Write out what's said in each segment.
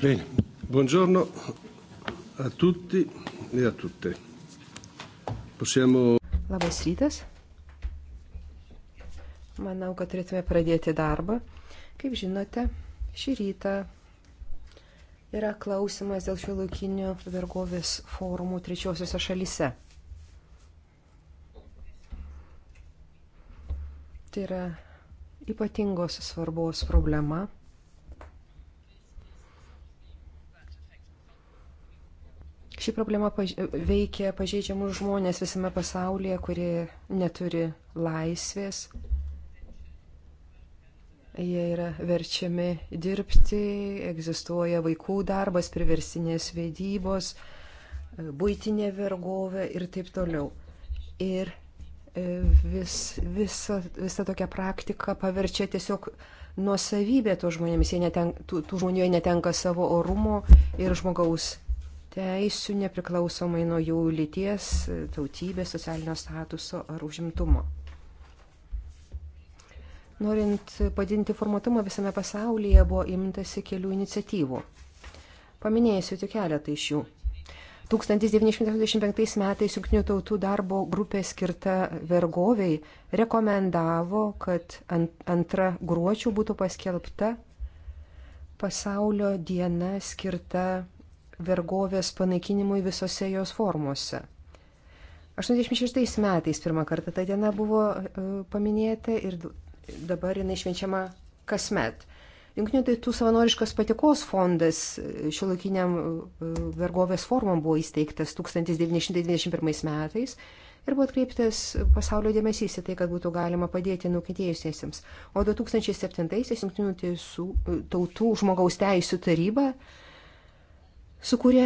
Bene, buongiorno a tutti e a tutte. Possiamo. Labas rytas. Manau, kad turėtume pradėti darbą. Kaip žinote, šį rytą yra klausimas dėl šio laukinio vergovės forumų trečiosiuose šalyse. Tai yra ypatingos svarbos problema Ši problema paž veikia pažeidžiamus žmonės visame pasaulyje, kurie neturi laisvės. Jie yra verčiami dirbti, egzistuoja vaikų darbas, priversinės vedybos, būtinė vergovė ir taip toliau. Ir e, vis, visa, visa tokia praktika paverčia tiesiog nuosavybė to žmonėmis, jie neten, tų, tų žmonių jie netenka savo orumo ir žmogaus teisių nepriklausomai nuo jų lyties, tautybės, socialinio statuso ar užimtumo. Norint padinti formatumą visame pasaulyje buvo imtasi kelių iniciatyvų. Paminėsiu tik keletą iš jų. 1925 metais Junktinių tautų darbo grupė skirta vergoviai rekomendavo, kad antra gruočių būtų paskelbta pasaulio diena skirta vergovės panaikinimui visose jos formose. 86 metais pirmą kartą ta diena buvo e, paminėta ir dabar jinai švenčiama kasmet. Junktinių tautų savanoriškas patikos fondas e, šilokiniam e, vergovės formam buvo įsteigtas 1991 metais ir buvo atkreiptas pasaulio dėmesys į tai, kad būtų galima padėti nukentėjusiesiems. O 2007-aisiais Junktinių tautų žmogaus teisų taryba sukūrė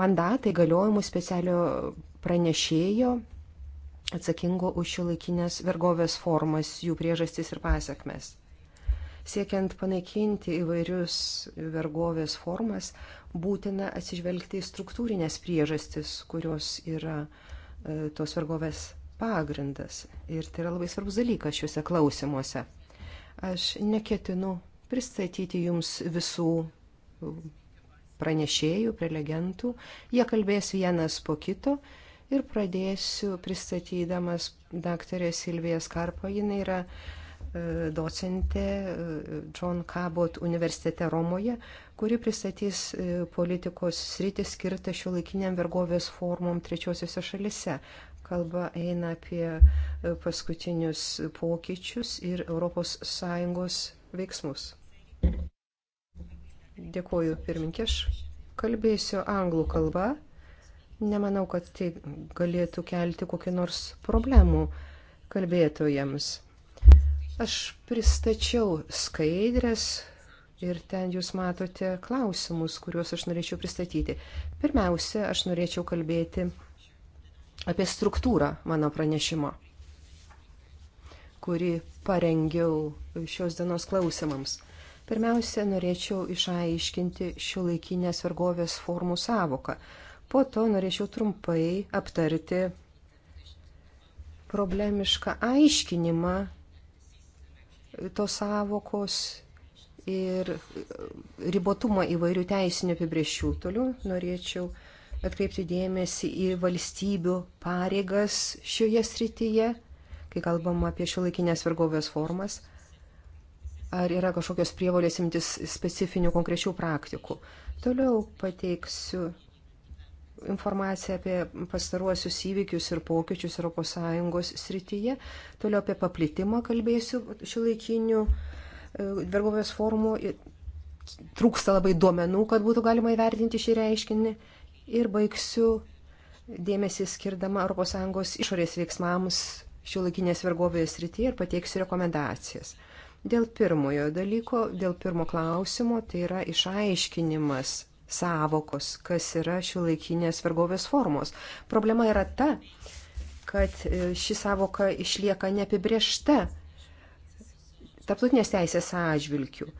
mandatą įgaliojimų specialio pranešėjo atsakingo už šiolaikinės vergovės formas, jų priežastis ir pasiekmes. Siekiant panaikinti įvairius vergovės formas, būtina atsižvelgti į struktūrinės priežastis, kurios yra e, tos vergovės pagrindas. Ir tai yra labai svarbus dalykas šiuose klausimuose. Aš neketinu pristatyti jums visų pranešėjų, prelegentų. Jie kalbės vienas po kito ir pradėsiu pristatydamas daktarę Silviją Skarpą. Jis yra e, docentė e, John Cabot universitete Romoje, kuri pristatys e, politikos sritį skirtą šio laikiniam vergovės formom trečiosiuose šalise. Kalba eina apie paskutinius pokyčius ir ES veiksmus. Dėkuoju pirminkė, aš kalbėsiu anglų kalbą. Nemanau, kad tai galėtų kelti kokį nors problemų kalbėtojams. Aš pristačiau skaidrės ir ten jūs matote klausimus, kuriuos aš norėčiau pristatyti. Pirmiausia, aš norėčiau kalbėti apie struktūrą mano pranešimo, kurį parengiau šios dienos klausimams. Pirmiausia, norėčiau išaiškinti šio laikinės vergovės formų savoką. Po to norėčiau trumpai aptarti problemišką aiškinimą tos savokos ir ribotumą įvairių teisinių apibrėžčių. Toliau norėčiau atkreipti dėmesį į valstybių pareigas šioje srityje, kai kalbam apie šio laikinės vergovės formas – ar yra kažkokios prievolės imtis specifinių konkrečių praktikų. Toliau pateiksiu informaciją apie pastaruosius įvykius ir pokyčius ES srityje. Toliau apie paplitimą kalbėsiu šiuolaikinių e, vergovės formų. Trūksta labai duomenų, kad būtų galima įvertinti šį reiškinį. Ir baigsiu dėmesį skirdama ES išorės veiksmams šiuolaikinės vergovės srityje ir pateiksiu rekomendacijas. Dėl pirmojo dalyko, dėl pirmo klausimo, tai yra išaiškinimas savokos, kas yra šiuolaikinės vergovės formos. Problema yra ta, kad e, ši savoka išlieka neapibriešta taptutinės teisės atžvilgių.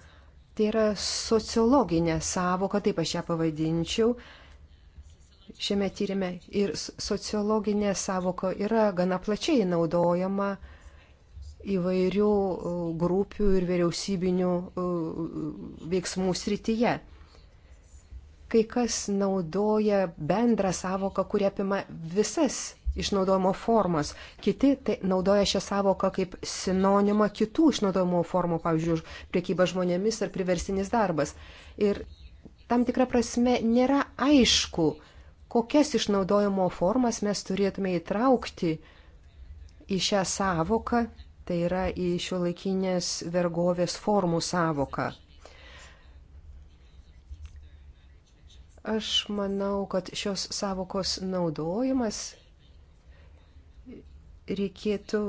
Tai yra sociologinė savoka, taip aš ją pavadinčiau, šiame tyrimė. Ir sociologinė savoka yra gana plačiai naudojama uh, įvairių e, grupių ir vyriausybinių e, veiksmų srityje. Kai kas naudoja bendrą savoką, kuri apima visas išnaudojimo formas. Kiti tai naudoja šią savoką kaip sinonimą kitų išnaudojimo formų, pavyzdžiui, priekyba žmonėmis ar priversinis darbas. Ir tam tikra prasme nėra aišku, kokias išnaudojimo formas mes turėtume įtraukti į šią savoką tai yra į šio laikinės vergovės formų savoką. Aš manau, kad šios savokos naudojimas reikėtų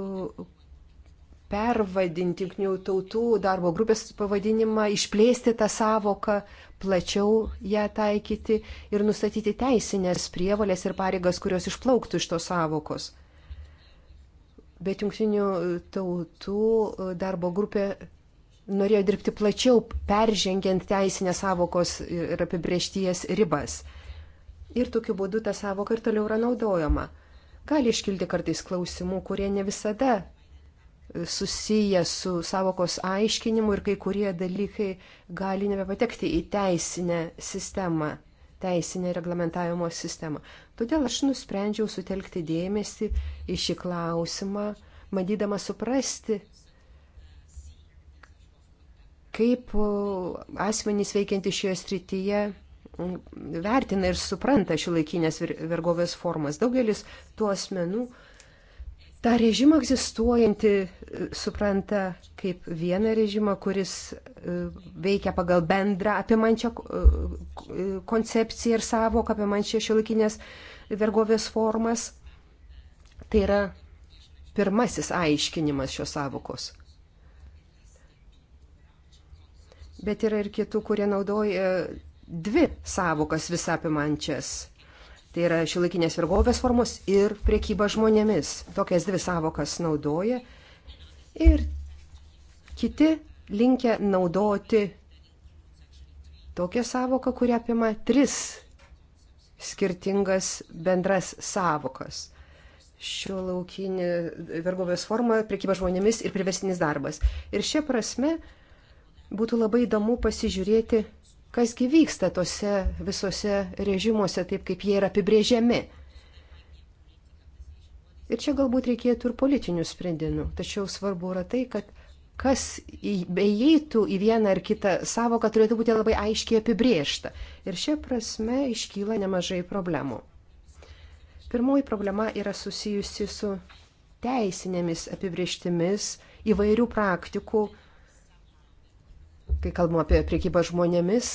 pervadinti jungtinių tautų darbo grupės pavadinimą, išplėsti tą savoką, plačiau ją taikyti ir nustatyti teisinės prievalės ir pareigas, kurios išplauktų iš tos savokos bet jungtinių tautų e, darbo grupė norėjo dirbti plačiau, peržengiant teisinės savokos ir apibriešties ribas. Ir tokiu būdu ta savoka ir toliau yra naudojama. Gali iškilti kartais klausimų, kurie ne visada e, susiję su savokos aiškinimu ir kai kurie dalykai gali nebepatekti į teisinę sistemą teisinę reglamentavimo sistemą. Todėl aš nusprendžiau sutelkti dėmesį į šį klausimą, bandydama suprasti, kaip asmenys veikianti šioje srityje vertina ir supranta šilaikinės vergovės formas. Daugelis tų asmenų tą režimą egzistuojantį e, supranta kaip vieną režimą, kuris e, veikia pagal bendrą apimančią e, koncepciją ir savoką, apimančią šiolikinės vergovės formas. Tai yra pirmasis aiškinimas šios savokos. Bet yra ir kitų, kurie naudoja dvi savokas visapimančias Tai yra šiuolaikinės vergovės formos ir priekyba žmonėmis. Tokias dvi savokas naudoja. Ir kiti linkia naudoti tokią savoką, kuri apima tris skirtingas bendras savokas. Šio laukinė vergovės forma, priekyba žmonėmis ir priversinis darbas. Ir šia prasme būtų labai įdomu pasižiūrėti, kasgi vyksta tose visose režimuose, taip kaip jie yra apibrėžiami. Ir čia galbūt reikėtų ir politinių sprendimų, tačiau svarbu yra tai, kad kas beįeitų į vieną ar kitą savoką turėtų būti labai aiškiai apibriešta. Ir šia prasme iškyla nemažai problemų. Pirmoji problema yra susijusi su teisinėmis apibrieštimis įvairių praktikų kai kalbam apie priekybą žmonėmis,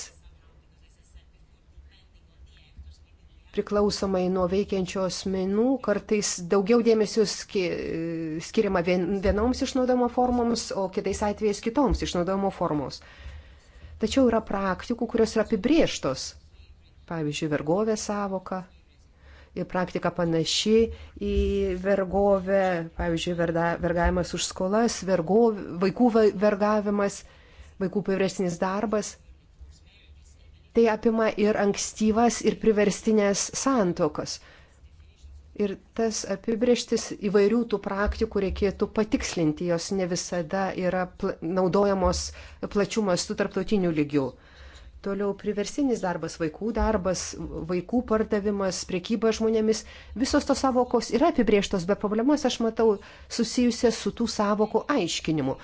priklausomai nuo veikiančios minų, kartais daugiau dėmesio skiriama vienoms išnaudojimo formoms, o kitais atvejais kitoms išnaudojimo formos. Tačiau yra praktikų, kurios yra apibrieštos. Pavyzdžiui, vergovė savoka. Ir praktika panaši į vergovę, pavyzdžiui, verda, vergavimas už skolas, vergov, vaikų vergavimas. Verga, vaikų priverstinis darbas. Tai apima ir ankstyvas, ir priverstinės santokos. Ir tas apibrieštis įvairių tų praktikų reikėtų patikslinti, jos ne visada yra pl naudojamos plačių mastų tarptautinių lygių. Toliau priversinis darbas, vaikų darbas, vaikų pardavimas, priekyba žmonėmis, visos tos savokos yra apibrieštos, bet problemas aš matau susijusias su tų savokų aiškinimu.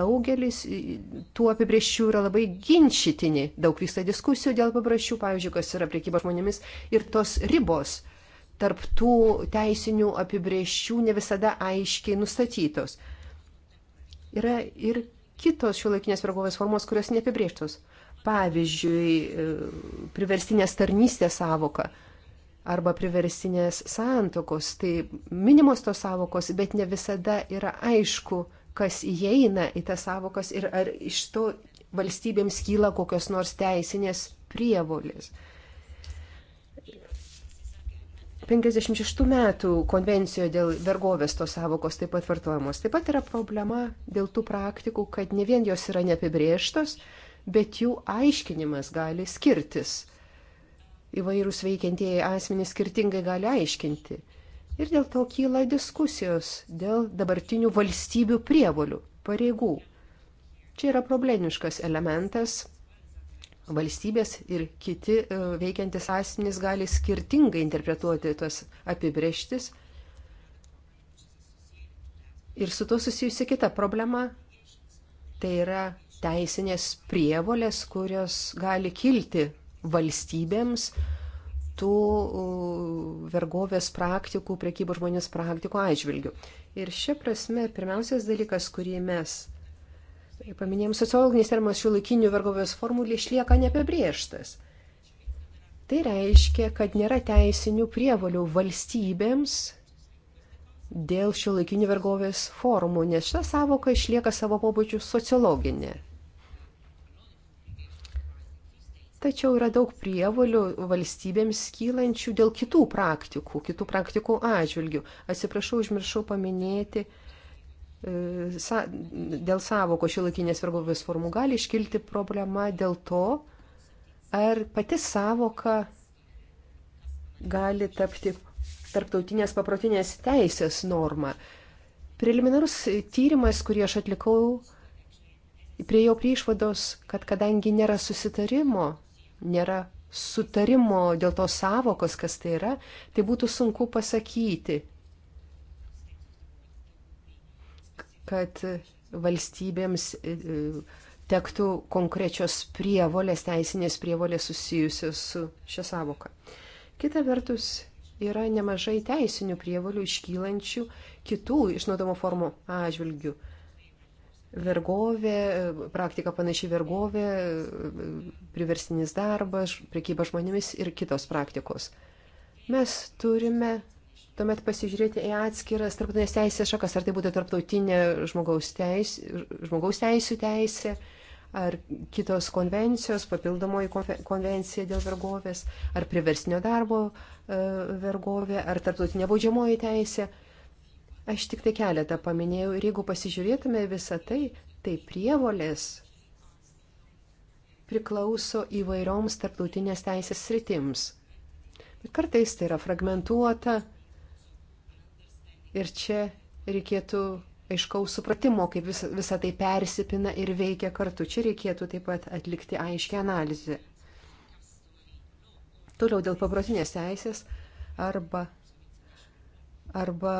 Daugelis tų apibrieščių yra labai ginčytini, daug vyksta diskusijų dėl pabraščių, pavyzdžiui, kas yra priekyba žmonėmis ir tos ribos tarp tų teisinių apibrieščių ne visada aiškiai nustatytos. Yra ir kitos šiuolaikinės vergovės formos, kurios neapibrieštos. Pavyzdžiui, e, priverstinės tarnystės savoka arba priversinės santokos. Tai minimos tos savokos, bet ne visada yra aišku, kas įeina į tas savokas ir ar iš to valstybėms kyla kokios nors teisinės prievolės. 56 metų konvencijoje dėl vergovės tos savokos taip pat vartojamos. Taip pat yra problema dėl tų praktikų, kad ne vien jos yra neapibrieštos, bet jų aiškinimas gali skirtis. Įvairūs veikiantieji asmenys skirtingai gali aiškinti. Ir dėl to kyla diskusijos dėl dabartinių valstybių prievolių, pareigų. Čia yra problemiškas elementas. Valstybės ir kiti e, veikiantis asmenys gali skirtingai interpretuoti tas apibrieštis. Ir su to susijusi kita problema - tai yra teisinės prievolės, kurios gali kilti valstybėms tų vergovės praktikų, priekybos žmonės praktikų atžvilgių. Ir šia prasme, pirmiausias dalykas, kurį mes paminėjom, sociologinis terminas šių laikinių vergovės formulė išlieka neapibrieštas. Tai reiškia, kad nėra teisinių prievolių valstybėms dėl šio laikinių vergovės formų, nes šita savoka išlieka savo pobūdžių sociologinė. Tačiau yra daug prievalių valstybėms kylančių dėl kitų praktikų, kitų praktikų atžvilgių. Atsiprašau, užmiršau paminėti, e, sa, dėl savoko šilakinės vergovės formų gali iškilti problema dėl to, ar pati savoka gali tapti tarptautinės paprotinės teisės normą. Preliminarus tyrimas, kurį aš atlikau, priejo prie išvados, kad kadangi nėra susitarimo, nėra sutarimo dėl tos savokos, kas tai yra, tai būtų sunku pasakyti, kad valstybėms e, e, tektų konkrečios prievolės, teisinės prievolės susijusios su šia savoka. Kita vertus, yra nemažai teisinių prievalių iškylančių kitų išnaudojimo formų atžvilgių. Vergovė, praktika panaši vergovė, priversinis darbas, prekyba žmonėmis ir kitos praktikos. Mes turime tuomet pasižiūrėti į atskiras tarptautinės teisės šakas, ar tai būtų tarptautinė žmogaus, teis, žmogaus teisų teisė, ar kitos konvencijos, papildomoji konvencija dėl vergovės, ar priversnio darbo e, vergovė, ar tarptautinė baudžiamoji teisė. Aš tik tai keletą paminėjau ir jeigu pasižiūrėtume visą tai, tai prievolės priklauso įvairioms tarptautinės teisės sritims. Bet kartais tai yra fragmentuota ir čia reikėtų aiškaus supratimo, kaip vis, visa tai persipina ir veikia kartu. Čia reikėtų taip pat atlikti aiškę analizę. Toliau dėl paprotinės teisės arba, arba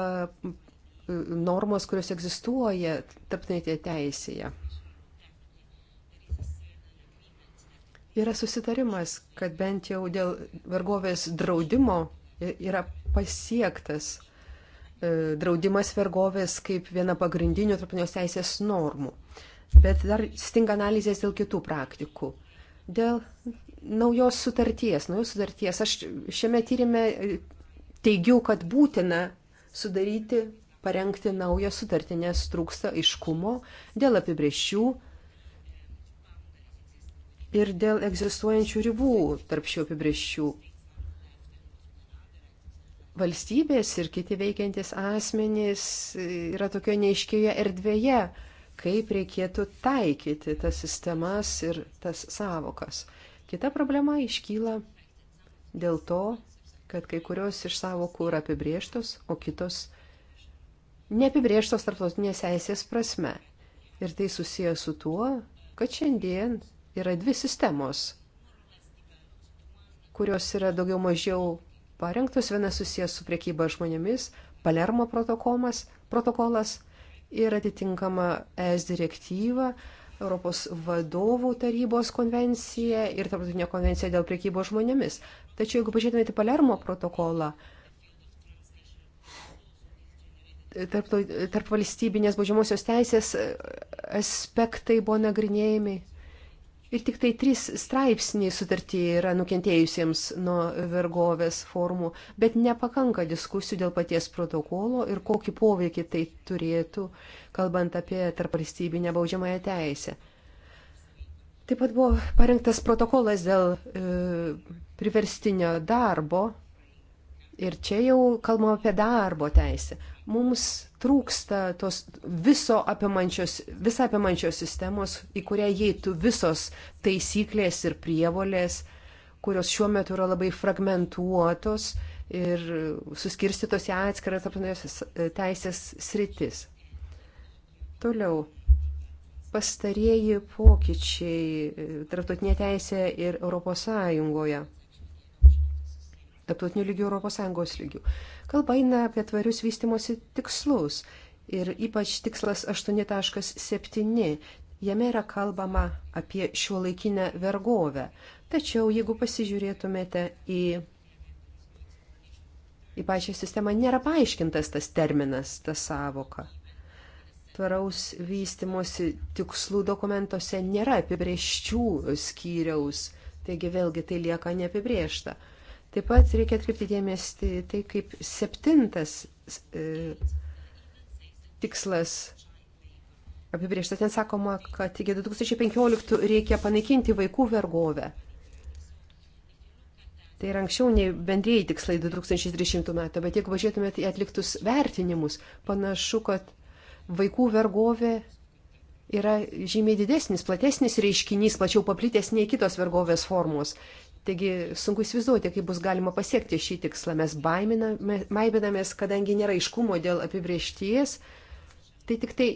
normos, kurios egzistuoja tarptautinėje teisėje. Yra susitarimas, kad bent jau dėl vergovės draudimo yra pasiektas uh, E, draudimas vergovės kaip viena pagrindinių tarpinės teisės normų. Bet dar stinga analizės dėl kitų praktikų. Dėl naujos sutarties, naujos sutarties. Aš šiame tyrimė e, teigiu, kad būtina sudaryti, parengti naują sutartį, nes trūksta aiškumo dėl apibrėžčių ir dėl egzistuojančių ribų tarp šių apibrėžčių valstybės ir kiti veikiantis asmenys yra tokio neiškioje erdvėje, kaip reikėtų taikyti tas sistemas ir tas savokas. Kita problema iškyla dėl to, kad kai kurios iš savokų yra apibrieštos, o kitos neapibrieštos tarptautinės teisės prasme. Ir tai susiję su tuo, kad šiandien yra dvi sistemos kurios yra daugiau mažiau parengtos, vienas susijęs su priekyba žmonėmis, Palermo protokolas ir atitinkama ES direktyva, Europos vadovų tarybos konvencija ir tarptautinė konvencija dėl priekybos žmonėmis. Tačiau jeigu pažiūrėtumėte Palermo protokolą, tarp, tarp valstybinės baudžiamosios teisės aspektai buvo nagrinėjami Ir tik tai trys straipsniai sutartyje yra nukentėjusiems nuo vergovės formų, bet nepakanka diskusijų dėl paties protokolo ir kokį poveikį tai turėtų, kalbant apie tarpvalstybinę baudžiamąją teisę. Taip pat buvo parengtas protokolas dėl e, priverstinio darbo ir čia jau kalbama apie darbo teisę. Mums trūksta tos viso apimančios, visą apimančios sistemos, į kurią įeitų visos taisyklės ir prievolės, kurios šiuo metu yra labai fragmentuotos ir suskirstytos į atskiras tarptautinės teisės sritis. Toliau. Pastarieji pokyčiai tarptautinė teisė ir Europos Sąjungoje taptautinių lygių ES lygių. Kalba eina apie tvarius vystimosi tikslus ir ypač tikslas 8.7. Jame yra kalbama apie šiuolaikinę vergovę. Tačiau jeigu pasižiūrėtumėte į, į pačią sistemą, nėra paaiškintas tas terminas, ta savoka. Tvaraus vystimosi tikslų dokumentuose nėra apibrieščių skyriaus, taigi vėlgi tai lieka neapibriešta. Taip pat reikia atkreipti dėmesį tai, kaip septintas e, tikslas apibriežta. Ten sakoma, kad iki 2015 reikia panaikinti vaikų vergovę. Tai yra anksčiau nei bendrėjai tikslai 2030 metų, bet jeigu važiuotumėte į atliktus vertinimus, panašu, kad vaikų vergovė yra žymiai didesnis, platesnis reiškinys, plačiau paplitęs nei kitos vergovės formos. Taigi sunku įsivaizduoti, kaip bus galima pasiekti šį tikslą. Mes baiminamės, kadangi nėra iškumo dėl apibriešties, tai tik tai,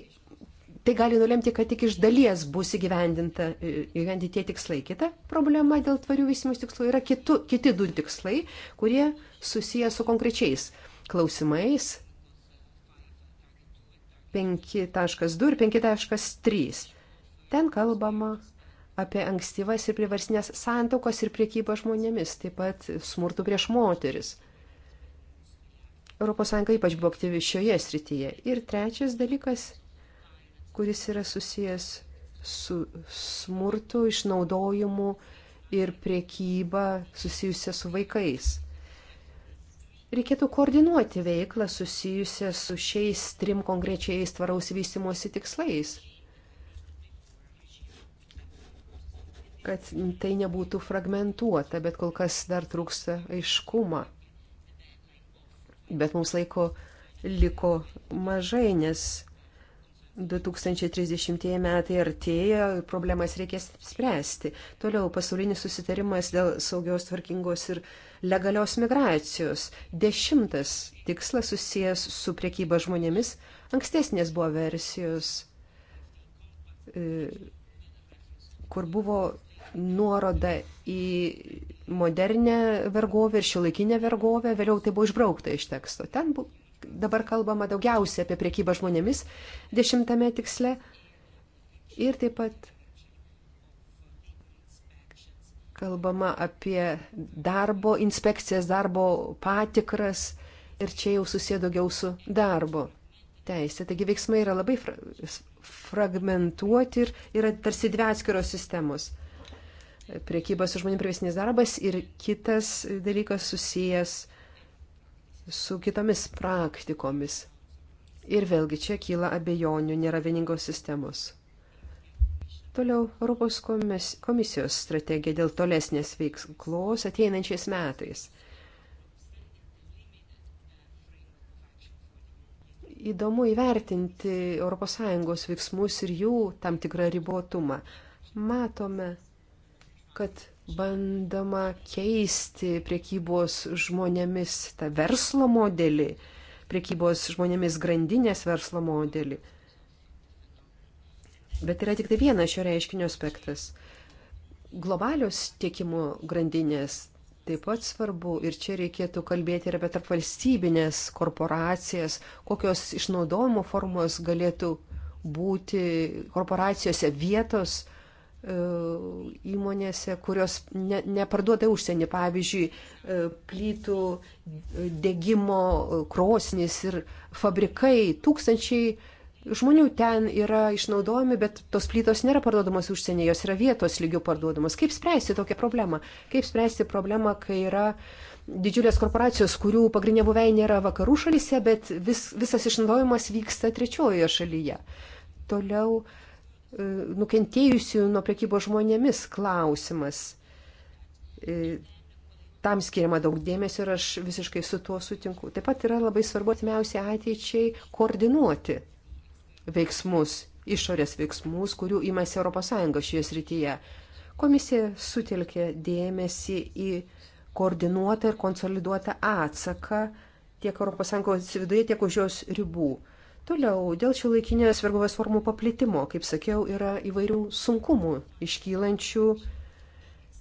tai gali nulemti, kad tik iš dalies bus įgyvendinta įgyvendinti tie tikslai. Kita problema dėl tvarių vystimus tikslų yra kitu, kiti du tikslai, kurie susiję su konkrečiais klausimais 5.2 ir 5.3. Ten kalbama apie ankstyvas ir priversinės santokos ir priekybą žmonėmis, taip pat smurtų prieš moteris. ES ypač buvo aktyvi šioje srityje. Ir trečias dalykas, kuris yra susijęs su smurtu, išnaudojimu ir priekyba susijusia su vaikais. Reikėtų koordinuoti veiklą susijusią su šiais trim konkrečiais tvaraus vystimosi tikslais kad tai nebūtų fragmentuota, bet kol kas dar trūksta aiškumą. Bet mums laiko liko mažai, nes 2030 metai artėja, problemas reikės spręsti. Toliau pasaulinis susitarimas dėl saugios, tvarkingos ir legalios migracijos. Dešimtas tikslas susijęs su priekyba žmonėmis. Ankstesnės buvo versijos, e, kur buvo nuoroda į modernę vergovę ir šiuolaikinę vergovę, vėliau tai buvo išbraukta iš teksto. Ten bu, dabar kalbama daugiausia apie priekybą žmonėmis dešimtame tiksle ir taip pat kalbama apie darbo inspekcijas, darbo patikras ir čia jau susiję daugiau su darbo teisė. Taigi veiksmai yra labai fra fragmentuoti ir yra tarsi dvi atskiros sistemos priekyba su žmonėmis privesnis darbas ir kitas dalykas susijęs su kitomis praktikomis. Ir vėlgi čia kyla abejonių, nėra vieningos sistemos. Toliau Europos komisijos strategija dėl tolesnės veiklos ateinančiais metais. Įdomu įvertinti ES veiksmus ir jų tam tikrą ribotumą. Matome, kad bandoma keisti priekybos žmonėmis tą verslo modelį, priekybos žmonėmis grandinės verslo modelį. Bet yra tik tai vienas šio reiškinio aspektas. Globalios tiekimo grandinės taip pat svarbu ir čia reikėtų kalbėti ir apie tarpvalstybinės korporacijas, kokios išnaudojimo formos galėtų būti korporacijose vietos uh, E, įmonėse, kurios ne, neparduoda užsienį, pavyzdžiui, e, plytų degimo krosnis ir fabrikai, tūkstančiai žmonių ten yra išnaudojami, bet tos plytos nėra parduodamos užsienį, jos yra vietos lygių parduodamos. Kaip spręsti tokią problemą? Kaip spręsti problemą, kai yra didžiulės korporacijos, kurių pagrindinė buveinė yra vakarų šalyse, bet vis, visas išnaudojimas vyksta trečiojoje šalyje. Toliau uh, E, nukentėjusių nuo priekybos žmonėmis klausimas. E, tam skiriama daug dėmesio ir aš visiškai su tuo sutinku. Taip pat yra labai svarbu atmiausiai ateičiai koordinuoti veiksmus, išorės veiksmus, kurių imasi ES šioje srityje. Komisija sutelkė dėmesį į koordinuotą ir konsoliduotą atsaką tiek ES viduje, tiek už jos ribų. Toliau, dėl šio laikinės vergovės formų paplitimo, kaip sakiau, yra įvairių sunkumų iškylančių,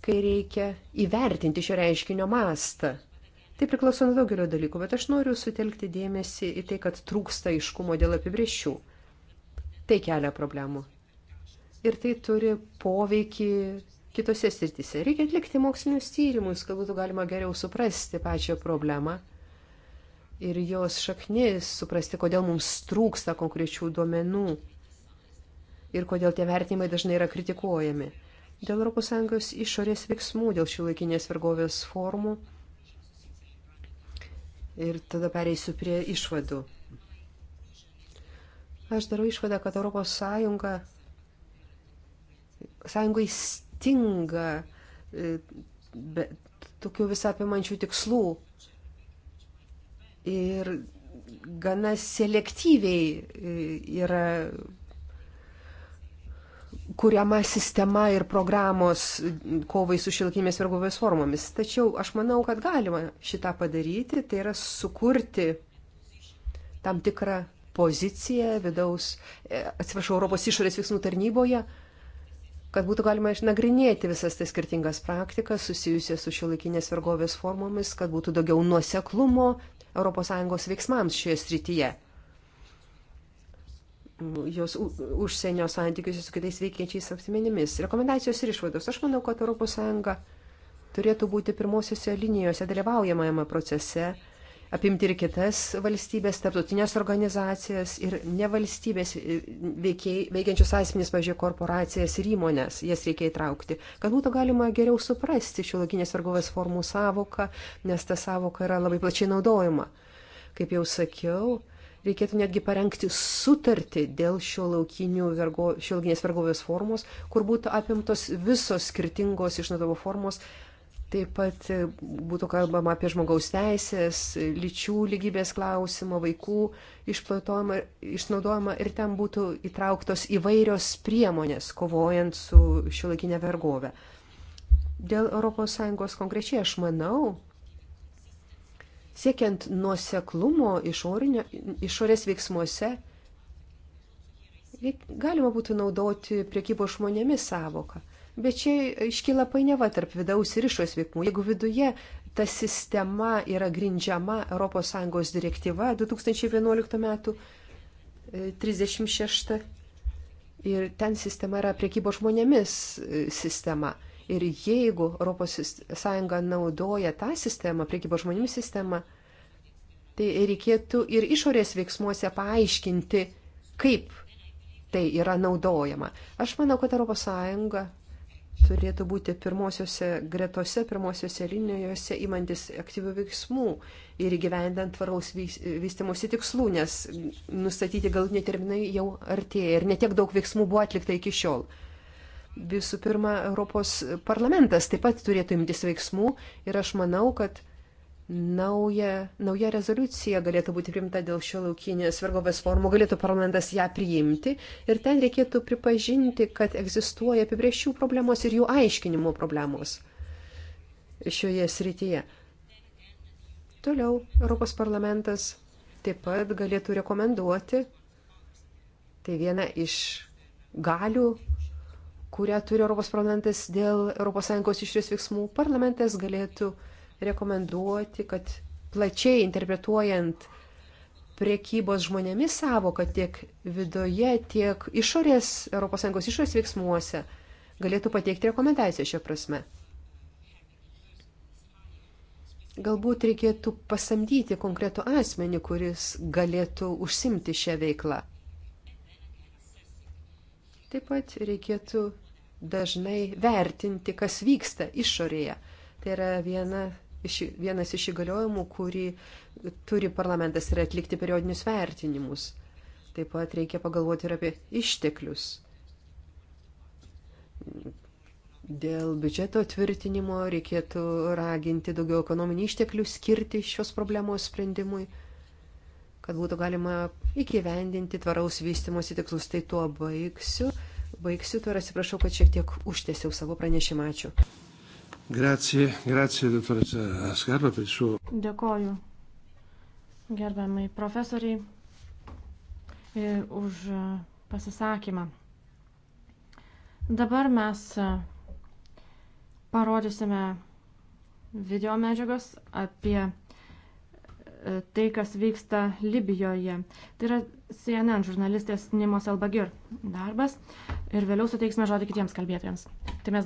kai reikia įvertinti šio reiškinio mastą. Tai priklauso nuo daugelio dalykų, bet aš noriu sutelkti dėmesį į tai, kad trūksta iškumo dėl apibrėžčių. Tai kelia problemų. Ir tai turi poveikį kitose sritise. Reikia atlikti mokslinius tyrimus, kad būtų galima geriau suprasti pačią problemą ir jos šaknis, suprasti, kodėl mums trūksta konkrečių duomenų ir kodėl tie vertinimai dažnai yra kritikuojami. Dėl ES išorės veiksmų, dėl šių laikinės vergovės formų. Ir tada pereisiu prie išvadų. Aš darau išvadą, kad ES sąjunga, sąjungai stinga e, tokių visapimančių tikslų, ir gana selektyviai e, yra kuriama sistema ir programos kovai su šilkinėmis vergovės formomis. Tačiau aš manau, kad galima šitą padaryti, tai yra sukurti tam tikrą poziciją vidaus, e, atsiprašau, Europos išorės veiksmų tarnyboje, kad būtų galima išnagrinėti visas tas skirtingas praktikas susijusias su šiolikinės vergovės formomis, kad būtų daugiau nuoseklumo ES veiksmams šioje srityje. Jos užsienio santykius su kitais veikiančiais apsimenimis. Rekomendacijos ir išvados. Aš manau, kad ES turėtų būti pirmosiose linijose dalyvaujamajame procese apimti ir kitas valstybės, tarptautinės organizacijas ir nevalstybės veikiai, veikiančius asmenys, pažiūrėjau, korporacijas ir įmonės, jas reikia įtraukti, kad būtų galima geriau suprasti šiuolaikinės vergovės formų savoką, nes ta savoka yra labai plačiai naudojama. Kaip jau sakiau, reikėtų netgi parengti sutartį dėl vergo, šiuolaikinės vergovės formos, kur būtų apimtos visos skirtingos išnaudojimo formos Taip pat e, būtų kalbama apie žmogaus teisės, lyčių lygybės klausimą, vaikų išnaudojimą ir ten būtų įtrauktos įvairios priemonės, kovojant su šiuolaikinė vergovė. Dėl ES konkrečiai aš manau, siekiant nuoseklumo išorinio, išorės veiksmuose, galima būtų naudoti priekybos žmonėmis savoką. Bet čia iškyla painiava tarp vidaus ir išorės veikmų. Jeigu viduje ta sistema yra grindžiama ES direktyva 2011 metų 36 e, ir ten sistema yra priekybo žmonėmis e, sistema. Ir jeigu ES naudoja tą sistemą, priekybo žmonėmis sistemą, tai reikėtų ir išorės veiksmuose paaiškinti, kaip tai yra naudojama. Aš manau, kad ES turėtų būti pirmosiose gretose, pirmosiose linijose įmantis aktyvių veiksmų ir įgyvendant tvaraus vystimosi tikslų, nes nustatyti galutiniai terminai jau artėja ir netiek daug veiksmų buvo atlikta iki šiol. Visų pirma, Europos parlamentas taip pat turėtų imtis veiksmų ir aš manau, kad nauja, nauja rezoliucija galėtų būti primta dėl šio laukinės vergovės formų, galėtų parlamentas ją priimti ir ten reikėtų pripažinti, kad egzistuoja apibriešių problemos ir jų aiškinimo problemos šioje srityje. Toliau Europos parlamentas taip pat galėtų rekomenduoti, tai viena iš galių, kurią turi Europos parlamentas dėl ES išrės veiksmų, parlamentas galėtų uh, rekomenduoti, kad plačiai interpretuojant priekybos žmonėmis savoką tiek viduje, tiek išorės ES išorės veiksmuose galėtų pateikti rekomendaciją šią prasme. Galbūt reikėtų pasamdyti konkretų asmenį, kuris galėtų užsimti šią veiklą. Taip pat reikėtų dažnai vertinti, kas vyksta išorėje. Tai yra viena iš, vienas iš įgaliojimų, kurį turi parlamentas, yra atlikti periodinius vertinimus. Taip pat reikia pagalvoti ir apie išteklius. Dėl biudžeto tvirtinimo reikėtų raginti daugiau ekonominių išteklių skirti šios problemos sprendimui, kad būtų galima įgyvendinti tvaraus vystimosi tikslus. Tai tuo baigsiu. Baigsiu, tuo ir atsiprašau, kad šiek tiek užtėsiau savo pranešimą. Ačiū. Grazie, grazie dottoressa Scarpa per il suo. Dėkoju gerbiamai profesoriai e, už e, pasisakymą. Dabar mes e, parodysime video medžiagos apie tai, kas vyksta Libijoje. Tai yra CNN žurnalistės Nimos Albagir darbas ir vėliau suteiksime žodį kitiems kalbėtojams. Tai mes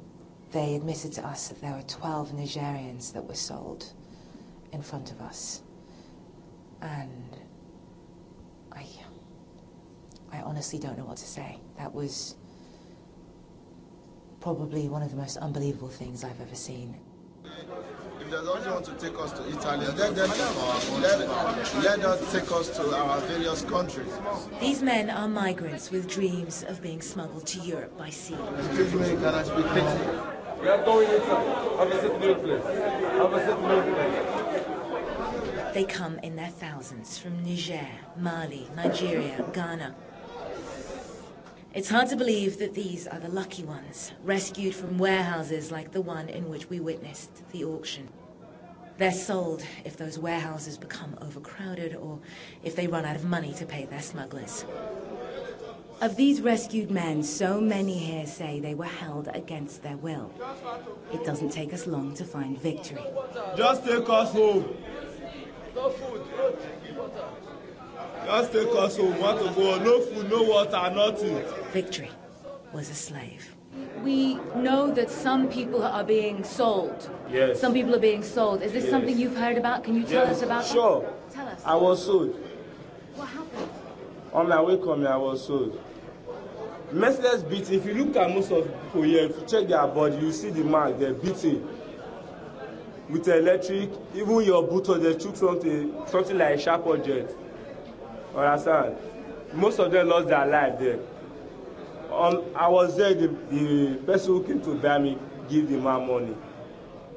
they admitted to us that there were 12 Nigerians that were sold in front of us. And I, I honestly don't know what to say. That was probably one of the most unbelievable things I've ever seen. If they don't want to take us to Italy, let them, let, let them take us to our various countries. These men are migrants with dreams of being smuggled to Europe by sea. Excuse me, can I speak? We are going inside. Have a sit in your place. Have a sit in your place. They come in their thousands from Niger, Mali, Nigeria, Ghana. It's hard to believe that these are the lucky ones, rescued from warehouses like the one in which we witnessed the auction. They're sold if those warehouses become overcrowded or if they run out of money to pay their smugglers. Of these rescued men, so many here say they were held against their will. It doesn't take us long to find victory. Just take us home. No food, no water. Just take us home. Want to go? No food, no water, nothing. Victory was a slave. We know that some people are being sold. Yes. Some people are being sold. Is this yes. something you've heard about? Can you tell yes. us about? Sure. That? Tell us. I was sold. What happened? On my way from here, I was sold merciless beating if you look at most of the people here if you check their body you see the mark they're beating with electric even your boot or they chook something something like sharp object understand most of them lost their life there um i was there the the person who came to buy me give the man money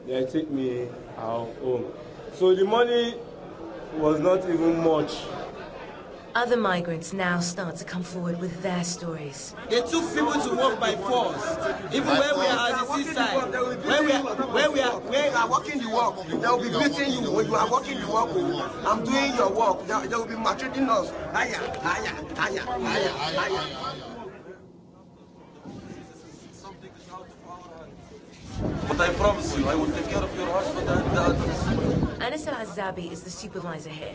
then take me out home so the money was not even much Other migrants now start to come forward with their stories. They took people to work by force. Even by where we are at the seaside, where we are, where we are, where you are working the work, they will be beating you. When you are working the work, I'm doing your work. They, they will be maltreating us. Higher, higher, higher, higher, higher. But I promise you, I will take care of your husband and the others. Anas Al-Azabi is the supervisor here.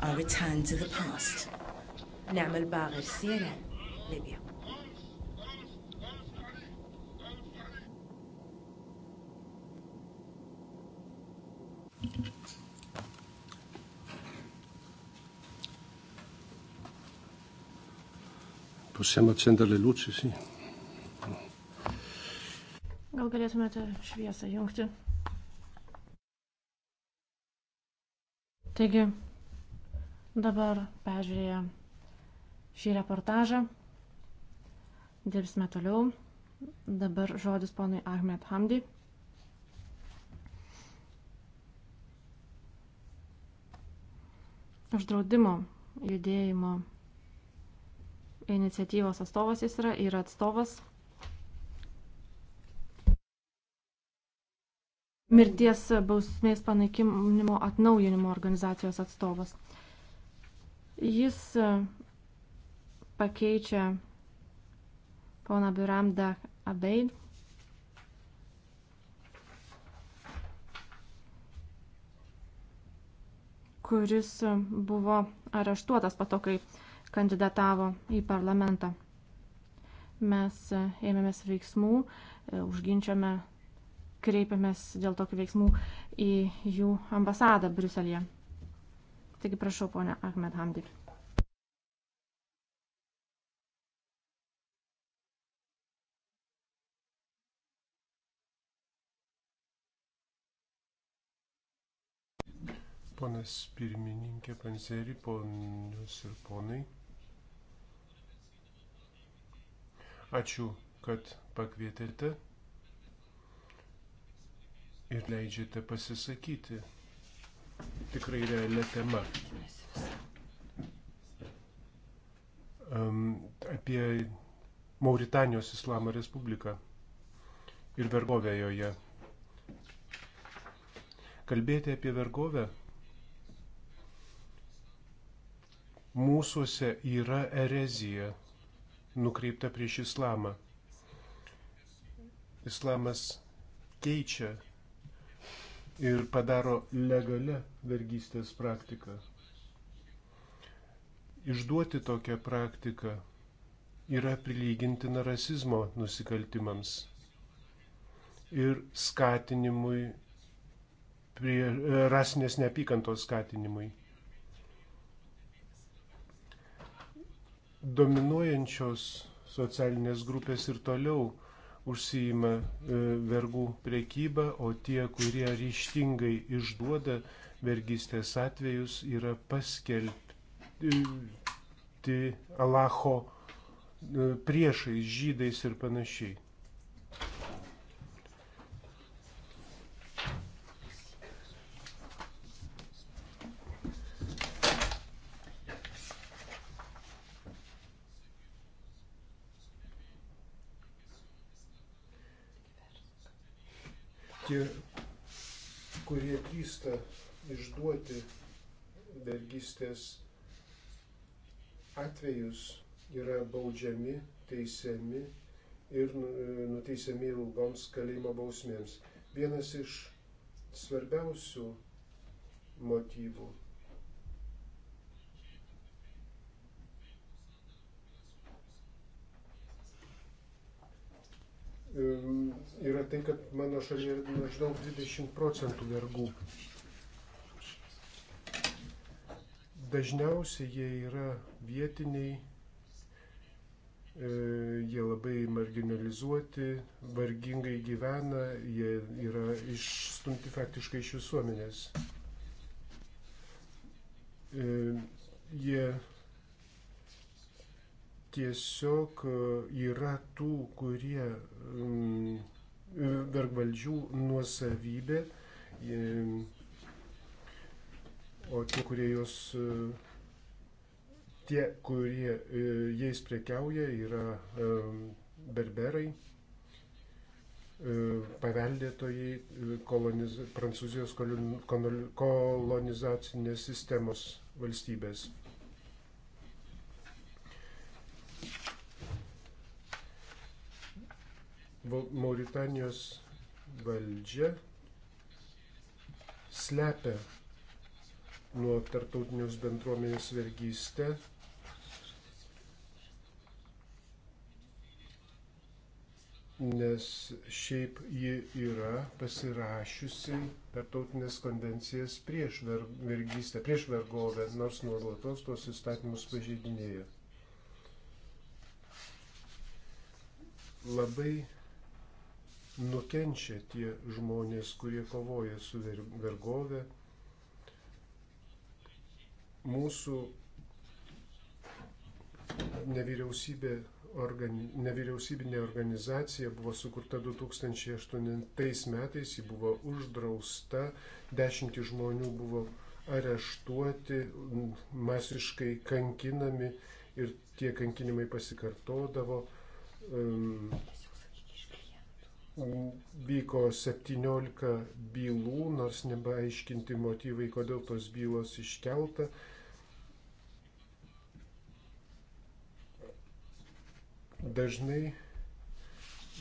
I returned to the past. نعمل باغي السيرة ليبيا Possiamo accendere le luci, sì. Gal galėtumėte šviesą jungti? Taigi, Dabar peržiūrėję šį reportažą, dirbsime toliau. Dabar žodis ponui Ahmed Hamdi. Uždraudimo judėjimo iniciatyvos atstovas jis yra ir atstovas mirties bausmės panaikinimo atnaujinimo organizacijos atstovas. Jis e, pakeičia poną Biramdą Abeid. kuris e, buvo areštuotas po to, kai kandidatavo į parlamentą. Mes e, ėmėmės veiksmų, užginčiame, kreipėmės dėl tokių veiksmų į jų ambasadą Briuselėje. Taigi prašau, ponia Ahmed Hamdi. Ponas pirmininkė Panzeri, ponius ir ponai. Ačiū, kad pakvietėte ir leidžiate pasisakyti tikrai realia tema. Apie Mauritanijos Islamo Respubliką ir vergovę joje. Kalbėti apie vergovę mūsųse yra erezija nukreipta prieš islamą. Islamas keičia ir padaro legalę vergystės praktiką. Išduoti tokią praktiką yra prilygintina rasizmo nusikaltimams ir skatinimui, prie, e, rasinės neapykantos skatinimui. Dominuojančios socialinės grupės ir toliau užsijima e, vergų priekybą, o tie, kurie ryštingai išduoda vergystės atvejus, yra paskelbti Alacho e, priešais žydais ir panašiai. pavyksta išduoti vergystės atvejus, yra baudžiami, teisiami ir nu, nuteisiami ilgoms kalėjimo bausmėms. Vienas iš svarbiausių motyvų yra tai, kad mano šalyje maždaug 20 procentų vergų Dažniausiai jie yra vietiniai, e, jie labai marginalizuoti, vargingai gyvena, jie yra išstumti faktiškai iš visuomenės. E, jie tiesiog e, yra tų, kurie mm, vergvaldžių nuosavybė, jie, o tie, kurie jos, e, tie, kurie e, jais prekiauja, yra e, berberai, paveldėtojai koloniz, Prancūzijos kolonizacinės sistemos valstybės. Mauritanijos valdžia slepia nuo tarptautinius bendruomenės vergystę. Nes šiaip ji yra pasirašiusi tarptautinės konvencijas prieš vergystę, prieš vergovę, nors nuolatos tos įstatymus pažeidinėjo. Labai nukenčia tie žmonės, kurie kovoja su vergove, mūsų nevyriausybė organi, nevyriausybinė organizacija buvo sukurta 2008 metais, ji buvo uždrausta, dešimtį žmonių buvo areštuoti, masiškai kankinami ir tie kankinimai pasikartodavo vyko 17 bylų, nors nebeaiškinti motyvai, kodėl tos bylos iškelta. Dažnai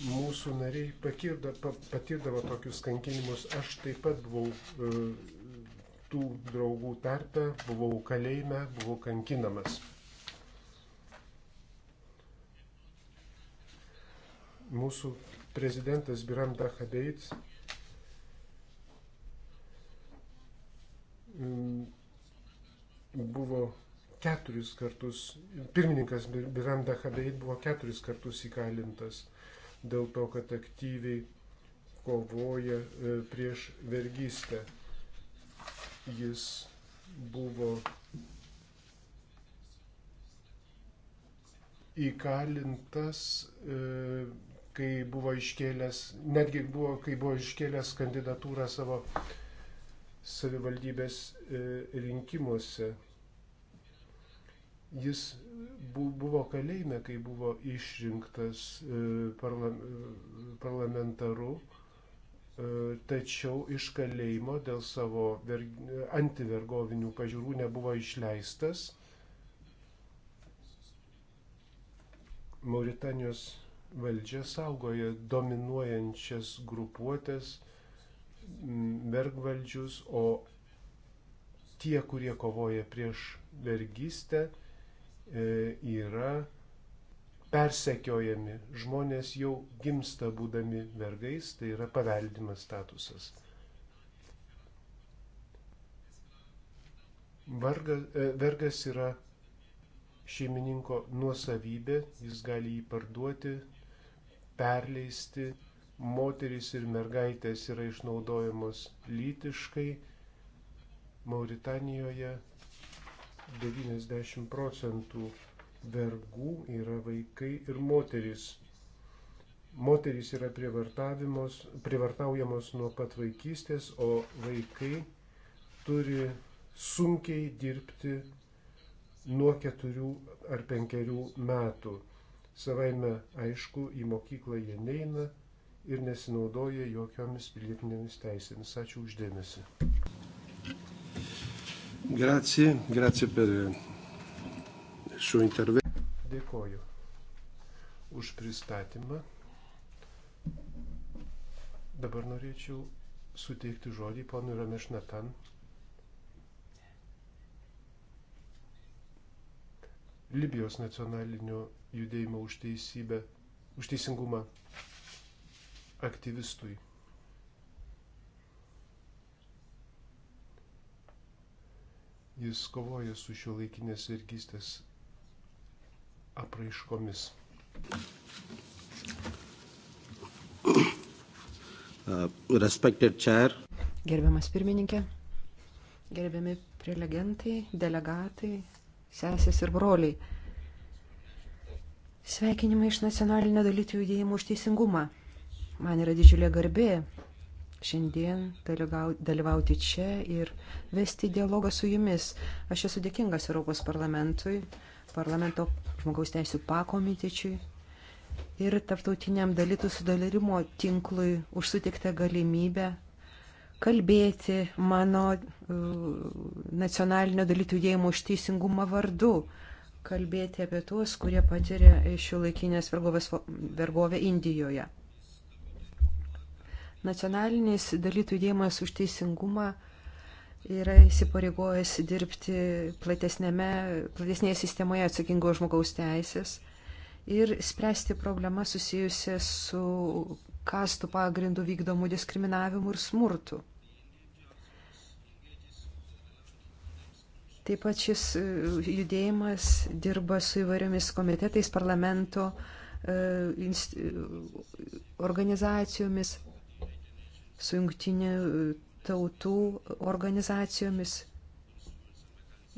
mūsų nariai pakirda, patirdavo tokius kankinimus. Aš taip pat buvau e, tų draugų tarpe, buvau kalėjime, buvau kankinamas. Mūsų prezidentas Biram Dahadeit mm, buvo keturis kartus, pirmininkas Biram Dahadeit buvo keturis kartus įkalintas dėl to, kad aktyviai kovoja e, prieš vergystę. Jis buvo įkalintas e, kai buvo iškėlęs, netgi buvo, kai buvo iškėlęs kandidatūrą savo savivaldybės e, rinkimuose. Jis buvo kalėjime, kai buvo išrinktas e, parlamentaru, e, tačiau iš kalėjimo dėl savo antivergovinių pažiūrų nebuvo išleistas. Mauritanijos Valdžia saugoja dominuojančias grupuotės, vergvaldžius, o tie, kurie kovoja prieš vergystę, e, yra persekiojami. Žmonės jau gimsta būdami vergais, tai yra paveldimas statusas. Varga, e, vergas yra šeimininko nuosavybė, jis gali jį parduoti, perleisti, moterys ir mergaitės yra išnaudojamos lytiškai. Mauritanijoje 90 procentų vergų yra vaikai ir moterys. Moterys yra privartaujamos nuo pat vaikystės, o vaikai turi sunkiai dirbti nuo keturių ar penkerių metų. Savaime aišku, į mokyklą jie neina ir nesinaudoja jokiomis pilietinėmis teisėmis. Ačiū uždėmesi. Grazie, grazie per eh, suo intervento. Dėkoju už pristatymą. Dabar norėčiau suteikti žodį ponui Ramešnatan, Libijos nacionalinio judėjimo už teisybę, už teisingumą aktyvistui. Jis kovoja su šio laikinės vergystės apraiškomis. Uh, respected chair. Gerbiamas pirmininkė, gerbiami prelegentai, delegatai, sesės ir broliai. Sveikinimai iš nacionalinio dalytų judėjimų už teisingumą. Man yra didžiulė garbė šiandien dalyvauti čia ir vesti dialogą su jumis. Aš esu dėkingas Europos parlamentui, parlamento žmogaus teisų pakomitečiui ir tarptautiniam dalytų sudalarimo tinklui už sutiktą galimybę kalbėti mano e, nacionalinio dalytų judėjimo už teisingumą vardu, kalbėti apie tuos, kurie patiria šio laikinės vergovę Indijoje. Nacionalinis dalytų judėjimas už teisingumą yra įsipareigojęs dirbti platesnėje sistemoje atsakingo žmogaus teisės ir spręsti problemas susijusias su kastų pagrindų vykdomų diskriminavimų ir smurtų. Taip pat šis e, judėjimas dirba su įvairiomis komitetais, parlamento e, e, organizacijomis, su jungtinių tautų organizacijomis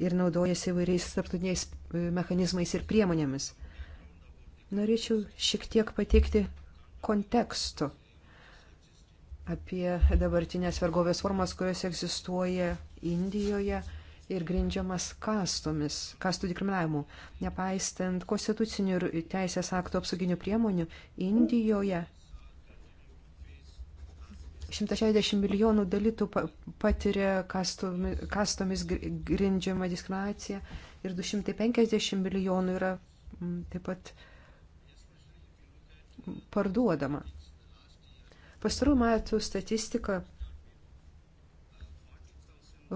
ir naudojasi įvairiais tarptautiniais mechanizmais ir priemonėmis. Norėčiau šiek tiek pateikti kontekstu, apie dabartinės vergovės formas, kurios egzistuoja Indijoje ir grindžiamas kastomis, kastų diskriminavimu. Nepaistant konstitucinių ir teisės aktų apsauginių priemonių, Indijoje 160 milijonų dalytų patiria kastomis, kastomis grindžiamą diskriminaciją ir 250 milijonų yra taip pat parduodama. Pastarų metų statistika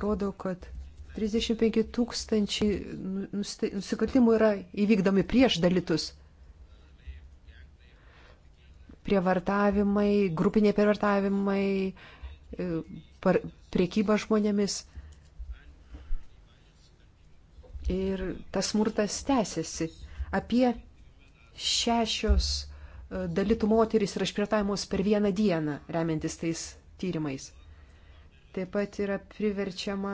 rodo, kad 35 tūkstančiai nu, nusikaltimų yra įvykdomi prieš dalytus. Prievartavimai, grupiniai prievartavimai, e, priekyba žmonėmis. Ir tas smurtas tęsiasi. Apie šešios dalytų moteris yra išprievartavimus per vieną dieną, remiantis tais tyrimais. Taip pat yra priverčiama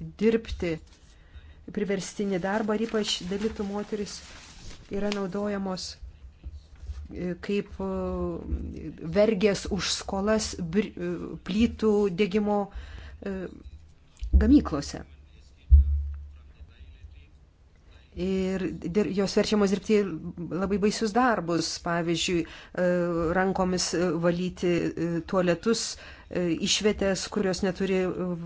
dirbti priverstinį darbą ir ypač dalytų moteris yra naudojamos e, kaip e, vergės už skolas e, plytų dėgymo gamyklose. Ir jos verčiamos dirbti labai baisius darbus, pavyzdžiui, e, rankomis e, valyti e, tualetus, išvietės, kurios neturi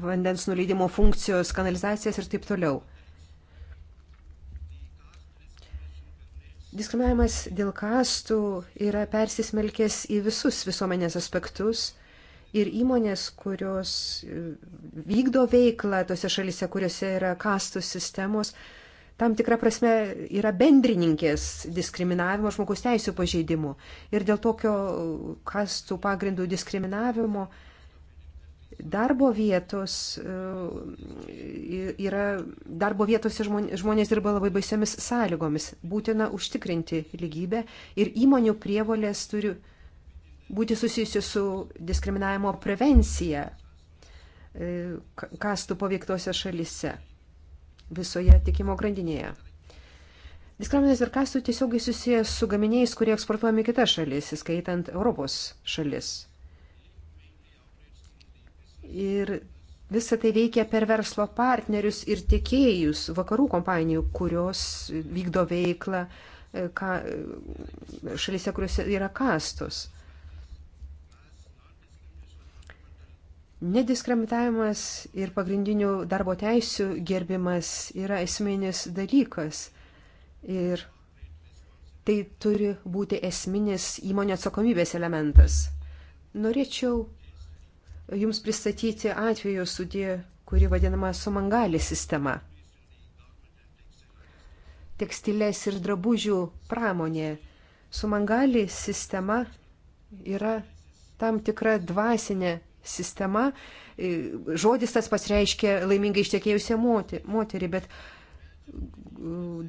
vandens nuleidimo funkcijos, kanalizacijas ir taip toliau. Diskriminavimas dėl kastų yra persismelkęs į visus visuomenės aspektus ir įmonės, kurios vykdo veiklą tose šalise, kuriuose yra kastų sistemos, uh, tam tikrą prasme yra bendrininkės diskriminavimo žmogus teisų pažeidimų. Ir dėl tokio kastų pagrindų diskriminavimo darbo vietos e, yra, darbo vietose žmonės dirba labai baisiomis sąlygomis. Būtina užtikrinti lygybę ir įmonių prievolės turi būti susijusi su diskriminavimo prevencija e, kastų paveiktose šalise visoje tikimo grandinėje. Diskriminavimas ir kastų tiesiogiai susijęs su gaminiais, kurie eksportuojami kitas šalis, įskaitant Europos šalis. Ir visa tai veikia per verslo partnerius ir tiekėjus vakarų kompanijų, kurios vykdo veiklą e, ka, e, šalise, kuriuose yra kastos. Nediskriminavimas ir pagrindinių darbo teisių gerbimas yra esminis dalykas. Ir tai turi būti esminis įmonė atsakomybės elementas. Norėčiau Jums pristatyti atveju sudė, kuri vadinama sumangalė sistema. Tekstilės ir drabužių pramonė. Sumangalė sistema yra tam tikra dvasinė sistema. E, žodis tas pasireiškia laimingai ištekėjusią moterį, bet e,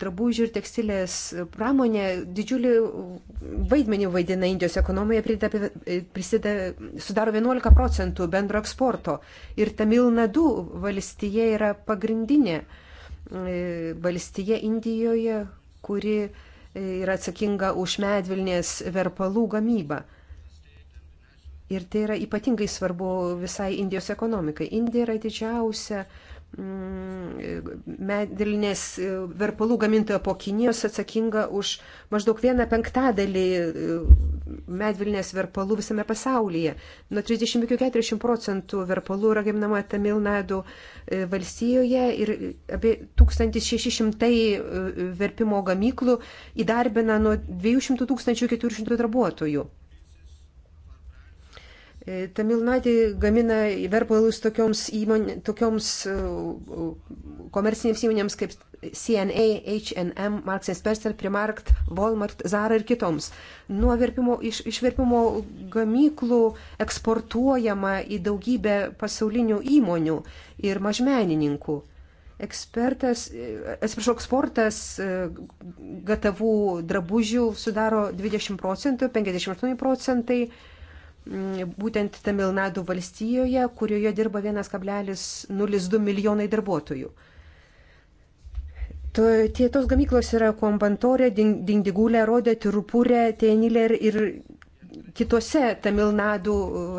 drabužių ir tekstilės pramonė didžiulį vaidmenį vaidina Indijos ekonomija, prisideda, e, prisideda, sudaro 11 procentų bendro eksporto. Ir Tamil Nadu valstija yra pagrindinė valstija Indijoje, kuri yra atsakinga už medvilnės verpalų gamybą. Ir tai yra ypatingai svarbu visai Indijos ekonomikai. Indija yra didžiausia mm, medvilnės e, verpalų gamintoja po Kinijos atsakinga už maždaug vieną penktadalį e, medvilnės verpalų visame pasaulyje. Nuo 30 iki 40 procentų verpalų yra gaminama Tamil Nadu e, valstijoje ir apie 1600 verpimo gamyklų įdarbina nuo 200 tūkstančių iki 400 darbuotojų. E, Tamilnatį gamina verpalus tokioms, įmonė, tokioms e, e, komercinėms įmonėms kaip CNA, H&M, Marks Spencer, Primarkt, Walmart, Zara ir kitoms. Nuo verpimo, iš, iš verpimo gamyklų eksportuojama į daugybę pasaulinių įmonių ir mažmenininkų. Ekspertas, atsiprašau, eksportas gatavų drabužių sudaro 20 procentų, 58 procentai Mm, būtent Tamilnadu valstijoje, kurioje dirba 1,02 milijonai darbuotojų. To, tie tos gamyklos yra Kombantorė, Dindigulė, Rodė, Tirupūrė, Tenilė ir, ir kitose Tamilnadu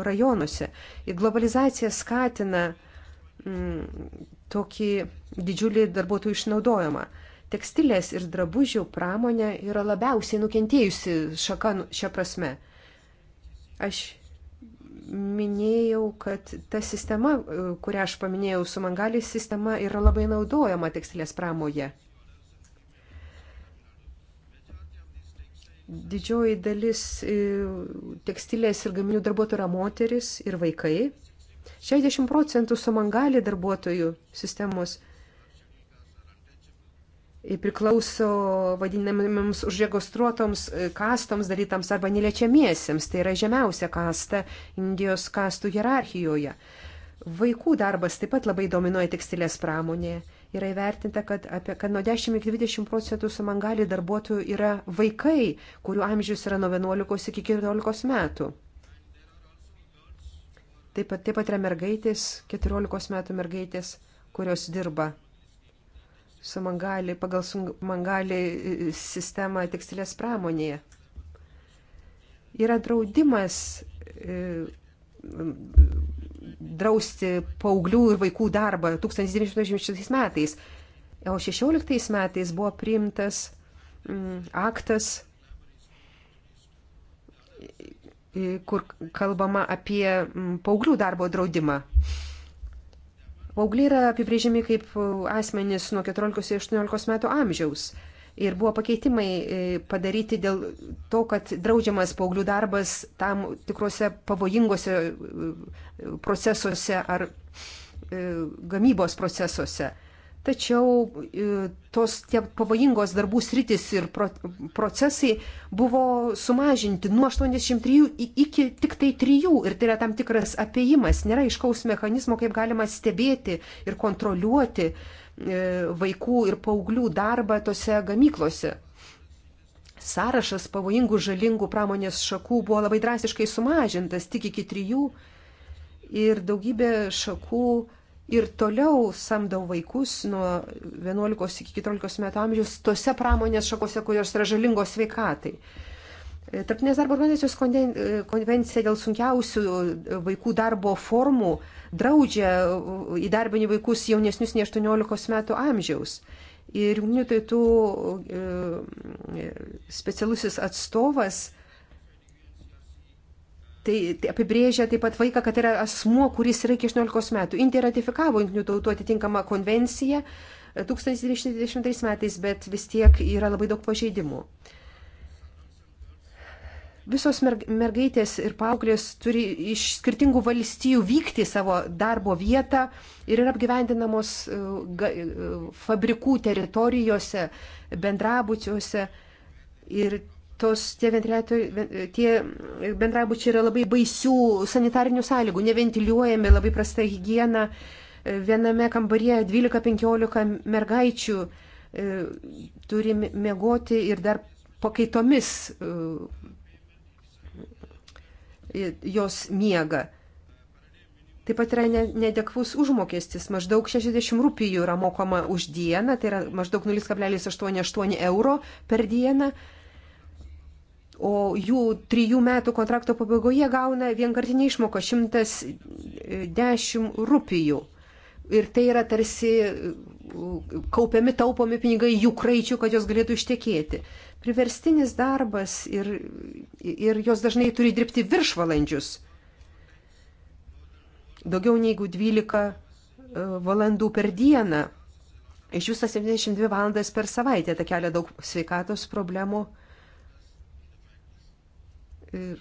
rajonuose. Ir globalizacija skatina mm, tokį didžiulį darbuotojų išnaudojimą. Tekstilės ir drabužių pramonė yra labiausiai nukentėjusi šaka šią prasme. Mm, Aš minėjau, kad ta sistema, e, kurią aš paminėjau, su mangalis sistema yra labai naudojama tekstilės pramoje. Didžioji dalis e, tekstilės ir gaminių darbuotojų yra moteris ir vaikai. 60 procentų su mangali darbuotojų sistemos priklauso vadinamiems užregistruotoms e, kastoms darytams arba neliečiamiesiems, tai yra žemiausia kasta Indijos kastų hierarchijoje. Vaikų darbas taip pat labai dominuoja tekstilės pramonėje. Yra įvertinta, kad, apie, kad nuo 10 iki 20 procentų sumangali darbuotojų yra vaikai, kurių amžius yra nuo 11 iki 14 metų. Taip pat, taip pat yra mergaitės, 14 metų mergaitės, kurios dirba sumangali, pagal sumangali e, sistemą tekstilės pramonėje. Yra draudimas e, drausti paauglių ir vaikų darbą 1996 metais, o 16 metais buvo priimtas mm, aktas, kur kalbama apie mm, paauglių darbo draudimą. Paugliai yra apibrėžiami kaip e, asmenys nuo 14 iki 18 metų amžiaus. Ir buvo pakeitimai e, padaryti dėl to, kad draudžiamas paauglių darbas tam tikrose pavojingose e, procesuose ar gamybos procesuose. Tačiau e, tos tie pavojingos darbų sritis ir procesai buvo sumažinti nuo 83 iki tik tai 3 ir tai yra tam tikras apėjimas, nėra iškaus mechanizmo, kaip galima stebėti ir kontroliuoti e, vaikų ir paauglių darbą tose gamyklose. Sąrašas pavojingų žalingų pramonės šakų buvo labai drastiškai sumažintas tik iki 3 ir daugybė šakų ir toliau samdau vaikus nuo 11 iki 14 metų amžiaus tose pramonės šakose, kurios yra žalingos sveikatai. E, Tarptinės darbo organizacijos e, konvencija dėl sunkiausių e, vaikų darbo formų draudžia įdarbinį vaikus jaunesnius nei 18 metų amžiaus. Ir jungtinių tautų specialusis atstovas e, Tai apibrėžia taip pat vaiką, kad yra asmuo, kuris yra iki 18 metų. Indija ratifikavo Junktinių tautų atitinkamą konvenciją 1920 e, metais, bet vis tiek yra labai daug pažeidimų. Visos mergaitės ir paauglės turi iš skirtingų valstijų vykti savo darbo vietą ir yra apgyvendinamos e, e, fabrikų teritorijose, bendrabučiuose. Ir tos tie, tie bendrabučiai yra labai baisių sanitarinių sąlygų, neventiliuojami, labai prasta hygiena. Viename kambaryje 12-15 mergaičių e, turi mėgoti ir dar pakaitomis e, jos miega. Taip pat yra nedekvus užmokestis, maždaug 60 rupijų yra mokama už dieną, tai yra maždaug 0,88 euro per dieną. E, o jų trijų metų kontrakto pabaigoje gauna vienkartinį išmoką 110 e, rupijų. Ir tai yra tarsi e, kaupiami, taupomi pinigai jų kraičių, kad jos galėtų ištekėti. Priverstinis darbas ir, ir jos dažnai turi dirbti viršvalandžius. Daugiau negu 12 e, valandų per dieną. Iš viso 72 valandas per savaitę. Tai kelia daug sveikatos problemų Ir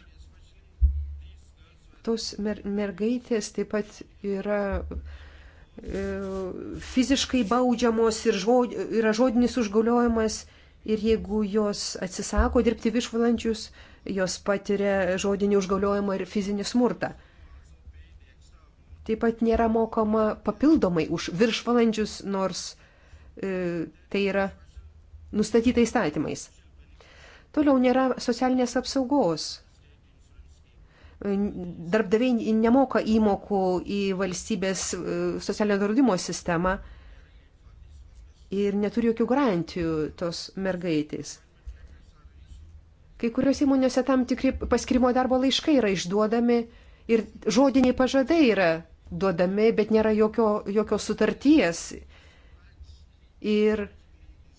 tos mer mergaitės taip pat yra e, fiziškai baudžiamos ir žod, yra žodinis užgauliojimas ir jeigu jos atsisako dirbti viršvalandžius, jos patiria žodinį užgauliojimą ir fizinį smurtą. Taip pat nėra mokama papildomai už viršvalandžius, nors e, tai yra nustatyta įstatymais. Toliau nėra socialinės apsaugos darbdaviai nemoka įmokų į valstybės e, socialinio draudimo sistemą ir neturi jokių garantijų tos mergaitės. Kai kurios įmonėse tam tikri paskirimo darbo laiškai yra išduodami ir žodiniai pažadai yra duodami, bet nėra jokio, jokio sutarties. Ir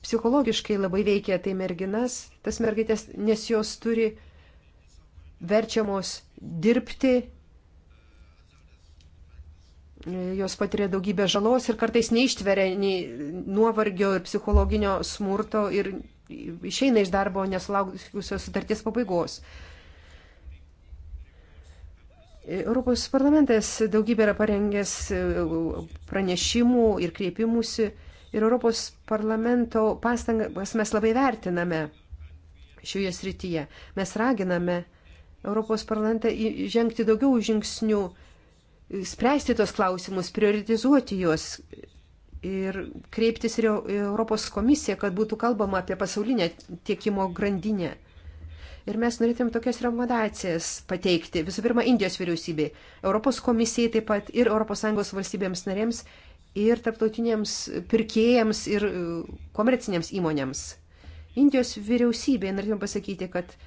psichologiškai labai veikia tai merginas, tas mergaitės, nes jos turi verčiamos dirbti, jos patiria daugybę žalos ir kartais neištveria nei nuovargio ir psichologinio smurto ir išeina iš darbo nesulaukusios sutarties pabaigos. Europos parlamentas daugybę yra parengęs e, pranešimų ir kreipimusi ir Europos parlamento pastangas mes labai vertiname šioje srityje. Mes raginame Europos parlamentą žengti daugiau žingsnių, spręsti tos klausimus, prioritizuoti juos ir kreiptis ir Europos komisiją, kad būtų kalbama apie pasaulinę tiekimo grandinę. Ir mes norėtum tokias rekomendacijas pateikti visų pirma Indijos vyriausybei, Europos komisijai taip pat ir ES valstybėms narėms ir tarptautiniams pirkėjams ir e, komerciniams įmonėms. Indijos vyriausybė norėtum pasakyti, kad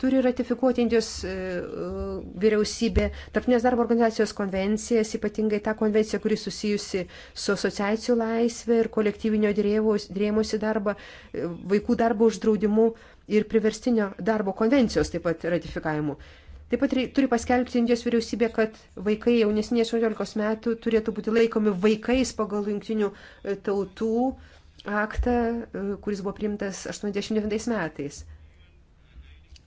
turi ratifikuoti Indijos e, e, vyriausybė Tarptinės darbo organizacijos konvencijas, ypatingai tą konvenciją, kuri susijusi su asociacijų laisvė ir kolektyvinio dėrėjimuose darbą, e, vaikų darbo uždraudimu ir priverstinio darbo konvencijos taip pat ratifikavimu. Taip pat turi paskelbti Indijos vyriausybė, kad vaikai jaunesnė 18 metų turėtų būti laikomi vaikais pagal jungtinių tautų aktą, kuris buvo priimtas 89 metais.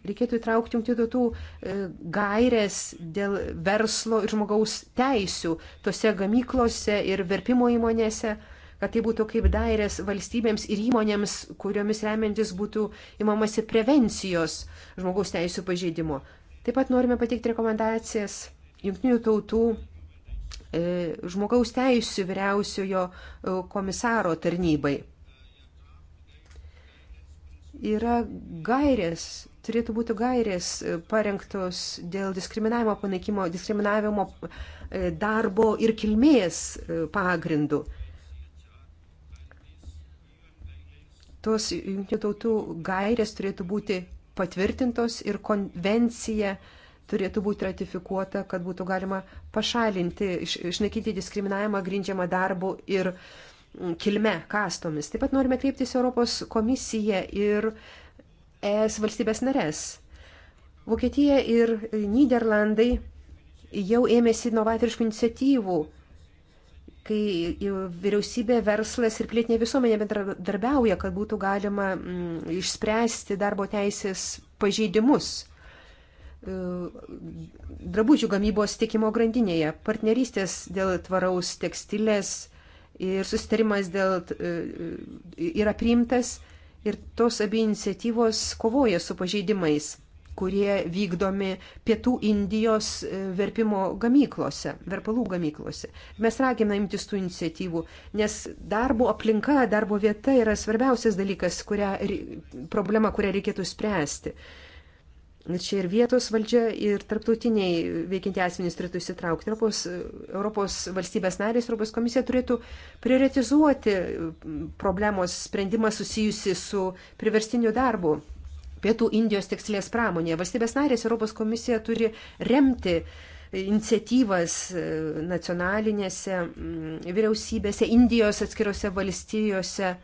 Reikėtų įtraukti jungtinių tautų e, gairės dėl verslo ir žmogaus teisių tose gamyklose ir verpimo įmonėse, kad tai būtų kaip dairės valstybėms ir įmonėms, kuriomis remiantis būtų imamasi prevencijos žmogaus teisų pažeidimo. Taip pat norime pateikti rekomendacijas jungtinių tautų e, žmogaus teisų vyriausiojo e, komisaro tarnybai. Yra gairės turėtų būti gairės e, parengtos dėl diskriminavimo panaikymo, diskriminavimo e, darbo ir kilmės e, pagrindų. Tos jungtinių tautų gairės turėtų būti patvirtintos ir konvencija turėtų būti ratifikuota, kad būtų galima pašalinti, iš, išnaikyti diskriminavimą grindžiamą darbu ir kilme, kastomis. Taip pat norime kreiptis Europos komisiją ir uh, ES valstybės narės. Vokietija ir Niderlandai jau ėmėsi novatoriškų iniciatyvų, kai vyriausybė, verslas ir pilietinė visuomenė bendradarbiauja, kad būtų galima mm, išspręsti darbo teisės pažeidimus e, drabužių gamybos tiekimo grandinėje, partnerystės dėl tvaraus tekstilės ir sustarimas dėl, e, e, yra priimtas Ir tos abi iniciatyvos kovoja su pažeidimais, kurie vykdomi pietų Indijos e, verpimo gamyklose, verpalų gamyklose. Mes raginame imtis tų iniciatyvų, nes darbo aplinka, darbo vieta yra svarbiausias dalykas, kurią, problema, kurią reikėtų spręsti. Čia ir vietos valdžia, ir tarptautiniai veikianti asmenys turėtų įsitraukti. Europos, Europos valstybės narės, Europos komisija turėtų prioritizuoti problemos sprendimą susijusi su priverstiniu darbu. Pietų Indijos tekstilės pramonėje. Valstybės narės Europos komisija turi remti iniciatyvas e, nacionalinėse mm, vyriausybėse, Indijos atskirose valstijose.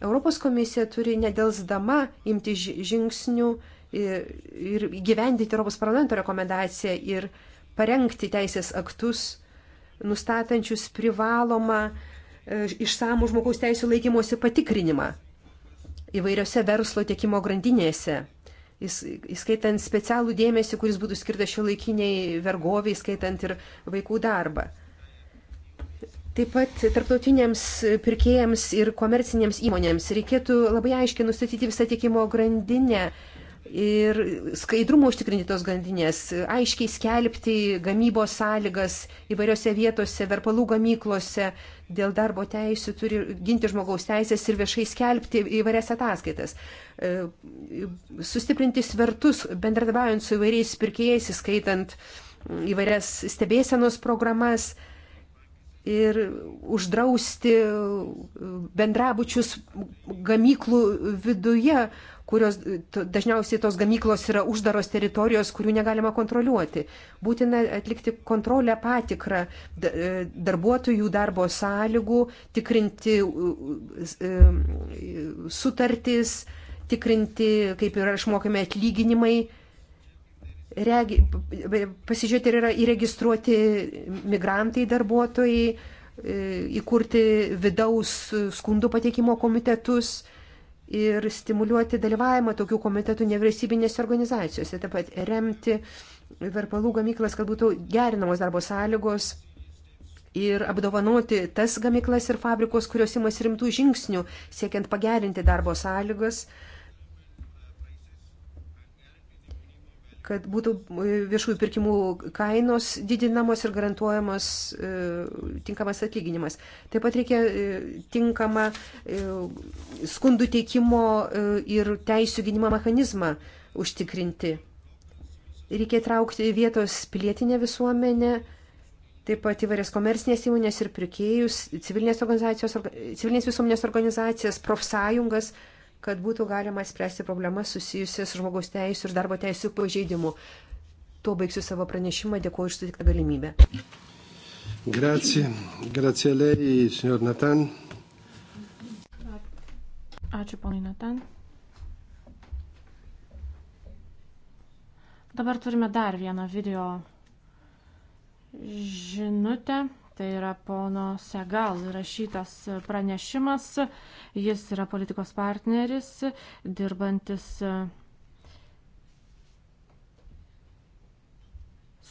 Europos komisija turi nedelsdama imti žingsnių ir gyvendyti Europos parlamento rekomendaciją ir parengti teisės aktus, nustatančius privalomą e, išsamų žmogaus teisų laikymosi patikrinimą įvairiose verslo tiekimo grandinėse, įskaitant specialų dėmesį, kuris būtų skirtas šio laikiniai vergoviai, skaitant ir vaikų darbą. Taip pat tarptautiniams pirkėjams ir komercinėms įmonėms reikėtų labai aiškiai nustatyti visą tiekimo grandinę, ir skaidrumo užtikrinti tos grandinės, aiškiai skelbti gamybos sąlygas įvairiose vietose, verpalų gamyklose, dėl darbo teisų turi ginti žmogaus teisės ir viešai skelbti įvairias ataskaitas. E, sustiprinti svertus, bendradarbiaujant su įvairiais pirkėjais, įskaitant įvairias stebėsenos programas. Ir uždrausti e, bendrabučius gamyklų viduje uh, kurios dažniausiai tos gamyklos yra uždaros teritorijos, kurių negalima kontroliuoti. Būtina atlikti kontrolę patikrą e, darbuotojų darbo sąlygų, tikrinti e, sutartis, tikrinti, kaip yra išmokami atlyginimai. Regi, pasižiūrėti, ar yra įregistruoti migrantai, darbuotojai, e, įkurti vidaus skundų pateikimo komitetus, ir stimuliuoti dalyvavimą tokių komitetų nevyriausybinėse organizacijose, taip pat remti verpalų gamyklas, kad būtų gerinamos darbo sąlygos ir apdovanoti tas gamyklas ir fabrikos, kurios imasi rimtų žingsnių siekiant pagerinti darbo sąlygas kad būtų e, viešųjų pirkimų kainos didinamos ir garantuojamas e, tinkamas atlyginimas. Taip pat reikia e, tinkamą skundų teikimo ir teisų gynimo mechanizmą užtikrinti. Reikia traukti vietos pilietinę visuomenę, taip pat įvairias komercinės įmonės ir pirkėjus, civilinės, civilinės visuomenės organizacijas, profsąjungas, organizacijas kad būtų galima spręsti problemas susijusias žmogaus teisų ir darbo teisų pažeidimu. Tuo baigsiu savo pranešimą, dėkuoju už sutiktą galimybę. Grazie, grazie lei, signor Natan. Ačiū, ponai Natan. Dabar turime dar vieną video žinutę. Tai yra pono Segal rašytas pranešimas. Jis yra politikos partneris, dirbantis e,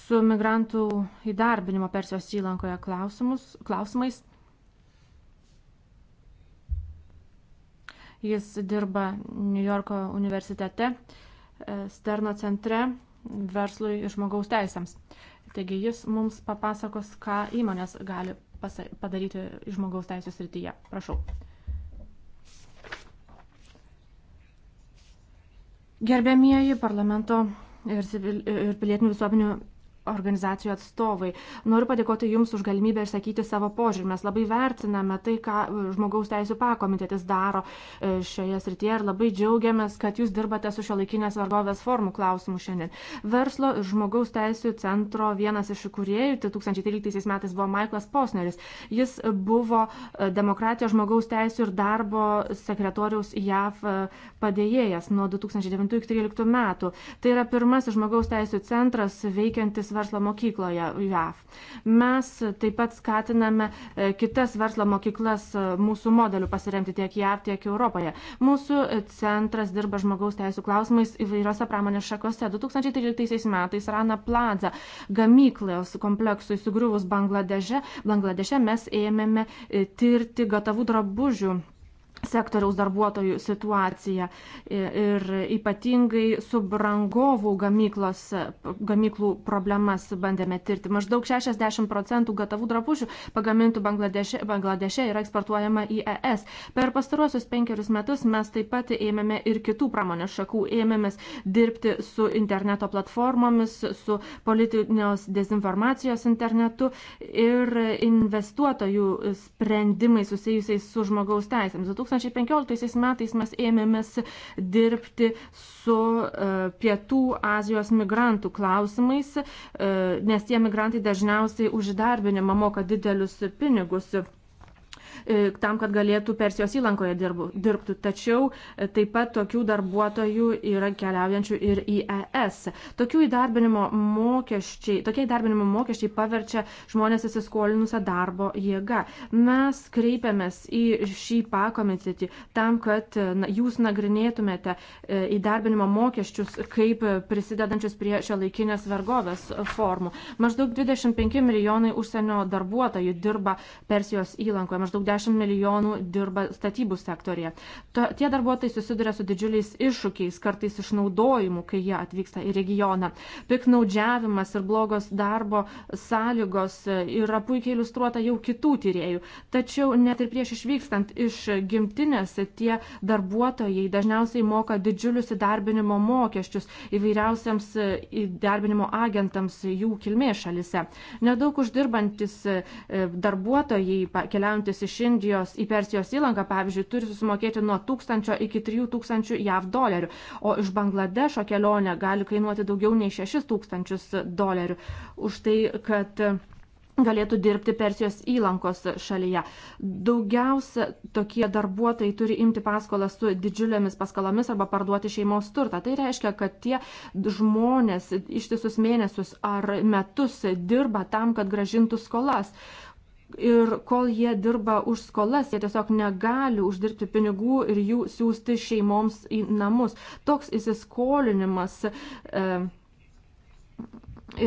su migrantų įdarbinimo Persijos įlankoje klausimais. Jis dirba New Yorko universitete, e, Sterno centre verslui ir žmogaus teisėms. Taigi jis mums papasakos, ką įmonės gali padaryti žmogaus teisės rytyje. Prašau. Gerbėmieji parlamento ir, civil, ir pilietinių visuomenių organizacijų atstovai. Noriu padėkoti Jums už galimybę išsakyti savo požiūrį. Mes labai vertiname tai, ką e, žmogaus teisų pakomitėtis daro e, šioje srityje ir labai džiaugiamės, kad Jūs dirbate su šio laikinės vargovės formų klausimu šiandien. Verslo ir žmogaus teisų centro vienas iš įkūrėjų, tai 2013 metais buvo Michaelas Posneris. Jis buvo e, demokratijos žmogaus teisų ir darbo sekretoriaus JAV padėjėjas nuo 2009-2013 metų. Tai yra pirmasis žmogaus teisų centras veikiantis verslo verslo mokykloje JAV. Mes taip pat skatiname e, kitas verslo mokyklas e, mūsų modelių pasiremti tiek JAV, tiek Europoje. Mūsų e, centras dirba žmogaus teisų klausimais įvairiose pramonės šakose. 2013 metais Rana Plaza gamyklos kompleksui sugriuvus Bangladeše, Bangladeše mes ėmėme tirti gatavų drabužių sektoriaus darbuotojų situacija ir ypatingai subrangovų gamyklos, gamyklų problemas bandėme tirti. Maždaug 60 procentų gatavų drabužių pagamintų Bangladeše, Bangladeše yra eksportuojama į ES. Per pastaruosius penkerius metus mes taip pat ėmėme ir kitų pramonės šakų, ėmėmės dirbti su interneto platformomis, su politinios dezinformacijos internetu ir investuotojų sprendimai susijusiais su žmogaus teisėms. 2015 metais mes ėmėmės dirbti su e, Pietų Azijos migrantų klausimais, e, nes tie migrantai dažniausiai už įdarbinimą moka didelius pinigus. E, tam, kad galėtų Persijos įlankoje dirbtų. Tačiau e, taip pat tokių darbuotojų yra keliaujančių ir į ES. Tokių įdarbinimo mokesčiai, tokie įdarbinimo mokesčiai paverčia žmonės įsiskolinusią darbo jėgą. Mes kreipiamės į šį pakomitetį tam, kad e, jūs nagrinėtumėte įdarbinimo mokesčius kaip prisidedančius prie šio laikinės vergovės formų. Maždaug 25 milijonai užsienio darbuotojų dirba Persijos įlankoje, maždaug 10 milijonų dirba statybų sektorėje. Ta, tie darbuotojai susiduria su didžiuliais iššūkiais, kartais išnaudojimu, kai jie atvyksta į regioną. Piknaudžiavimas ir blogos darbo sąlygos e, yra puikiai iliustruota jau kitų tyriejų. Tačiau net ir prieš išvykstant iš gimtinės tie darbuotojai dažniausiai moka didžiulius įdarbinimo mokesčius įvairiausiams e, įdarbinimo agentams jų kilmės šalise. Nedaug uždirbantis e, darbuotojai keliaujantis iš iš Indijos į Persijos įlanką, pavyzdžiui, turi susimokėti nuo 1000 iki 3000 JAV dolerių, o iš Bangladešo kelionė gali kainuoti daugiau nei 6000 dolerių už tai, kad galėtų dirbti Persijos įlankos šalyje. Daugiausia tokie darbuotojai turi imti paskolą su didžiulėmis paskalomis arba parduoti šeimos turtą. Tai reiškia, kad tie žmonės ištisus mėnesius ar metus dirba tam, kad gražintų skolas ir kol jie dirba už skolas, jie tiesiog negali uždirbti pinigų ir jų siūsti šeimoms į namus. Toks įsiskolinimas e,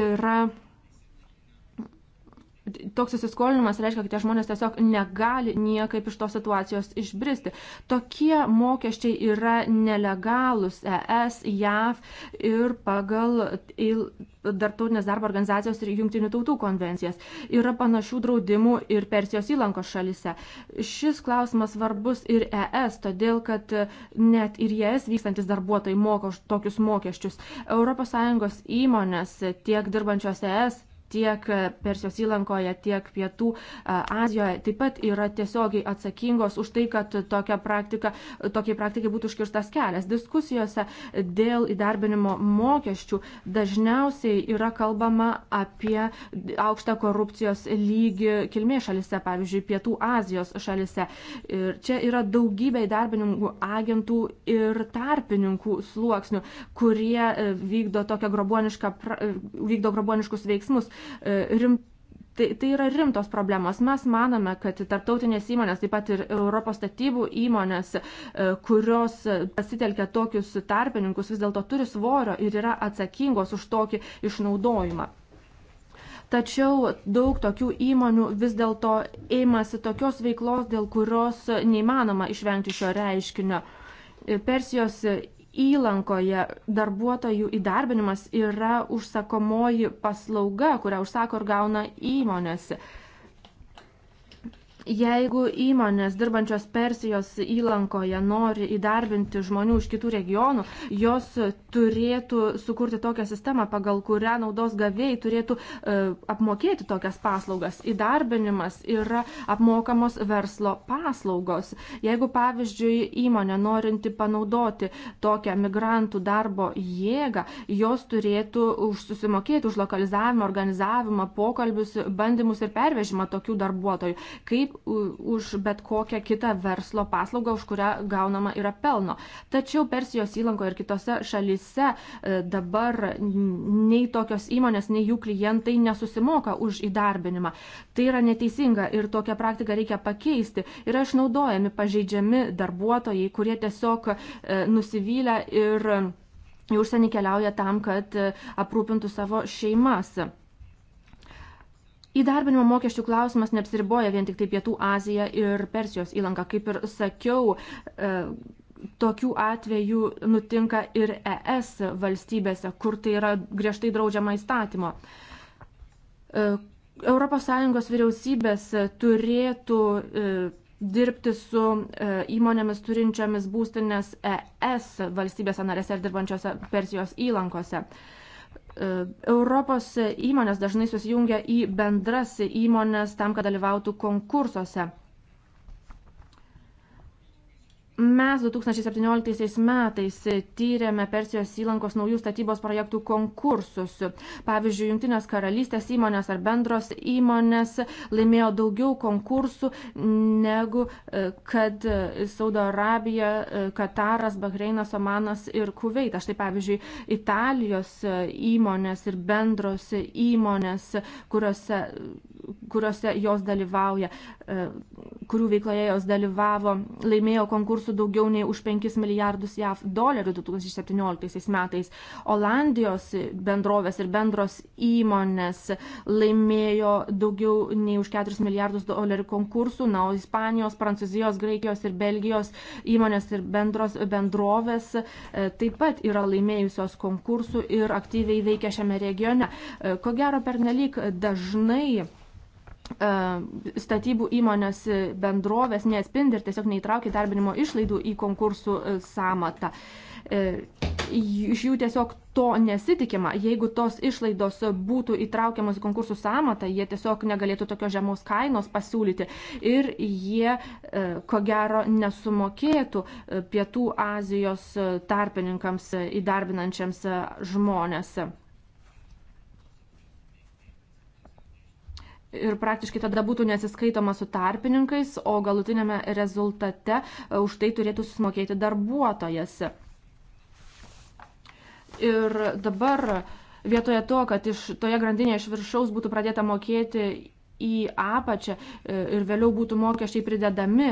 yra toks įsiskolinimas reiškia, kad tie žmonės tiesiog negali niekaip iš tos situacijos išbristi. Tokie mokesčiai yra nelegalus ES, JAV ir pagal Dartautinės darbo organizacijos ir jungtinių tautų konvencijas. Yra panašių draudimų ir Persijos įlankos šalise. Šis klausimas svarbus ir ES, todėl kad net ir ES vykstantis darbuotojai moka už tokius mokesčius. ES įmonės tiek dirbančios ES, tiek Persijos įlankoje, tiek Pietų Azijoje taip pat yra tiesiogiai atsakingos už tai, kad tokia praktika, tokiai praktikai būtų užkirstas kelias. Diskusijose dėl įdarbinimo mokesčių dažniausiai yra kalbama apie aukštą korupcijos lygį kilmės šalise, pavyzdžiui, Pietų Azijos šalise. Ir čia yra daugybė įdarbinimų agentų ir tarpininkų sluoksnių, kurie e, vykdo tokią grobuonišką, e, vykdo grobuoniškus veiksmus. E, rim, tai, tai yra rimtos problemos. Mes manome, kad tarptautinės įmonės, taip pat ir Europos statybų įmonės, e, kurios pasitelkia tokius tarpininkus, vis dėlto turi svorio ir yra atsakingos už tokį išnaudojimą. Tačiau daug tokių įmonių vis dėlto ėmasi tokios veiklos, dėl kurios neįmanoma išvengti šio reiškinio. E, Persijos įlankoje darbuotojų įdarbinimas yra užsakomoji paslauga, kurią užsako ir gauna įmonės. Jeigu įmonės dirbančios Persijos įlankoje nori įdarbinti žmonių iš kitų regionų, jos turėtų sukurti tokią sistemą, pagal kurią naudos gavėjai turėtų e, apmokėti tokias paslaugas. Įdarbinimas yra apmokamos verslo paslaugos. Jeigu, pavyzdžiui, įmonė norinti panaudoti tokią migrantų darbo jėgą, jos turėtų už susimokėti už lokalizavimą, organizavimą, pokalbius, bandymus ir pervežimą tokių darbuotojų. Kaip už bet kokią kitą verslo paslaugą, už kurią gaunama yra pelno. Tačiau Persijos įlankoje ir kitose šalise e, dabar nei tokios įmonės, nei jų klientai nesusimoka už įdarbinimą. Tai yra neteisinga ir tokią praktiką reikia pakeisti. Yra išnaudojami pažeidžiami darbuotojai, kurie tiesiog e, nusivylę ir e, į užsienį keliauja tam, kad aprūpintų savo šeimas. Įdarbinimo mokesčių klausimas neapsiriboja vien tik tai Pietų Aziją ir Persijos įlanką. Kaip ir sakiau, e, tokių atvejų nutinka ir ES valstybėse, kur tai yra griežtai draudžiama įstatymo. E, ES vyriausybės turėtų e, dirbti su e, įmonėmis turinčiamis būstinės ES valstybėse narėse ir dirbančiose Persijos įlankose. E, E, Europos įmonės dažnai susijungia į bendras įmonės tam, kad dalyvautų konkursuose. Mes 2017 metais tyrėme Persijos įlankos naujų statybos projektų konkursus. Pavyzdžiui, Junktinės karalystės įmonės ar bendros įmonės laimėjo daugiau konkursų negu e, kad Saudo Arabija, e, Kataras, Bahreinas, Omanas ir Kuveitas. Štai pavyzdžiui, Italijos e, įmonės ir bendros įmonės, kuriuose kuriuose jos dalyvauja, e, kurių veikloje jos dalyvavo, laimėjo konkursų daugiau nei už 5 milijardus JAV dolerių 2017 metais. Olandijos bendrovės ir bendros įmonės laimėjo daugiau nei už 4 milijardus dolerių konkursų, na, o Ispanijos, Prancūzijos, Graikijos ir Belgijos įmonės ir bendros bendrovės e, taip pat yra laimėjusios konkursų ir aktyviai veikia šiame regione. E, ko gero, pernelyg dažnai E, statybų įmonės bendrovės neatspindi ir tiesiog neįtraukia darbinimo išlaidų į konkursų e, samatą. E, iš jų tiesiog to nesitikima. Jeigu tos išlaidos būtų įtraukiamas į konkursų samatą, jie tiesiog negalėtų tokios žemos kainos pasiūlyti ir jie, ko gero, nesumokėtų Pietų Azijos tarpininkams įdarbinančiams žmonės. ir praktiškai tada būtų nesiskaitoma su tarpininkais, o galutinėme rezultate e, už tai turėtų susimokėti darbuotojas. Ir dabar vietoje to, kad iš toje grandinėje iš viršaus būtų pradėta mokėti į apačią e, ir vėliau būtų mokesčiai pridedami,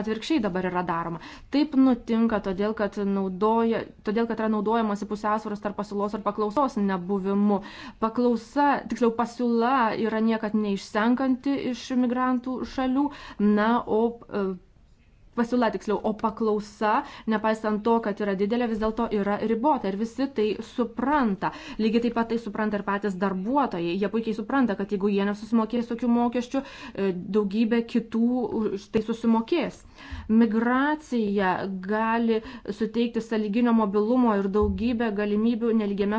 atvirkščiai dabar yra daroma. Taip nutinka todėl, kad, naudoja, todėl, kad yra naudojamasi pusiausvėros tarp pasiūlos ir paklausos nebuvimu. Paklausa, tiksliau pasiūla yra niekad neišsenkanti iš migrantų šalių, na, o e, pasiūla tiksliau, o paklausa, nepaisant to, kad yra didelė, vis dėlto yra ribota ir visi tai supranta. Lygiai taip pat tai supranta ir patys darbuotojai. Jie puikiai supranta, kad jeigu jie nesusimokės tokių mokesčių, e, daugybė kitų tai susimokės. Migracija gali suteikti saliginio mobilumo ir daugybę galimybių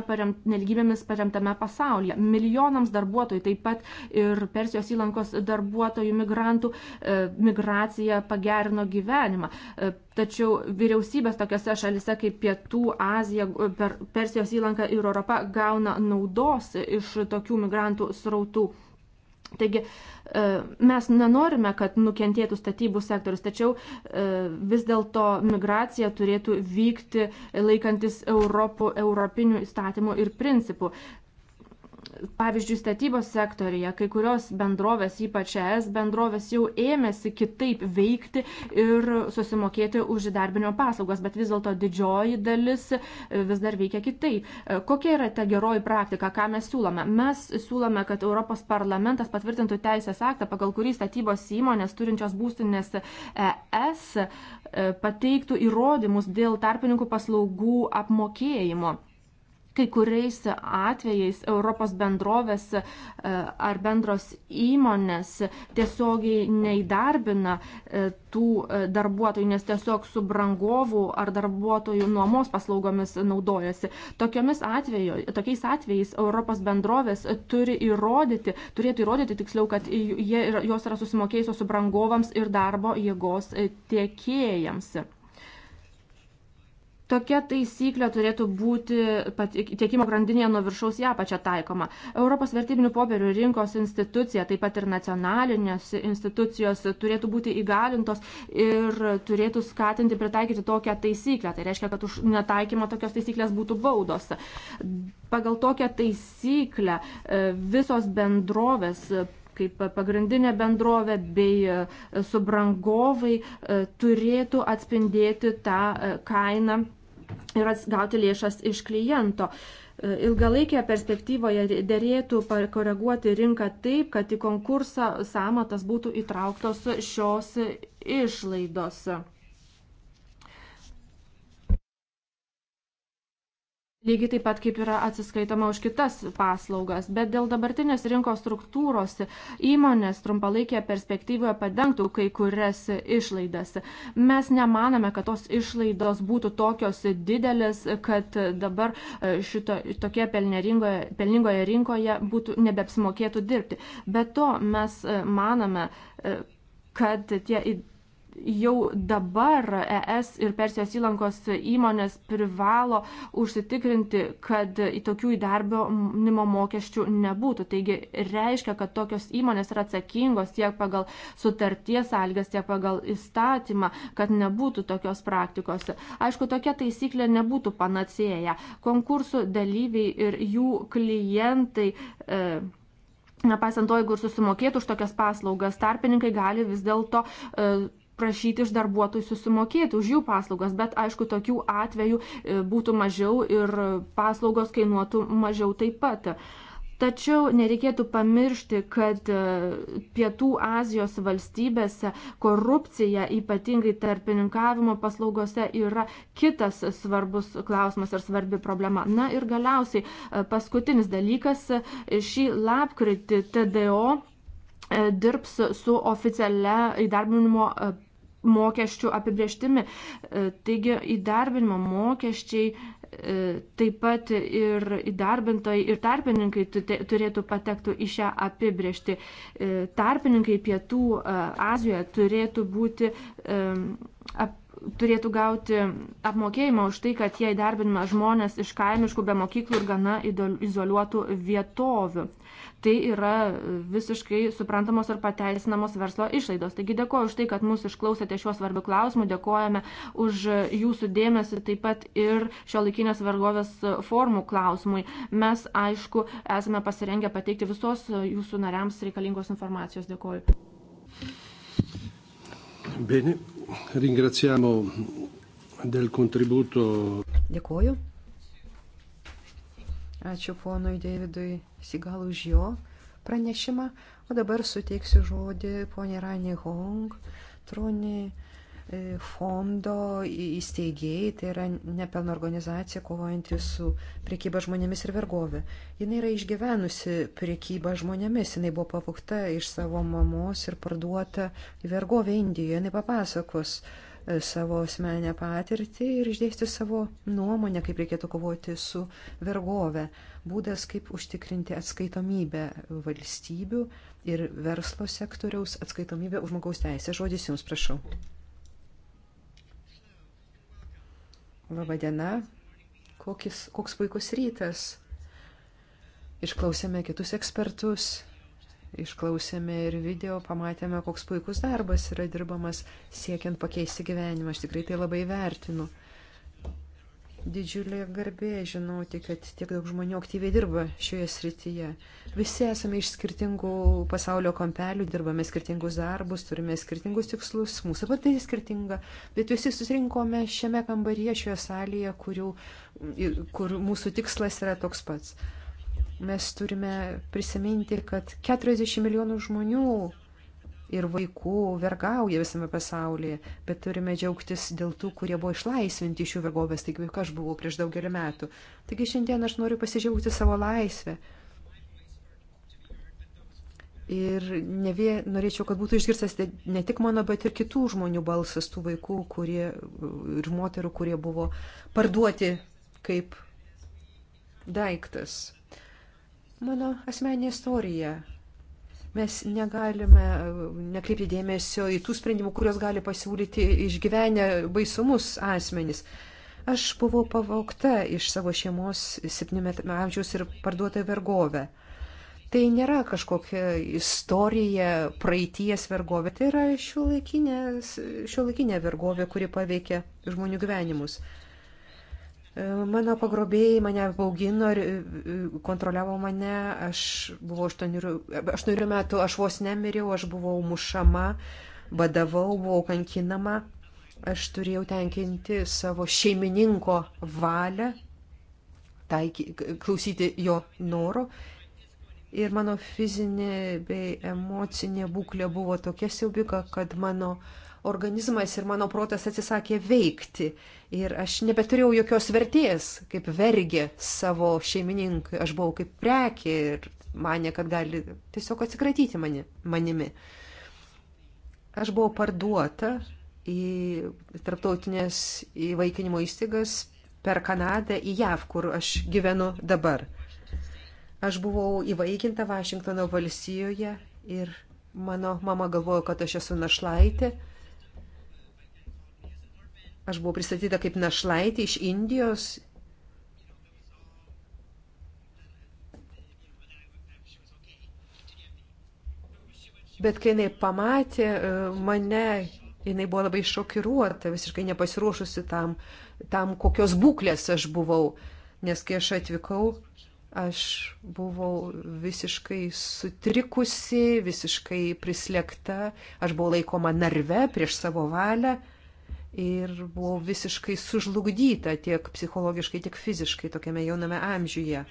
paremt, neligybėmis paremtame pasaulyje. Milijonams darbuotojų, taip pat ir Persijos įlankos darbuotojų, migrantų, e, migracija pagerino gyvenimą gyvenimą. E, tačiau vyriausybės tokiose šalise kaip Pietų Azija, per Persijos įlanka ir Europa gauna naudos iš tokių migrantų srautų. Taigi e, mes nenorime, kad nukentėtų statybų sektorius, tačiau e, vis dėlto migracija turėtų vykti laikantis Europų, europinių įstatymų ir principų. Pavyzdžiui, statybos sektorija, kai kurios bendrovės, ypač ES bendrovės, jau ėmėsi kitaip veikti ir susimokėti už įdarbinio paslaugas, bet vis dėlto didžioji dalis e, vis dar veikia kitaip. E, kokia yra ta geroji praktika, ką mes siūlome? Mes siūlome, kad Europos parlamentas patvirtintų teisės aktą, pagal kurį statybos įmonės turinčios būstinės ES e, pateiktų įrodymus dėl tarpininkų paslaugų apmokėjimo Kai kuriais atvejais Europos bendrovės e, ar bendros įmonės tiesiogiai neįdarbina e, tų e, darbuotojų, nes tiesiog su brangovų ar darbuotojų nuomos paslaugomis naudojasi. Tokiomis atveju, tokiais atvejais Europos bendrovės turi įrodyti, turėtų įrodyti tiksliau, kad jie, jos yra susimokėjusios su brangovams ir darbo jėgos tiekėjams. Tokia taisyklė turėtų būti tiekimo grandinėje nuo viršaus ją pačią taikoma. Europos vertybinių popierių rinkos institucija, taip pat ir nacionalinės institucijos turėtų būti įgalintos ir turėtų skatinti pritaikyti tokią taisyklę. Tai reiškia, kad už netaikymą tokios taisyklės būtų baudos. Pagal tokią taisyklę e, visos bendrovės kaip pagrindinė bendrovė bei e, subrangovai e, turėtų atspindėti tą kainą ir gauti lėšas iš kliento. E, ilgalaikėje perspektyvoje dėrėtų koreguoti rinką taip, kad į konkursą samatas būtų įtrauktos šios išlaidos. Lygiai taip pat kaip yra atsiskaitoma už kitas paslaugas, bet dėl dabartinės rinkos struktūros įmonės trumpalaikėje perspektyvoje padengtų kai kurias išlaidas. Mes nemaname, kad tos išlaidos būtų tokios didelės, kad dabar e, šito, tokie pelningoje, pelningoje rinkoje būtų nebepsimokėtų dirbti. Bet to mes e, manome, e, kad tie jau dabar ES ir Persijos įlankos įmonės privalo užsitikrinti, kad tokių įdarbinimo mokesčių nebūtų. Taigi reiškia, kad tokios įmonės yra atsakingos tiek pagal sutarties sąlygas, tiek pagal įstatymą, kad nebūtų tokios praktikos. Aišku, tokia taisyklė nebūtų panacėja. Konkursų dalyviai ir jų klientai. E, Nepaisant to, jeigu ir susimokėtų už tokias paslaugas, tarpininkai gali vis dėlto e, prašyti iš darbuotojų susimokėti už jų paslaugas, bet aišku, tokių atvejų e, būtų mažiau ir paslaugos kainuotų mažiau taip pat. Tačiau nereikėtų pamiršti, kad e, Pietų Azijos valstybėse korupcija, ypatingai tarpininkavimo paslaugose, yra kitas svarbus klausimas ir svarbi problema. Na ir galiausiai e, paskutinis dalykas, šį lapkritį TDO dirbs su oficialia įdarbinimo mokesčių apibrieštimi. E, taigi įdarbinimo mokesčiai e, taip pat ir įdarbintojai ir tarpininkai turėtų patektų į šią apibriežtį. E, tarpininkai pietų Azijoje turėtų būti ap, turėtų gauti apmokėjimą už tai, kad jie įdarbinima žmonės iš kaimiškų, be mokyklų ir gana izoliuotų vietovių tai yra visiškai suprantamos ir pateisinamos verslo išlaidos. Taigi dėkoju už tai, kad mūsų išklausėte šiuo svarbiu klausimu, dėkojame už jūsų dėmesį taip pat ir šio laikinės vergovės formų klausimui. Mes, aišku, esame pasirengę pateikti visos jūsų nariams reikalingos informacijos. Dėkoju. Bene, ringraziamo del contributo. Dėkoju. Ačiū ponui Davidui Sigal už jo pranešimą. O dabar suteiksiu žodį ponė Rani Hong, Troni e, fondo įsteigėjai, tai yra nepelno organizacija kovojanti su priekyba žmonėmis ir vergovė. Jis yra išgyvenusi priekybą žmonėmis, jinai buvo pavokta iš savo mamos ir parduota į vergovę Indijoje. Jis papasakos, uh, savo asmenę patirtį ir išdėsti savo nuomonę, kaip reikėtų kovoti su vergove. Būdas, kaip užtikrinti atskaitomybę valstybių ir verslo sektoriaus atskaitomybę už žmogaus teisę. Žodis Jums, prašau. Labadiena. Kokis, koks puikus rytas. Išklausėme kitus ekspertus išklausėme ir video, pamatėme, koks puikus darbas yra dirbamas siekiant pakeisti gyvenimą. Aš tikrai tai labai vertinu. Didžiulė garbė žinoti, kad tiek daug žmonių aktyviai dirba šioje srityje. Visi esame iš skirtingų pasaulio kampelių, dirbame skirtingus darbus, turime skirtingus tikslus, mūsų patai skirtinga, bet visi susirinkome šiame kambaryje, šioje salėje, kurių, kur mūsų tikslas yra toks pats mes turime prisiminti, kad 40 milijonų žmonių ir vaikų vergauja visame pasaulyje, bet turime džiaugtis dėl tų, kurie buvo išlaisvinti iš jų vergovės, taip kaip aš buvau prieš daugelį metų. Taigi šiandien aš noriu pasidžiaugti savo laisvę. Ir ne vė, norėčiau, kad būtų išgirstas ne tik mano, bet ir kitų žmonių balsas, tų vaikų kurie, ir moterų, kurie buvo parduoti kaip daiktas. Mano asmeninė istorija. Mes negalime uh, nekreipti dėmesio į tų sprendimų, kurios gali pasiūlyti išgyvenę baisumus asmenys. Aš buvau pavaukta iš savo šeimos 7 amžiaus ir parduota vergovę. Tai nėra kažkokia istorija praeities vergovė, tai yra šiuolaikinė šio vergovė, kuri paveikia žmonių gyvenimus. Mano pagrobėjai mane baugino ir e, kontroliavo mane, aš buvau 8 metų, aš vos nemiriau, aš buvau mušama, badavau, buvau kankinama, aš turėjau tenkinti savo šeimininko valią, taiky, klausyti jo norų. Ir mano fizinė bei emocinė būklė buvo tokia siaubika, kad mano uh, organizmas ir mano protas atsisakė veikti. Ir aš nebeturėjau jokios vertės, kaip vergė savo šeimininkai. Aš buvau kaip prekė ir mane, kad gali tiesiog atsikratyti mani, manimi. Aš buvau parduota į tarptautinės įvaikinimo įstaigas per Kanadą į JAV, kur aš gyvenu dabar. Aš buvau įvaikinta Vašingtono valstijoje ir mano mama galvojo, kad aš esu našlaitė Aš buvau pristatyta kaip našlaitė iš Indijos. Bet kai jinai pamatė e, mane, jinai buvo labai šokiruota, visiškai nepasiruošusi tam, tam kokios būklės aš buvau. Nes kai aš atvykau, aš buvau visiškai sutrikusi, visiškai prislėgta, aš buvau laikoma narve prieš savo valią ir buvau visiškai sužlugdyta tiek psichologiškai, tiek fiziškai tokiame jauname amžiuje.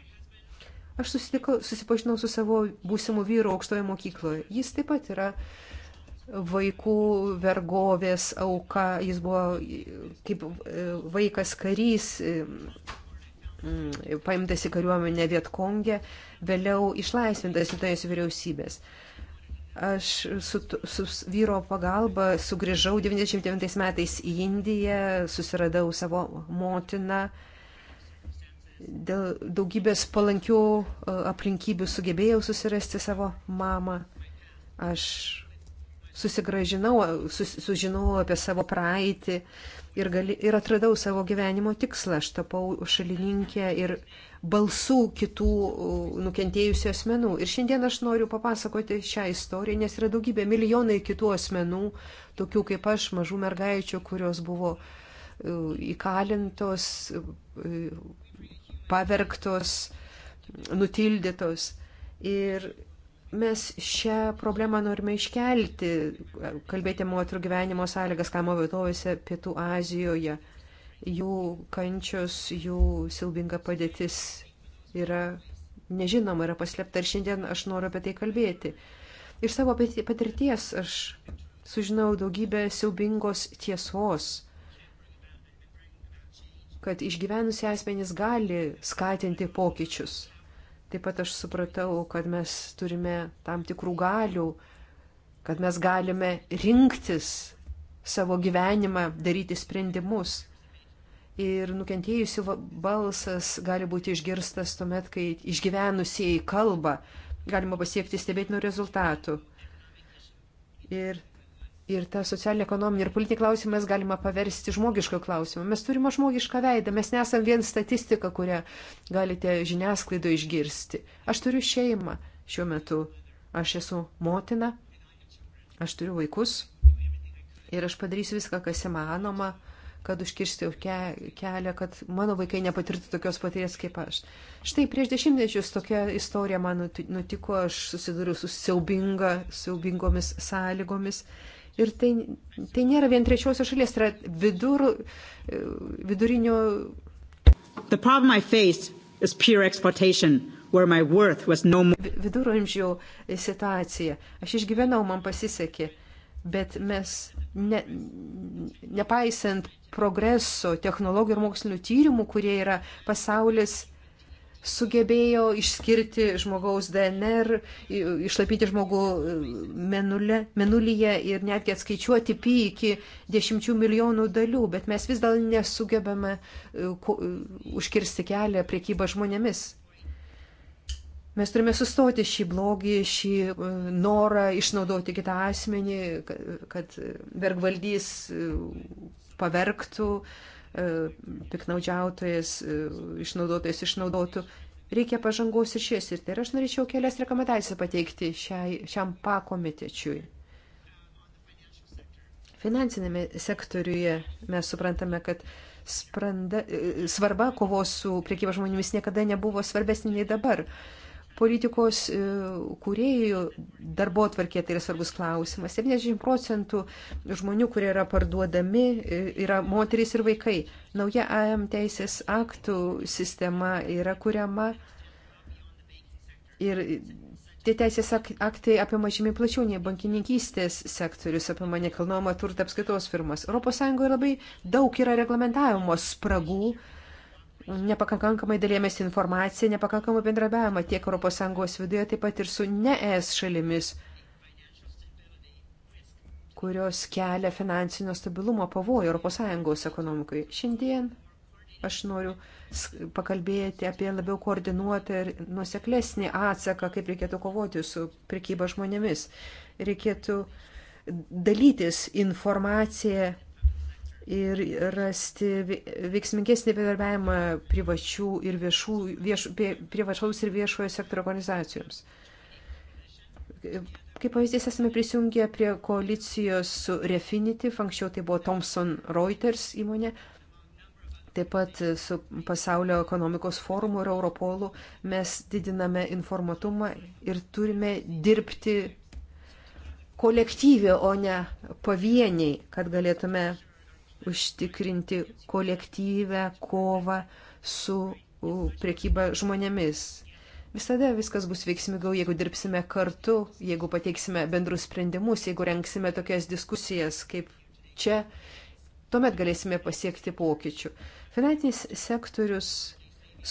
Aš susitikau, susipažinau su savo būsimu vyru aukštoje mokykloje. Jis taip pat yra vaikų vergovės auka, jis buvo kaip e, vaikas karys, e, mm, paimtas į kariuomenę Vietkongę, vėliau išlaisvintas Jutajos vyriausybės. Aš su, su vyro pagalba sugrįžau 99 metais į Indiją, susiradau savo motiną. Dėl daugybės palankių e, aplinkybių sugebėjau susirasti savo mamą. Aš susigražinau, sus, sužinau apie savo praeitį, ir, gali, ir atradau savo gyvenimo tikslą. Aš tapau šalininkė ir balsų kitų nukentėjusių asmenų. Ir šiandien aš noriu papasakoti šią istoriją, nes yra daugybė milijonai kitų asmenų, tokių kaip aš, mažų mergaičių, kurios buvo įkalintos, pavergtos, nutildytos. Ir Mes šią problemą norime iškelti, kalbėti moterų gyvenimo sąlygas kaimo vietovėse Pietų Azijoje. Jų kančios, jų silbinga padėtis yra nežinoma, yra paslėpta ir šiandien aš noriu apie tai kalbėti. Iš savo patirties aš sužinau daugybę siaubingos tiesos, kad išgyvenusi asmenys gali skatinti pokyčius. Taip pat aš supratau, kad mes turime tam tikrų galių, kad mes galime rinktis savo gyvenimą, daryti sprendimus. Ir nukentėjusių balsas gali būti išgirstas tuomet, kai išgyvenusieji kalba, galima pasiekti stebėtinų rezultatų. Ir Ir tą socialinį, ekonominį ir politinį klausimą mes galima paversti žmogišką klausimą. Mes turime žmogišką veidą, mes nesam vien statistika, kurią galite žiniasklaido išgirsti. Aš turiu šeimą šiuo metu. Aš esu motina, aš turiu vaikus ir aš padarysiu viską, kas įmanoma, kad užkirsti ke kelią, kad mano vaikai nepatirtų tokios patirties kaip aš. Štai prieš dešimtmečius tokia istorija man nutiko, aš susiduriu su siaubinga, siaubingomis sąlygomis. Ir tai, tai nėra vien trečiosios šalies, tai yra vidur, vidurinio. No Viduramžių situacija. Aš išgyvenau, man pasisekė, bet mes, ne, nepaisant progreso, technologijų ir mokslinių tyrimų, kurie yra pasaulis sugebėjo išskirti žmogaus DNR, išlapyti žmogų e, menulė, menulyje ir netgi atskaičiuoti pi iki dešimčių milijonų dalių, bet mes vis dar nesugebame e, e, užkirsti kelią priekybą žmonėmis. Mes turime sustoti šį blogį, šį norą išnaudoti kitą asmenį, kad vergvaldys pavergtų, uh, E, piknaudžiautojas, e, išnaudotojas išnaudotų. Reikia pažangos ir šies ir tai. Ir aš norėčiau kelias rekomendacijas pateikti šiai, šiam pakomitečiui. Finansinėme sektoriuje mes suprantame, kad spranda, e, svarba kovos su priekyba žmonėmis niekada nebuvo svarbesnė nei dabar. Uh, politikos e, kūrėjų darbo atvarkė tai yra svarbus klausimas. 70 procentų žmonių, kurie yra parduodami, e, yra moterys ir vaikai. Nauja AM teisės aktų sistema yra kuriama ir tie teisės aktai apima žymiai plačiau nei bankininkystės sektorius, apima nekalnojama turta apskaitos firmas. ES labai daug yra reglamentavimo spragų nepakankamai dalėmės informaciją, nepakankamą bendrabiavimą tiek ES viduje, taip pat ir su ne ES šalimis, kurios kelia finansinio stabilumo pavojų ES ekonomikai. Šiandien aš noriu pakalbėti apie labiau koordinuotą ir nuseklesnį atsaką, kaip reikėtų kovoti su prekyba žmonėmis. Reikėtų dalytis informaciją ir rasti veiksmingesnį bendarbiavimą privačių ir viešų, vieš, privačiaus ir viešojo sektorio organizacijoms. Kaip pavyzdys, esame prisijungę prie koalicijos su Refinitiv, anksčiau tai buvo Thomson Reuters įmonė, taip pat su pasaulio ekonomikos forumu ir Europolu mes didiname informatumą ir turime dirbti kolektyvė, o ne pavieniai, kad galėtume užtikrinti kolektyvę kovą su priekyba žmonėmis. Visada viskas bus veiksmigiau, jeigu dirbsime kartu, jeigu pateiksime bendrus sprendimus, jeigu renksime tokias diskusijas kaip čia, tuomet galėsime pasiekti pokyčių. Finansinis sektorius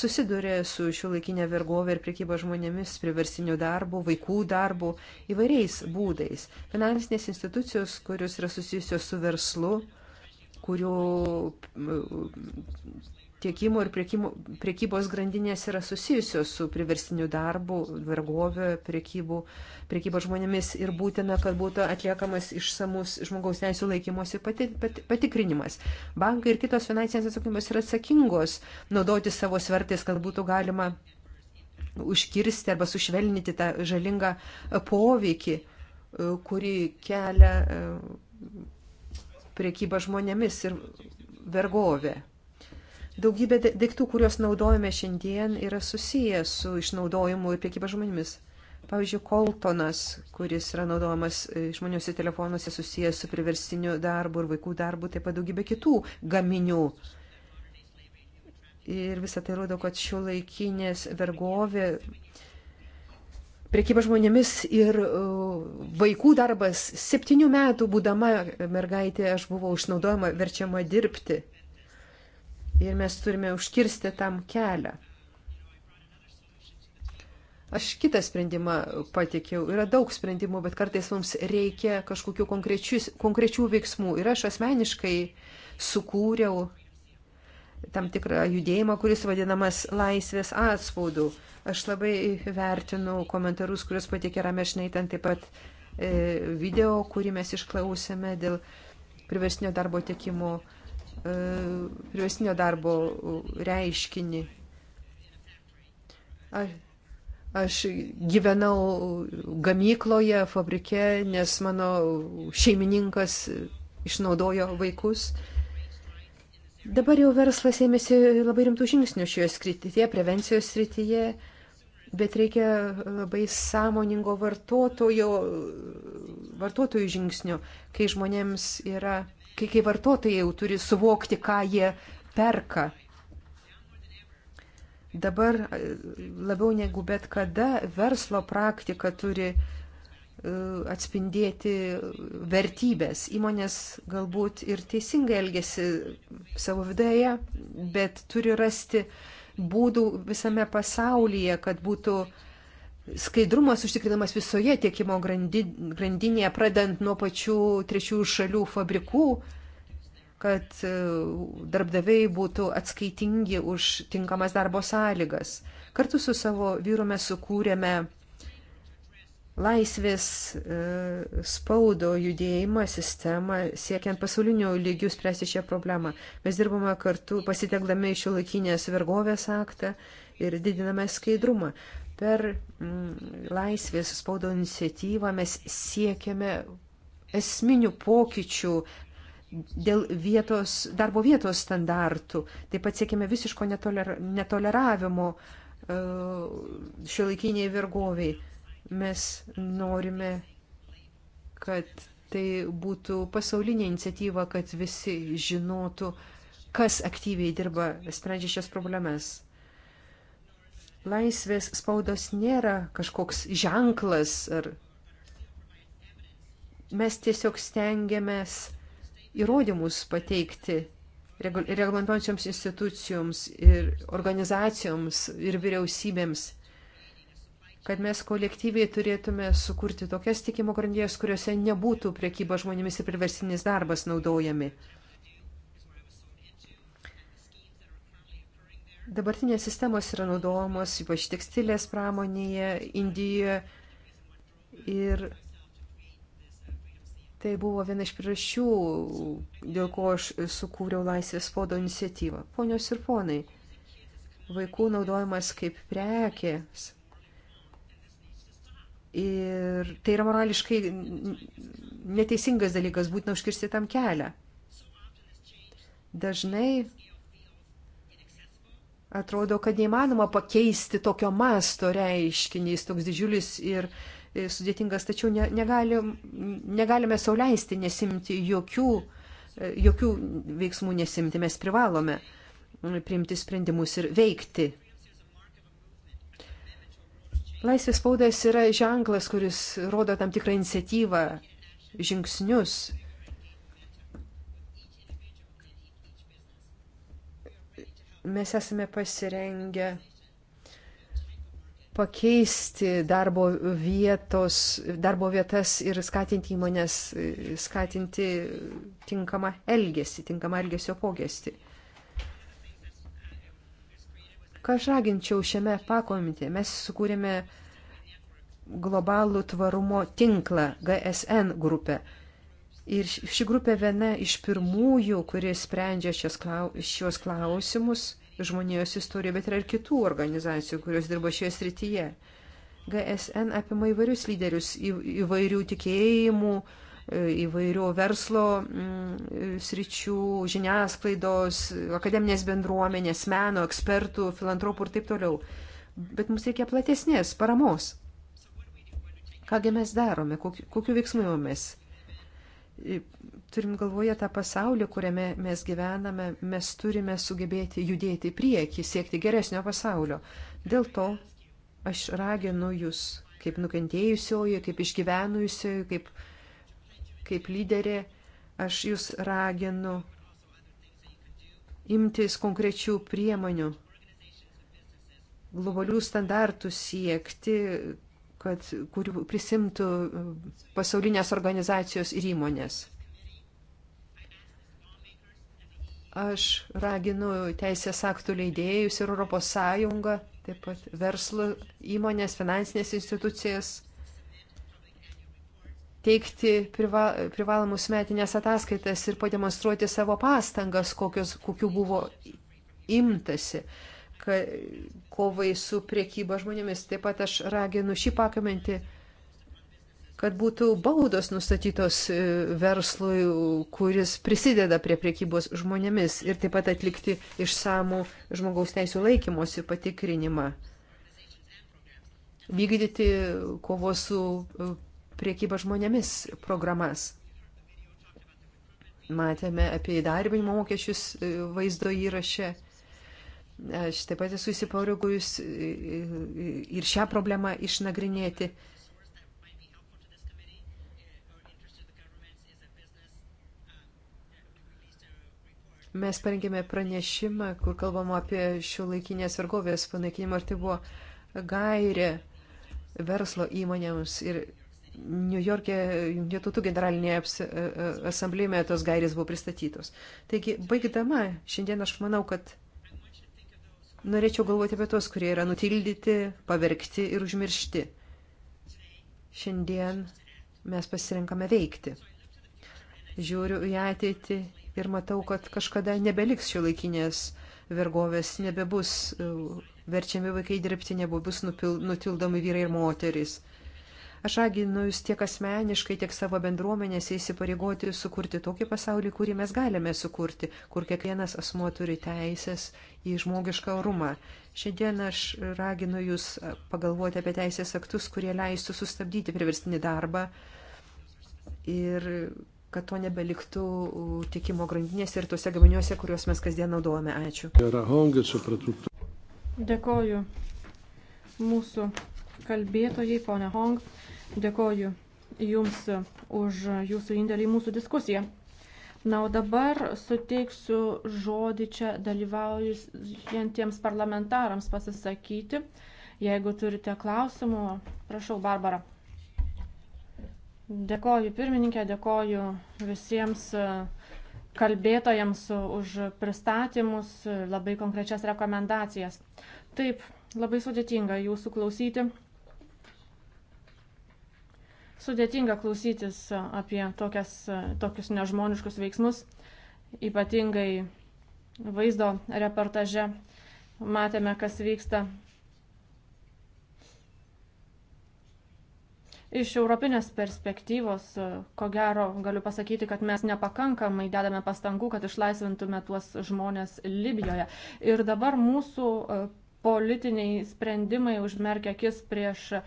susiduria su šiuolaikinė vergovė ir priekyba žmonėmis, priversiniu darbu, vaikų darbu, įvairiais būdais. Finansinės institucijos, kurios yra susijusios su verslu, kurių e, tiekimo ir priekimo, priekybos grandinės yra susijusios su priverstiniu darbu, vergovė, priekybo žmonėmis ir būtina, kad būtų atliekamas išsamus žmogaus teisų laikymosi pati, pat, patikrinimas. Bankai ir kitos finansinės atsakomybės yra atsakingos naudoti savo svertais, kad būtų galima užkirsti arba sušvelninti tą žalingą poveikį, e, kurį kelia e, priekyba žmonėmis ir vergovė. Daugybė daiktų, kuriuos naudojame šiandien, yra susiję su išnaudojimu ir priekyba žmonėmis. Pavyzdžiui, koltonas, kuris yra naudojamas išmaniuose e, telefonuose susijęs su priverstiniu darbu ir vaikų darbu, taip pat daugybė kitų gaminių. Ir visą tai rodo, kad šio laikinės vergovė Priekyba žmonėmis ir e, vaikų darbas. Septynių metų būdama mergaitė aš buvau išnaudojama, verčiama dirbti. Ir mes turime užkirsti tam kelią. Aš kitą sprendimą patikiau. Yra daug sprendimų, bet kartais mums reikia kažkokių konkrečių veiksmų. Ir aš asmeniškai sukūriau tam tikrą judėjimą, kuris vadinamas laisvės atspaudų. Aš labai vertinu komentarus, kuriuos patikė Ramešinai, ten taip pat e, video, kurį mes išklausėme dėl priversnio darbo tiekimo, e, priversnio darbo reiškinį. Aš, aš gyvenau gamykloje, fabrike, nes mano šeimininkas išnaudojo vaikus. E, Dabar jau verslas ėmėsi labai rimtų žingsnių šioje srityje, prevencijos srityje, bet reikia labai sąmoningo vartotojo, vartotojų žingsnių, kai žmonėms yra, kai, kai vartotojai jau turi suvokti, ką jie perka. Dabar e, labiau negu bet kada verslo praktika turi uh, E, atspindėti vertybės. Įmonės galbūt ir teisingai elgesi savo viduje, bet turi rasti būdų visame pasaulyje, kad būtų skaidrumas užtikrinamas visoje tiekimo grandinėje, pradant nuo pačių trečiųjų šalių fabrikų, kad e, darbdaviai būtų atskaitingi už tinkamas darbo sąlygas. Kartu su savo vyru mes sukūrėme laisvės e, spaudo judėjimą, sistemą, siekiant pasaulinio lygių spręsti šią problemą. Mes dirbame kartu, pasitekdami iš laikinės vergovės aktą ir didiname skaidrumą. Per mm, laisvės spaudo iniciatyvą mes siekiame esminių pokyčių dėl vietos, darbo vietos standartų. Taip pat siekiame visiško netoler, netoleravimo e, šio laikiniai vergoviai Mes norime, kad tai būtų pasaulinė iniciatyva, kad visi žinotų, kas aktyviai dirba sprendžia šias problemas. Laisvės spaudos nėra kažkoks ženklas ar mes tiesiog stengiamės įrodymus pateikti reglamentuojančioms institucijoms ir organizacijoms ir vyriausybėms kad mes kolektyviai turėtume sukurti tokias tikimo grandijas, kuriuose nebūtų priekyba žmonėmis ir priversinis darbas naudojami. Dabartinės sistemos yra naudojamos ypač tekstilės pramonėje, Indijoje ir tai buvo viena iš priežasčių, dėl ko aš sukūriau Laisvės spaudo iniciatyvą. Ponios ir ponai, vaikų naudojimas kaip prekės Ir tai yra morališkai neteisingas dalykas, būtina užkirsti tam kelią. Dažnai atrodo, kad neįmanoma pakeisti tokio masto reiškiniais, toks didžiulis ir sudėtingas, tačiau ne, negali, negalime sauliaisti nesimti jokių, e, jokių veiksmų nesimti, mes privalome priimti sprendimus ir veikti Laisvės spaudas yra ženklas, kuris rodo tam tikrą iniciatyvą, žingsnius. Mes esame pasirengę pakeisti darbo, vietos, darbo vietas ir skatinti įmonės, skatinti tinkamą elgesį, tinkamą elgesio pogestį. Ką aš raginčiau šiame pakomitė, mes sukūrėme globalų tvarumo tinklą GSN grupę. Ir ši grupė viena iš pirmųjų, kurie sprendžia šios klausimus žmonijos istorijoje, bet yra ir kitų organizacijų, kurios dirba šioje srityje. GSN apima įvairius lyderius įvairių tikėjimų, uh, įvairių verslo mm, sričių, žiniasklaidos, akademinės bendruomenės, meno, ekspertų, filantropų ir taip toliau. Bet mums reikia platesnės paramos. Kągi mes darome, kokiu, kokiu veiksmu jomis? Turim galvoje tą pasaulį, kuriame mes gyvename, mes turime sugebėti judėti į priekį, siekti geresnio pasaulio. Dėl to aš raginu jūs, kaip nukentėjusioji, kaip išgyvenusioji, kaip kaip lyderė, aš jūs raginu imtis konkrečių priemonių, globalių standartų siekti, kad, kurių prisimtų pasaulinės organizacijos ir įmonės. Aš raginu teisės aktų leidėjus ir ES, taip pat verslo įmonės, finansinės institucijas teikti priva, privalomus metinės ataskaitas ir pademonstruoti savo pastangas, kokios, kokių buvo imtasi ka, kovai su priekyba žmonėmis. Taip pat aš raginu šį pakomentį kad būtų baudos nustatytos e, verslui, kuris prisideda prie priekybos žmonėmis ir taip pat atlikti išsamų žmogaus teisų laikymosi patikrinimą. Vykdyti kovos su e, priekybą žmonėmis programas. Matėme apie įdarbinimo mokesčius e, vaizdo įraše. Aš taip pat esu įsipareigojus e, e, ir šią problemą išnagrinėti. Mes parengėme pranešimą, kur kalbam apie šio laikinės vergovės panaikinimą, ar tai buvo gairė verslo įmonėms ir New York'e Junktinių tautų generalinėje asamblėje tos gairės buvo pristatytos. Taigi, baigdama, šiandien aš manau, kad norėčiau galvoti apie tos, kurie yra nutildyti, pavergti ir užmiršti. Šiandien mes pasirinkame veikti. Žiūriu į ateitį ir matau, kad kažkada nebeliks šio laikinės vergovės, nebebus verčiami vaikai dirbti, nebebus nutildomi vyrai ir moteris Aš raginu jūs tiek asmeniškai, tiek savo bendruomenėse įsipareigoti sukurti tokį pasaulį, kurį mes galime sukurti, kur kiekvienas asmuo turi teisės į žmogišką orumą. Šiandien aš raginu jūs pagalvoti apie teisės aktus, kurie leistų sustabdyti priverstinį darbą ir kad to nebeliktų tiekimo grandinėse ir tuose gaminiuose, kuriuos mes kasdien naudojame. Ačiū. Dėkoju mūsų kalbėtojai, ponia Hong. Dėkoju Jums už Jūsų indėlį į mūsų diskusiją. Na, o dabar suteiksiu žodį čia dalyvaujantiems parlamentarams pasisakyti. Jeigu turite klausimų, prašau, Barbara. Dėkoju pirmininkė, dėkoju visiems kalbėtojams už pristatymus, labai konkrečias rekomendacijas. Taip, labai sudėtinga jūsų klausyti, Sudėtinga klausytis apie tokias, tokius nežmoniškus veiksmus, ypatingai vaizdo reportaže matėme, kas vyksta Iš europinės perspektyvos, ko gero, galiu pasakyti, kad mes nepakankamai dedame pastangų, kad išlaisvintume tuos žmonės Libijoje. Ir dabar mūsų e, politiniai sprendimai užmerkia akis prieš e,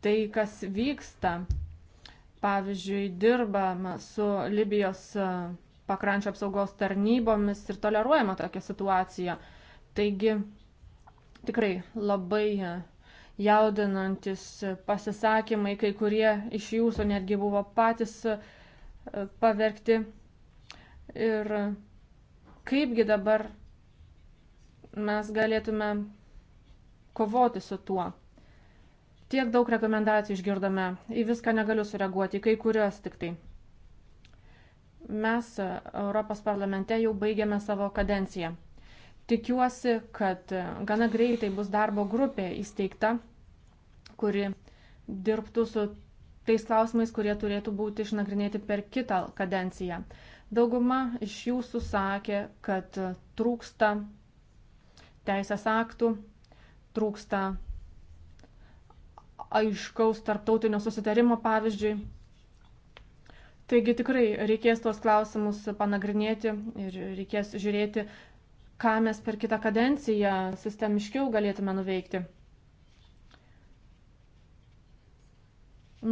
tai, kas vyksta. Pavyzdžiui, dirbama su Libijos e, pakrančio apsaugos tarnybomis ir toleruojama tokia situacija. Taigi, tikrai labai jaudinantis pasisakymai, kai kurie iš jūsų netgi buvo patys e, paverkti. Ir kaipgi dabar mes galėtume kovoti su tuo. Tiek daug rekomendacijų išgirdome, į viską negaliu sureaguoti, kai kurias tik tai. Mes e, Europos parlamente jau baigėme savo kadenciją. Tikiuosi, kad e, gana greitai bus darbo grupė įsteigta, kuri dirbtų su tais klausimais, kurie turėtų būti išnagrinėti per kitą kadenciją. Dauguma iš jūsų sakė, kad e, trūksta teisės aktų, trūksta aiškaus tarptautinio susitarimo pavyzdžiui. Taigi tikrai reikės tuos klausimus panagrinėti ir reikės žiūrėti, ką mes per kitą kadenciją sistemiškiau galėtume nuveikti.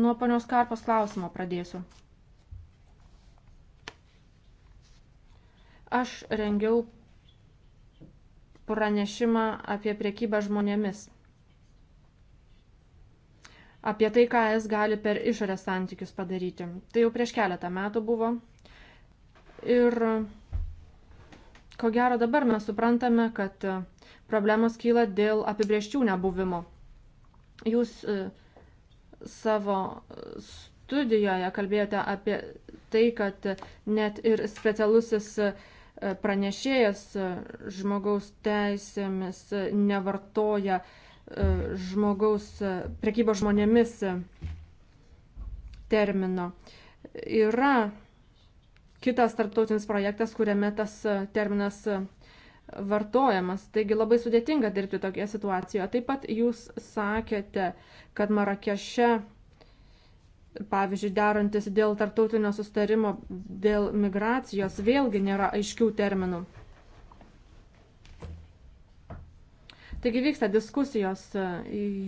Nuo panios Karpos klausimo pradėsiu. Aš rengiau pranešimą apie priekybą žmonėmis apie tai, ką es gali per išorės santykius padaryti. Tai jau prieš keletą metų buvo. Ir ko gero dabar mes suprantame, kad e, problemos kyla dėl apibrieščių nebuvimo. Jūs e, savo studijoje kalbėjote apie tai, kad net ir specialusis e, pranešėjas žmogaus teisėmis nevartoja uh, E, žmogaus e, prekybos žmonėmis e, termino. Yra kitas tarptautinis projektas, kuriame tas terminas vartojamas. Taigi labai sudėtinga dirbti tokia situacijoje. Taip pat jūs sakėte, kad Marakeše, pavyzdžiui, derantis dėl tarptautinio sustarimo, dėl migracijos, vėlgi nėra aiškių terminų. Taigi vyksta diskusijos e,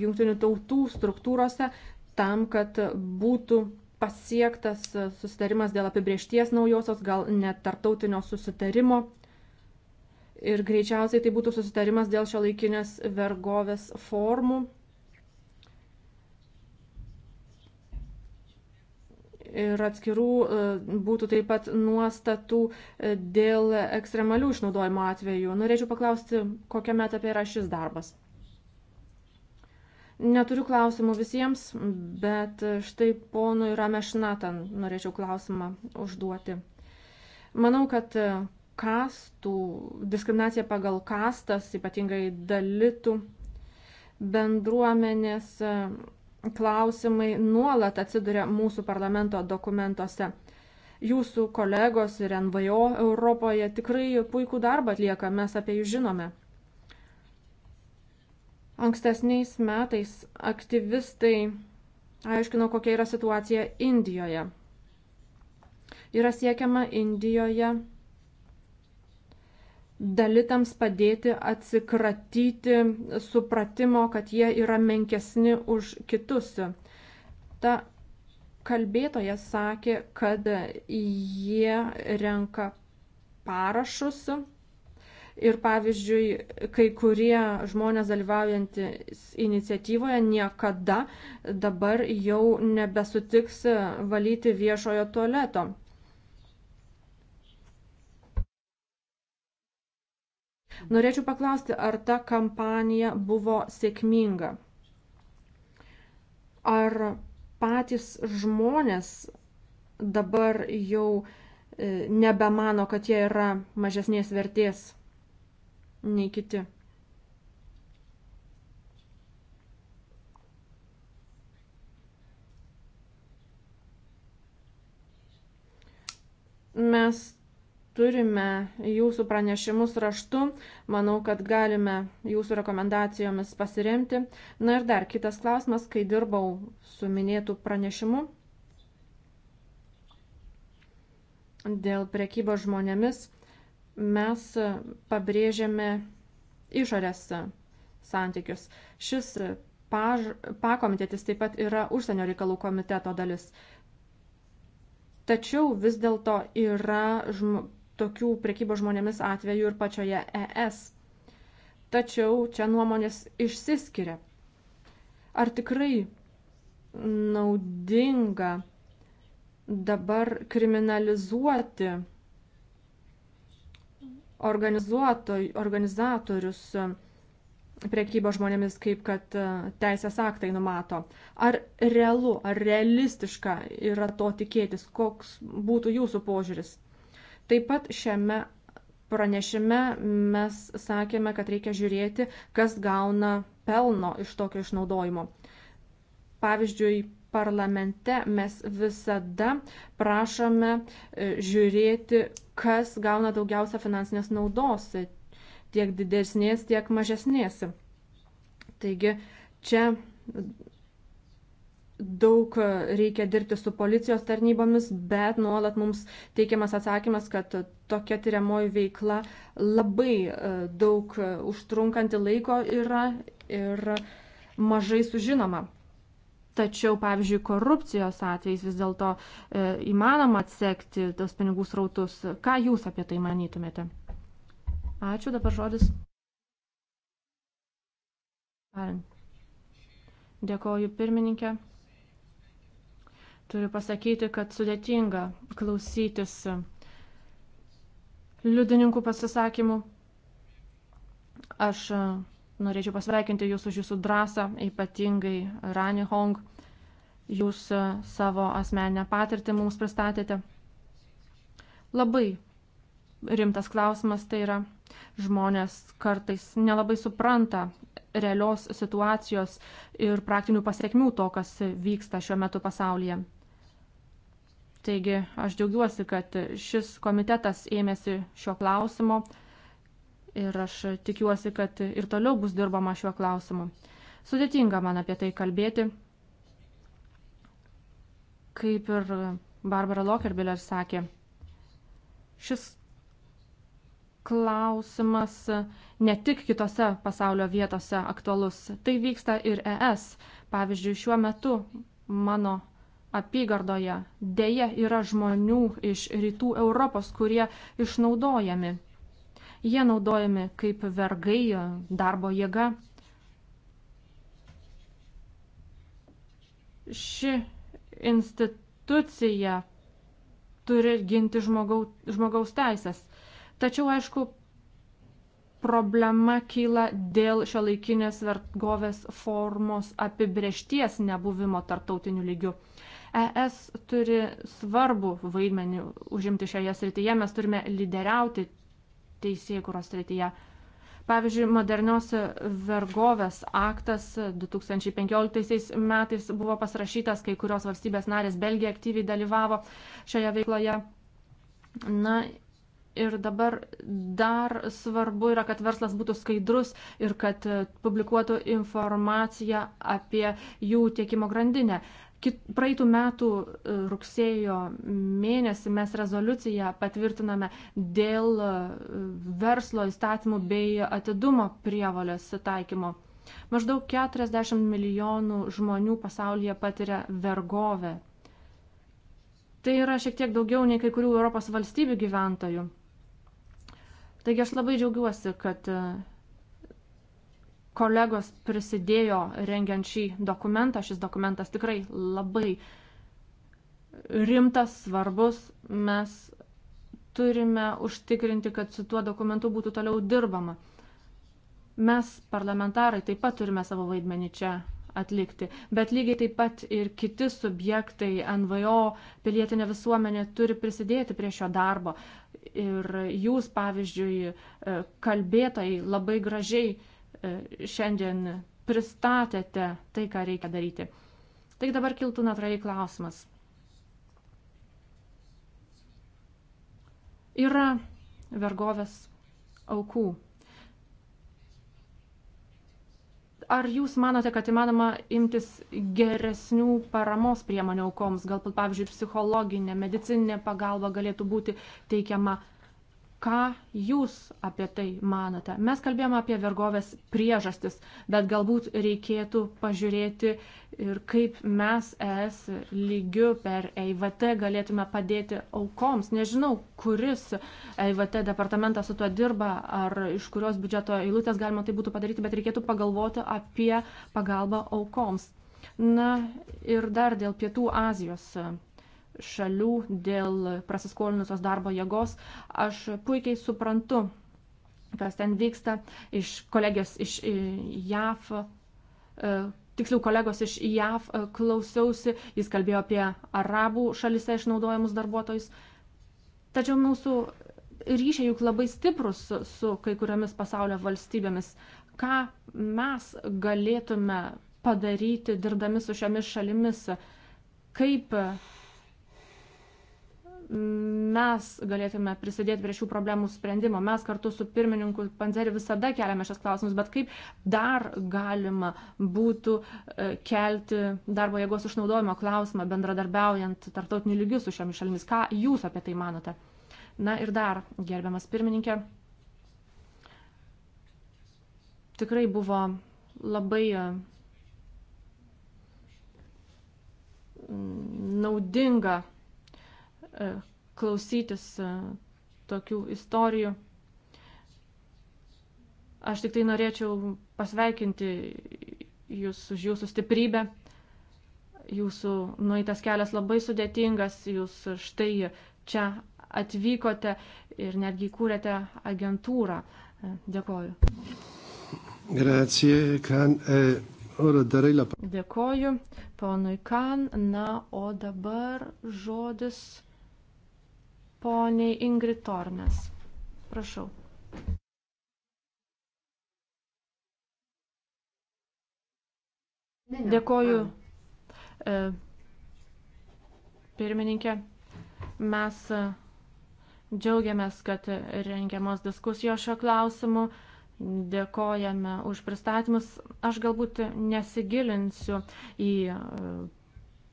jungtinių tautų struktūrose tam, kad būtų pasiektas e, susitarimas dėl apibriešties naujosios, gal net tartautinio susitarimo. Ir greičiausiai tai būtų susitarimas dėl šio laikinės vergovės formų ir atskirų e, būtų taip pat nuostatų e, dėl ekstremalių išnaudojimo atvejų. Norėčiau paklausti, kokiame etape yra šis darbas. Neturiu klausimų visiems, bet štai ponui Ramešnatan norėčiau klausimą užduoti. Manau, kad e, kastų, diskriminacija pagal kastas, ypatingai dalitų bendruomenės klausimai nuolat atsiduria mūsų parlamento dokumentuose. Jūsų kolegos ir NVO Europoje tikrai puikų darbą atlieka, mes apie jų žinome. Ankstesniais metais aktyvistai aiškino, kokia yra situacija Indijoje. Yra siekiama Indijoje dalitams padėti atsikratyti supratimo, kad jie yra menkesni už kitus. Ta kalbėtoja sakė, kad jie renka parašus ir pavyzdžiui, kai kurie žmonės dalyvaujantis iniciatyvoje niekada dabar jau nebesutiks valyti viešojo tualeto. Norėčiau paklausti, ar ta kampanija buvo sėkminga? Ar patys žmonės dabar jau e, nebemano, kad jie yra mažesnės vertės nei kiti? mes turime jūsų pranešimus raštu, manau, kad galime jūsų rekomendacijomis pasiremti. Na ir dar kitas klausimas, kai dirbau su minėtų pranešimu dėl prekybos žmonėmis, mes pabrėžėme išorės santykius. Šis paž... pakomitėtis taip pat yra užsienio reikalų komiteto dalis. Tačiau vis dėlto yra žm tokių prekybos žmonėmis atvejų ir pačioje ES. Tačiau čia nuomonės išsiskiria. Ar tikrai naudinga dabar kriminalizuoti organizatorius priekybos žmonėmis, kaip kad e, teisės aktai numato. Ar realu, ar realistiška yra to tikėtis, koks būtų jūsų požiūris? Taip pat šiame pranešime mes sakėme, kad reikia žiūrėti, kas gauna pelno iš tokio išnaudojimo. Pavyzdžiui, parlamente mes visada prašome e, žiūrėti, kas gauna daugiausia finansinės naudos, e, tiek didesnės, tiek mažesnės. Taigi čia daug e, reikia dirbti su policijos tarnybomis, bet nuolat mums teikiamas atsakymas, kad tokia tyriamoji veikla labai e, daug e, užtrunkanti laiko yra ir mažai sužinoma. Tačiau, pavyzdžiui, korupcijos atvejais vis dėlto e, įmanoma atsekti tos pinigų srautus. Ką Jūs apie tai manytumėte? Ačiū, dabar žodis. Dėkoju pirmininkė. Turiu pasakyti, kad sudėtinga klausytis liudininkų pasisakymų. Aš e, norėčiau pasveikinti jūs už jūsų drąsą, ypatingai Rani Hong. Jūs e, savo asmeninę patirtį mums pristatėte. Labai rimtas klausimas tai yra. Žmonės kartais nelabai supranta realios situacijos ir praktinių pasiekmių to, kas vyksta šiuo metu pasaulyje. Taigi aš džiaugiuosi, kad šis komitetas ėmėsi šio klausimo ir aš tikiuosi, kad ir toliau bus dirbama šiuo klausimu. Sudėtinga man apie tai kalbėti. Kaip ir Barbara Lokerbiller sakė, šis klausimas ne tik kitose pasaulio vietose aktualus, tai vyksta ir ES. Pavyzdžiui, šiuo metu mano apygardoje dėja yra žmonių iš rytų Europos, kurie išnaudojami. Jie naudojami kaip vergai, darbo jėga. Ši institucija turi ginti žmogaus, žmogaus teisės. Tačiau, aišku, problema kyla dėl šio laikinės vergovės formos apibriešties nebuvimo tartautiniu lygiu. ES turi svarbų vaidmenį užimti šioje srityje, mes turime lyderiauti teisėkuros srityje. Pavyzdžiui, modernios vergovės aktas 2015 metais buvo pasirašytas, kai kurios valstybės narės Belgija aktyviai dalyvavo šioje veikloje. Na ir dabar dar svarbu yra, kad verslas būtų skaidrus ir kad publikuotų informaciją apie jų tiekimo grandinę. Praeitų metų e, rugsėjo mėnesį mes rezoliuciją patvirtiname dėl e, verslo įstatymų bei atidumo prievalės taikymo. Maždaug 40 milijonų žmonių pasaulyje patiria vergovę. Tai yra šiek tiek daugiau nei kai kurių Europos valstybių gyventojų. Taigi aš labai džiaugiuosi, kad e, kolegos prisidėjo rengiant šį dokumentą. Šis dokumentas tikrai labai rimtas, svarbus. Mes turime užtikrinti, kad su tuo dokumentu būtų toliau dirbama. Mes, parlamentarai, taip pat turime savo vaidmenį čia atlikti, bet lygiai taip pat ir kiti subjektai, NVO, pilietinė visuomenė turi prisidėti prie šio darbo. Ir jūs, pavyzdžiui, kalbėtojai labai gražiai šiandien pristatėte tai, ką reikia daryti. Taigi dabar kiltų natūraliai klausimas. Yra vergovės aukų. Ar jūs manote, kad įmanoma imtis geresnių paramos priemonių aukoms? Galbūt, pavyzdžiui, psichologinė, medicinė pagalba galėtų būti teikiama Ką jūs apie tai manote? Mes kalbėjome apie vergovės priežastis, bet galbūt reikėtų pažiūrėti ir kaip mes ES lygiu per EIVT galėtume padėti aukoms. Nežinau, kuris EIVT departamentas su tuo dirba ar iš kurios biudžeto eilutės galima tai būtų padaryti, bet reikėtų pagalvoti apie pagalbą aukoms. Na ir dar dėl Pietų Azijos šalių dėl prasiskolinusios darbo jėgos. Aš puikiai suprantu, kas ten vyksta iš kolegijos iš e, JAF. E, tiksliau, kolegos iš JAV e, klausiausi, jis kalbėjo apie arabų šalise išnaudojamus darbuotojus. Tačiau mūsų ryšiai juk labai stiprus su, su kai kuriomis pasaulio valstybėmis. Ką mes galėtume padaryti, dirbdami su šiomis šalimis, kaip mes galėtume prisidėti prie šių problemų sprendimo. Mes kartu su pirmininku Panzeri visada keliame šias klausimus, bet kaip dar galima būtų e, kelti darbo jėgos išnaudojimo klausimą bendradarbiaujant tartautiniu lygiu su šiomis šalimis. Ką jūs apie tai manote? Na ir dar, gerbiamas pirmininkė, tikrai buvo labai e, naudinga E, klausytis e, tokių istorijų. Aš tik tai norėčiau pasveikinti jūs už jūsų stiprybę. Jūsų nueitas kelias labai sudėtingas, jūs štai čia atvykote ir netgi kūrėte agentūrą. E, dėkoju. Grazie, kan, e, ora darai la... Dėkoju, ponui Kan. Na, o dabar žodis poniai Ingrid Tornes. Prašau. Dėkoju. E, pirmininkė, mes e, džiaugiamės, kad rengiamos diskusijos šio klausimu. Dėkojame už pristatymus. Aš galbūt nesigilinsiu į e,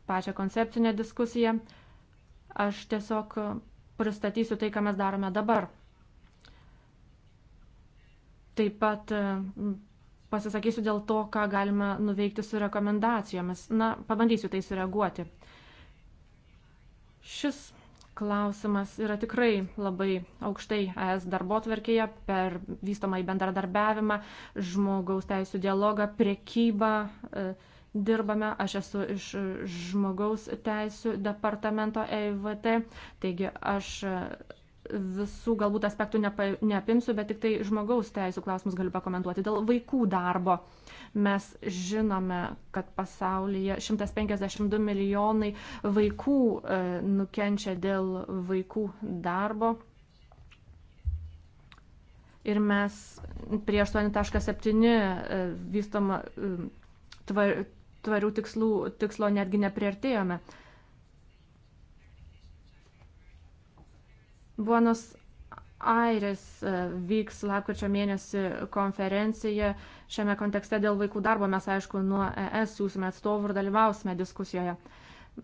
pačią koncepcinę diskusiją. Aš tiesiog pristatysiu tai, ką mes darome dabar. Taip pat e, pasisakysiu dėl to, ką galime nuveikti su rekomendacijomis. Na, pabandysiu tai sureaguoti. Šis klausimas yra tikrai labai aukštai ES darbo tvarkėje per vystomą į bendradarbiavimą, žmogaus teisų dialogą, priekybą. E, dirbame. Aš esu iš žmogaus teisų departamento EIVT, taigi aš e, visų galbūt aspektų nepa, neapimsiu, bet tik tai žmogaus teisų klausimus galiu pakomentuoti. Dėl vaikų darbo mes žinome, kad pasaulyje 152 milijonai vaikų e, nukenčia dėl vaikų darbo. Ir mes prie 8.7 e, vystomą e, tvar, tvarių tikslų, tikslo netgi nepriartėjome. Buenos Aires e, vyks lakrčio mėnesį konferencija šiame kontekste dėl vaikų darbo. Mes, aišku, nuo ES siūsime atstovų ir dalyvausime diskusijoje.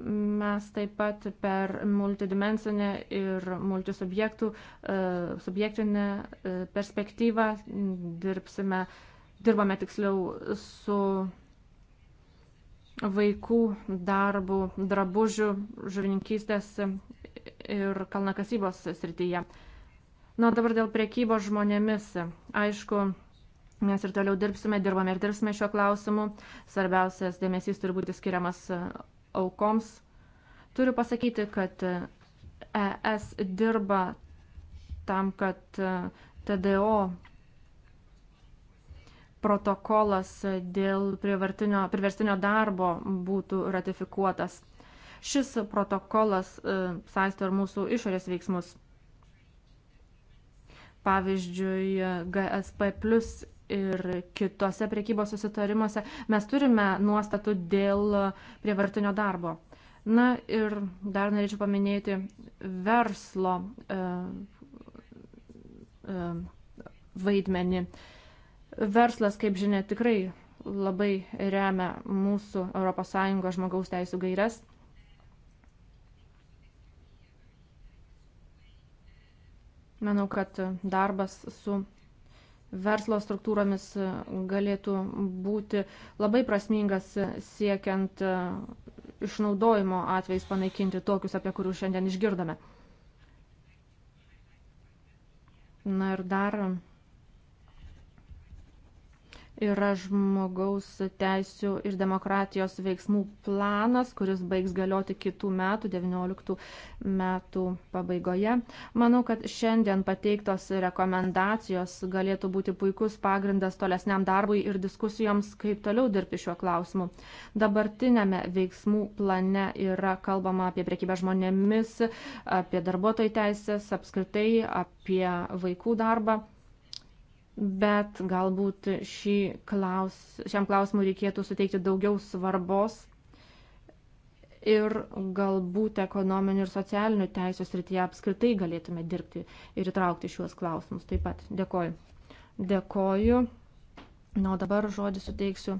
Mes taip pat per multidimensinę ir multisubjektinę e, e, perspektyvą dirbsime, dirbame tiksliau su vaikų darbų, drabužių, žuvininkystės ir kalnakasybos srityje. Na, dabar dėl priekybos žmonėmis. Aišku, mes ir toliau dirbsime, dirbame ir dirbsime šiuo klausimu. Svarbiausias dėmesys turi būti skiriamas aukoms. Turiu pasakyti, kad ES dirba tam, kad TDO protokolas dėl priverstinio darbo būtų ratifikuotas. Šis protokolas e, saisto ir mūsų išorės veiksmus. Pavyzdžiui, GSP plus ir kitose priekybos susitarimuose mes turime nuostatų dėl prievartinio darbo. Na ir dar norėčiau paminėti verslo e, e, vaidmenį. E, Verslas, kaip žinia, tikrai labai remia mūsų ES žmogaus teisų gairias. Manau, kad darbas su verslo struktūromis galėtų būti labai prasmingas siekiant išnaudojimo atvejais panaikinti tokius, apie kurių šiandien išgirdome. Na ir dar yra žmogaus teisų ir demokratijos veiksmų planas, kuris baigs galioti kitų metų, 19 metų pabaigoje. Manau, kad šiandien pateiktos rekomendacijos galėtų būti puikus pagrindas tolesniam darbui ir diskusijoms, kaip toliau dirbti šiuo klausimu. Dabartinėme veiksmų plane yra kalbama apie priekybę žmonėmis, apie darbuotojų teisės, apskritai apie vaikų darbą bet galbūt šį klaus, šiam klausimui reikėtų suteikti daugiau svarbos ir galbūt ekonominių ir socialinių teisų srityje apskritai galėtume dirbti ir įtraukti šiuos klausimus. Taip pat dėkoju. Dėkoju. Na, o dabar žodį suteiksiu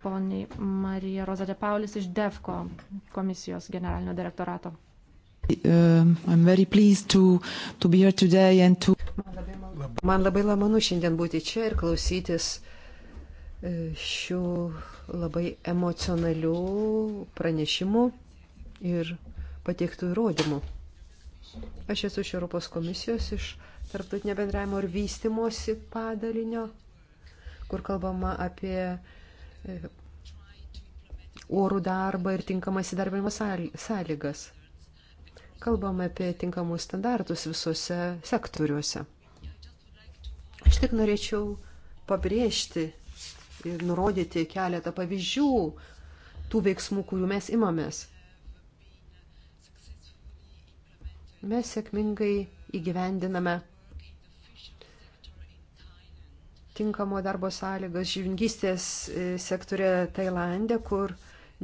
poniai Marija Rozadė Paulis iš DEFCO komisijos generalinio direktorato. Um, to, to to... Man labai, man, man labai lamanu šiandien būti čia ir klausytis e, šių labai emocionalių pranešimų ir pateiktų įrodymų. Aš esu iš Europos komisijos, iš tarptautinio bendravimo ir vystimosi padalinio, kur kalbama apie e, orų darbą ir tinkamas įdarbinimo sąlygas kalbam apie tinkamus standartus visose sektoriuose. Aš tik norėčiau pabrėžti ir nurodyti keletą pavyzdžių tų veiksmų, kurių mes imamės. Mes sėkmingai įgyvendiname tinkamo darbo sąlygas žyvingystės e, sektorė Tailandė, kur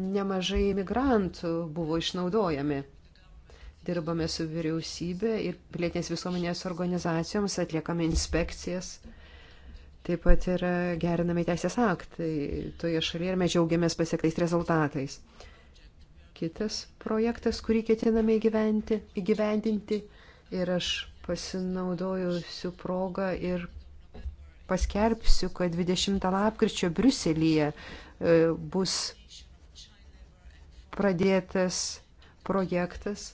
nemažai imigrantų buvo išnaudojami dirbame su vyriausybė ir pilietinės visuomenės organizacijoms, atliekame inspekcijas. Taip pat yra gerinami teisės aktai toje šalyje ir mes džiaugiamės pasiektais rezultatais. Kitas projektas, kurį ketiname įgyventi, įgyvendinti ir aš pasinaudojusiu progą ir paskelbsiu, kad 20 lapkričio Briuselėje e, bus pradėtas projektas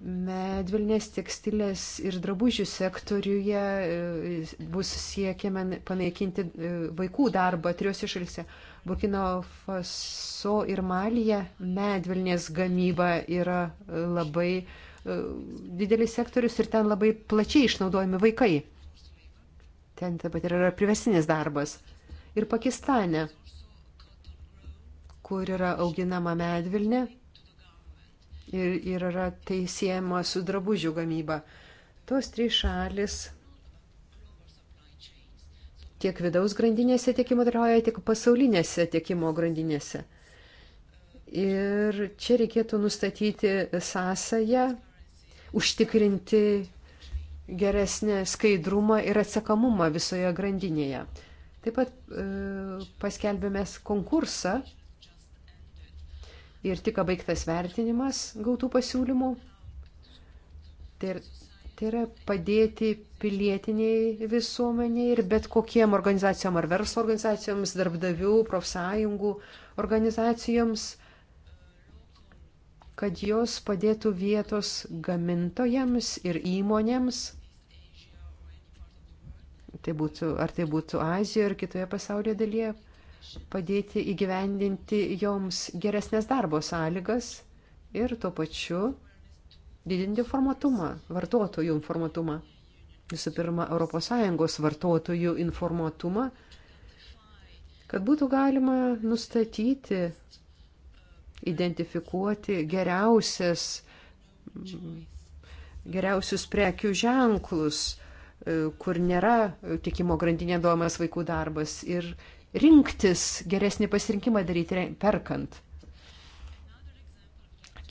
medvilnės tekstilės ir drabužių sektoriuje e, bus siekiama panaikinti e, vaikų darbą trijose šalise. Burkino Faso ir Malija medvilnės gamyba yra e, labai didelis sektorius ir ten labai plačiai išnaudojami vaikai. Ten taip pat yra privesinis darbas. Ir Pakistane, kur yra auginama medvilnė, ir, ir yra tai siejama su drabužių gamyba. Tos trys šalis tiek vidaus grandinėse tiekimo dalyvauja, tiek pasaulinėse tiekimo grandinėse. Ir čia reikėtų nustatyti sąsąją, užtikrinti geresnį skaidrumą ir atsakomumą visoje grandinėje. Taip pat e, paskelbėme konkursą ir tik baigtas vertinimas gautų pasiūlymų. Tai, tai yra padėti pilietiniai visuomeniai ir bet kokiem organizacijom ar verslo organizacijoms, darbdavių, profsąjungų organizacijoms, kad jos padėtų vietos gamintojams ir įmonėms. Tai būtų, ar tai būtų Azijoje ar kitoje pasaulio dalyje, padėti įgyvendinti joms geresnės darbo sąlygas ir tuo pačiu didinti informatumą, vartotojų informatumą. Visų pirma, ES vartotojų informatumą, kad būtų galima nustatyti, identifikuoti geriausias, geriausius prekių ženklus, kur nėra tikimo grandinė domas vaikų darbas ir rinktis geresnį pasirinkimą daryti perkant.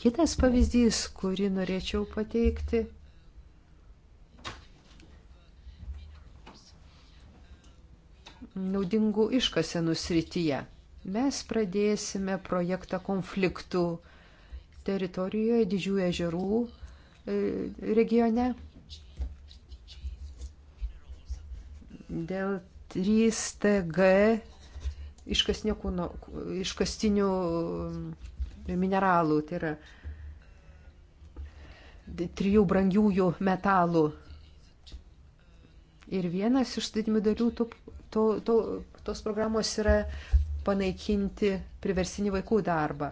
Kitas pavyzdys, kurį norėčiau pateikti. Naudingų iškasenų srityje. Mes pradėsime projektą konfliktų teritorijoje, didžiųjų ežerų e, regione. Dėl 3TG iškastinio kūno, iškastinių e, mineralų, tai yra trijų brangiųjų metalų. Ir vienas iš sudėtinių dalių to, to, to, tos programos yra panaikinti priversinį vaikų darbą.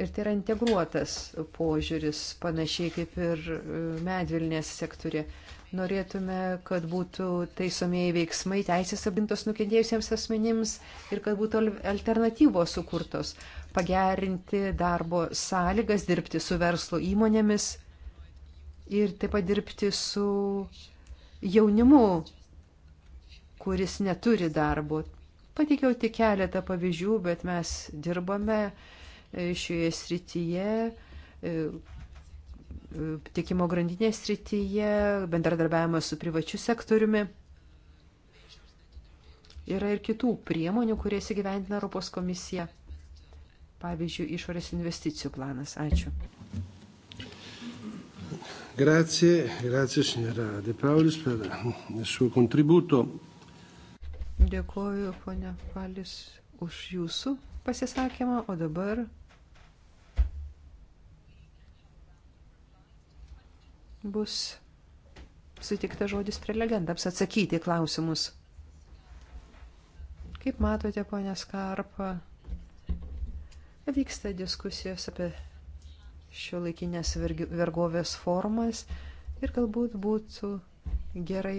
Ir tai yra integruotas požiūris, panašiai kaip ir e, medvilnės sektorė. Norėtume, kad būtų taisomieji veiksmai teisės apgintos nukentėjusiems asmenims ir kad būtų alternatyvos sukurtos, pagerinti darbo sąlygas, dirbti su verslo įmonėmis ir taip pat dirbti su jaunimu, kuris neturi darbo. Pateikiau tik keletą pavyzdžių, bet mes dirbame e, šioje srityje e, tiekimo grandinės srityje, bendradarbiavimas su privačiu sektoriumi. Yra ir kitų priemonių, kurias įgyvendina Europos komisija. Pavyzdžiui, išorės investicijų planas. Ačiū. Grazie, grazie signora De Paulis per il suo contributo. Dėkuoju, ponia Palis, už jūsų pasisakymą, o dabar bus sutikta žodis prelegentams atsakyti į klausimus. Kaip matote, ponė Skarpa, vyksta diskusijos apie šio laikinės vergovės formas ir galbūt būtų gerai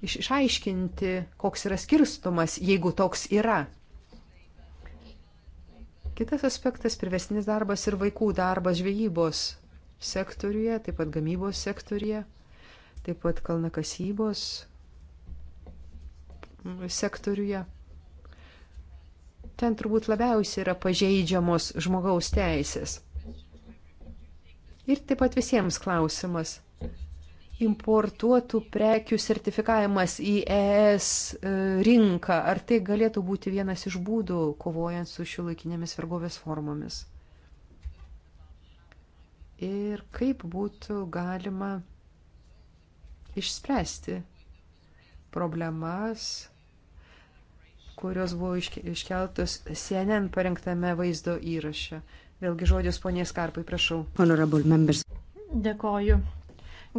iš, išaiškinti, koks yra skirstumas, jeigu toks yra. Kitas aspektas - privesnis darbas ir vaikų darbas žvejybos sektoriuje, taip pat gamybos sektoriuje, taip pat kalnakasybos sektoriuje. Ten turbūt labiausiai yra pažeidžiamos žmogaus teisės. Ir taip pat visiems klausimas. Importuotų prekių sertifikavimas į ES e, rinką, ar tai galėtų būti vienas iš būdų kovojant su šiuolaikinėmis vergovės formomis? ir kaip būtų galima išspręsti problemas, kurios buvo iškeltos CNN parengtame vaizdo įraše. Vėlgi žodis poniai Skarpai, prašau. Honorable members. Dėkoju.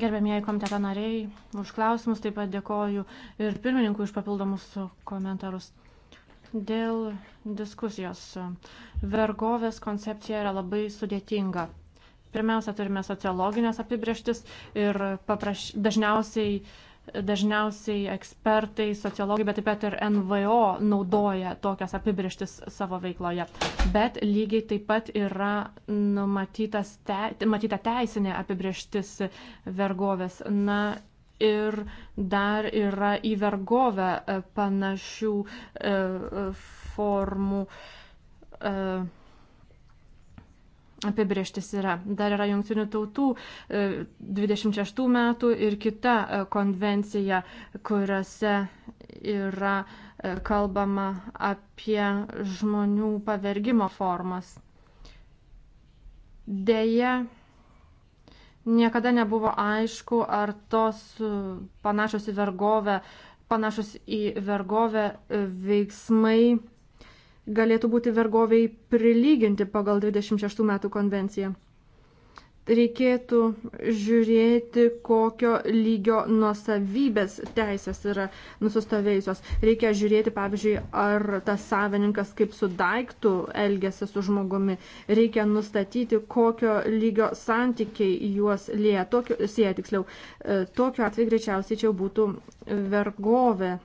Gerbėmieji komiteto nariai, už klausimus taip pat dėkoju ir pirmininkui už papildomus komentarus. Dėl diskusijos. Vergovės koncepcija yra labai sudėtinga. Pirmiausia, turime sociologinės apibrieštis ir papraš... dažniausiai, dažniausiai ekspertai, sociologai, bet taip pat ir NVO naudoja tokias apibrieštis savo veikloje. Bet lygiai taip pat yra numatytas te... matyta teisinė apibrieštis vergovės. Na, ir dar yra į vergovę e, panašių e, formų. E, apibrieštis yra. Dar yra jungtinių tautų 26 e, metų ir kita e, konvencija, kuriuose yra e, kalbama apie žmonių pavergimo formas. Deja, niekada nebuvo aišku, ar tos panašios į vergovę, panašios į vergovę veiksmai galėtų būti vergoviai prilyginti pagal 26 metų konvenciją. Reikėtų žiūrėti, kokio lygio nusavybės teisės yra nusistovėjusios. Reikia žiūrėti, pavyzdžiui, ar tas savininkas kaip su daiktų elgesi su žmogumi. Reikia nustatyti, kokio lygio santykiai juos lėja, tokio, sieja tiksliau. E, tokiu atveju greičiausiai čia būtų vergovė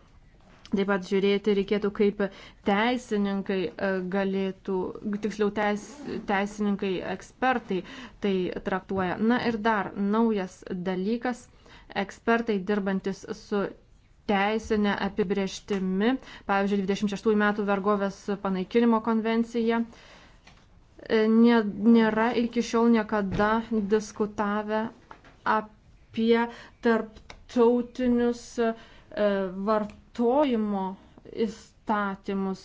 Taip pat žiūrėti reikėtų, kaip teisininkai e, galėtų, tiksliau teis, teisininkai ekspertai tai traktuoja. Na ir dar naujas dalykas, ekspertai dirbantis su teisinė apibrieštimi, pavyzdžiui, 26 metų vergovės panaikinimo konvencija, e, nėra iki šiol niekada diskutavę apie tarptautinius e, vartotojus vartojimo įstatymus.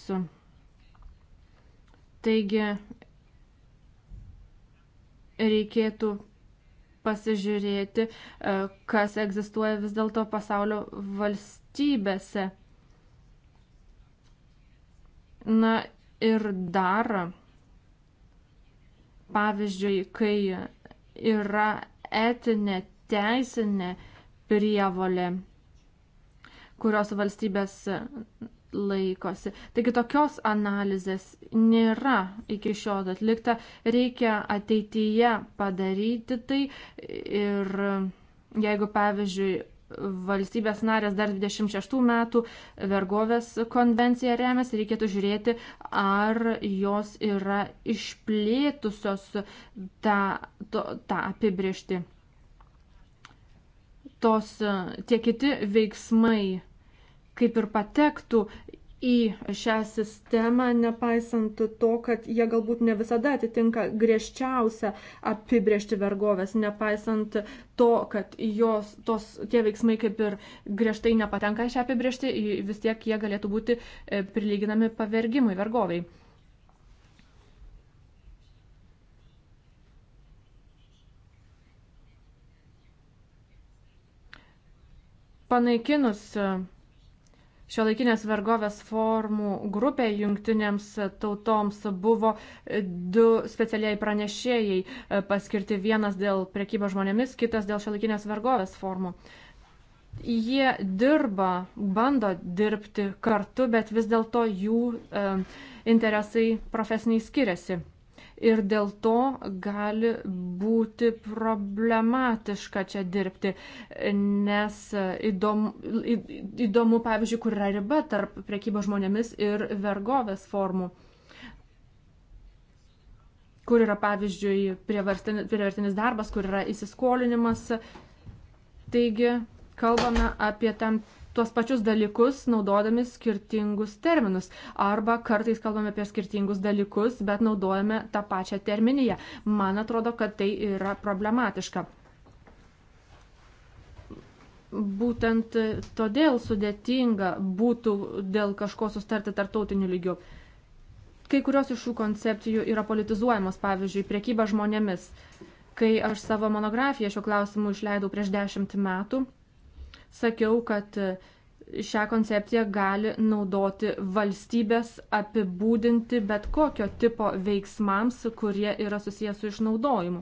Taigi reikėtų pasižiūrėti, e, kas egzistuoja vis dėlto pasaulio valstybėse. Na ir dar, pavyzdžiui, kai yra etinė teisinė prievolė kurios valstybės laikosi. Taigi tokios analizės nėra iki šiol atlikta, reikia ateityje padaryti tai ir jeigu pavyzdžiui valstybės narės dar 26 metų vergovės konvencija remiasi, reikėtų žiūrėti, ar jos yra išplėtusios tą, tą, tą apibriežti. Tos tie kiti veiksmai kaip ir patektų į šią sistemą, nepaisant to, kad jie galbūt ne visada atitinka griežčiausią apibriežti vergovės, nepaisant to, kad jos, tos, tie veiksmai kaip ir griežtai nepatenka šią apibriežti, vis tiek jie galėtų būti e, prilyginami pavergimui vergoviai. Panaikinus e, šiuolaikinės vergovės formų grupė jungtinėms tautoms buvo du specialiai pranešėjai e, paskirti vienas dėl prekybos žmonėmis, kitas dėl šiuolaikinės vergovės formų. Jie dirba, bando dirbti kartu, bet vis dėlto jų e, interesai profesiniai skiriasi ir dėl to gali būti problematiška čia dirbti, nes įdomu, įdomu pavyzdžiui, kur yra riba tarp priekybos žmonėmis ir vergovės formų kur yra pavyzdžiui prievartinis darbas, kur yra įsiskolinimas. Taigi kalbame apie tam tuos pačius dalykus naudodami skirtingus terminus. Arba kartais kalbame apie skirtingus dalykus, bet naudojame tą pačią terminiją. Man atrodo, kad tai yra problematiška. Būtent todėl sudėtinga būtų dėl kažko sustarti tartautiniu lygiu. Kai kurios iš šių koncepcijų yra politizuojamos, pavyzdžiui, priekyba žmonėmis. Kai aš savo monografiją šiuo klausimu išleidau prieš dešimt metų, sakiau, kad e, šią koncepciją gali naudoti valstybės apibūdinti bet kokio tipo veiksmams, kurie yra susijęs su išnaudojimu.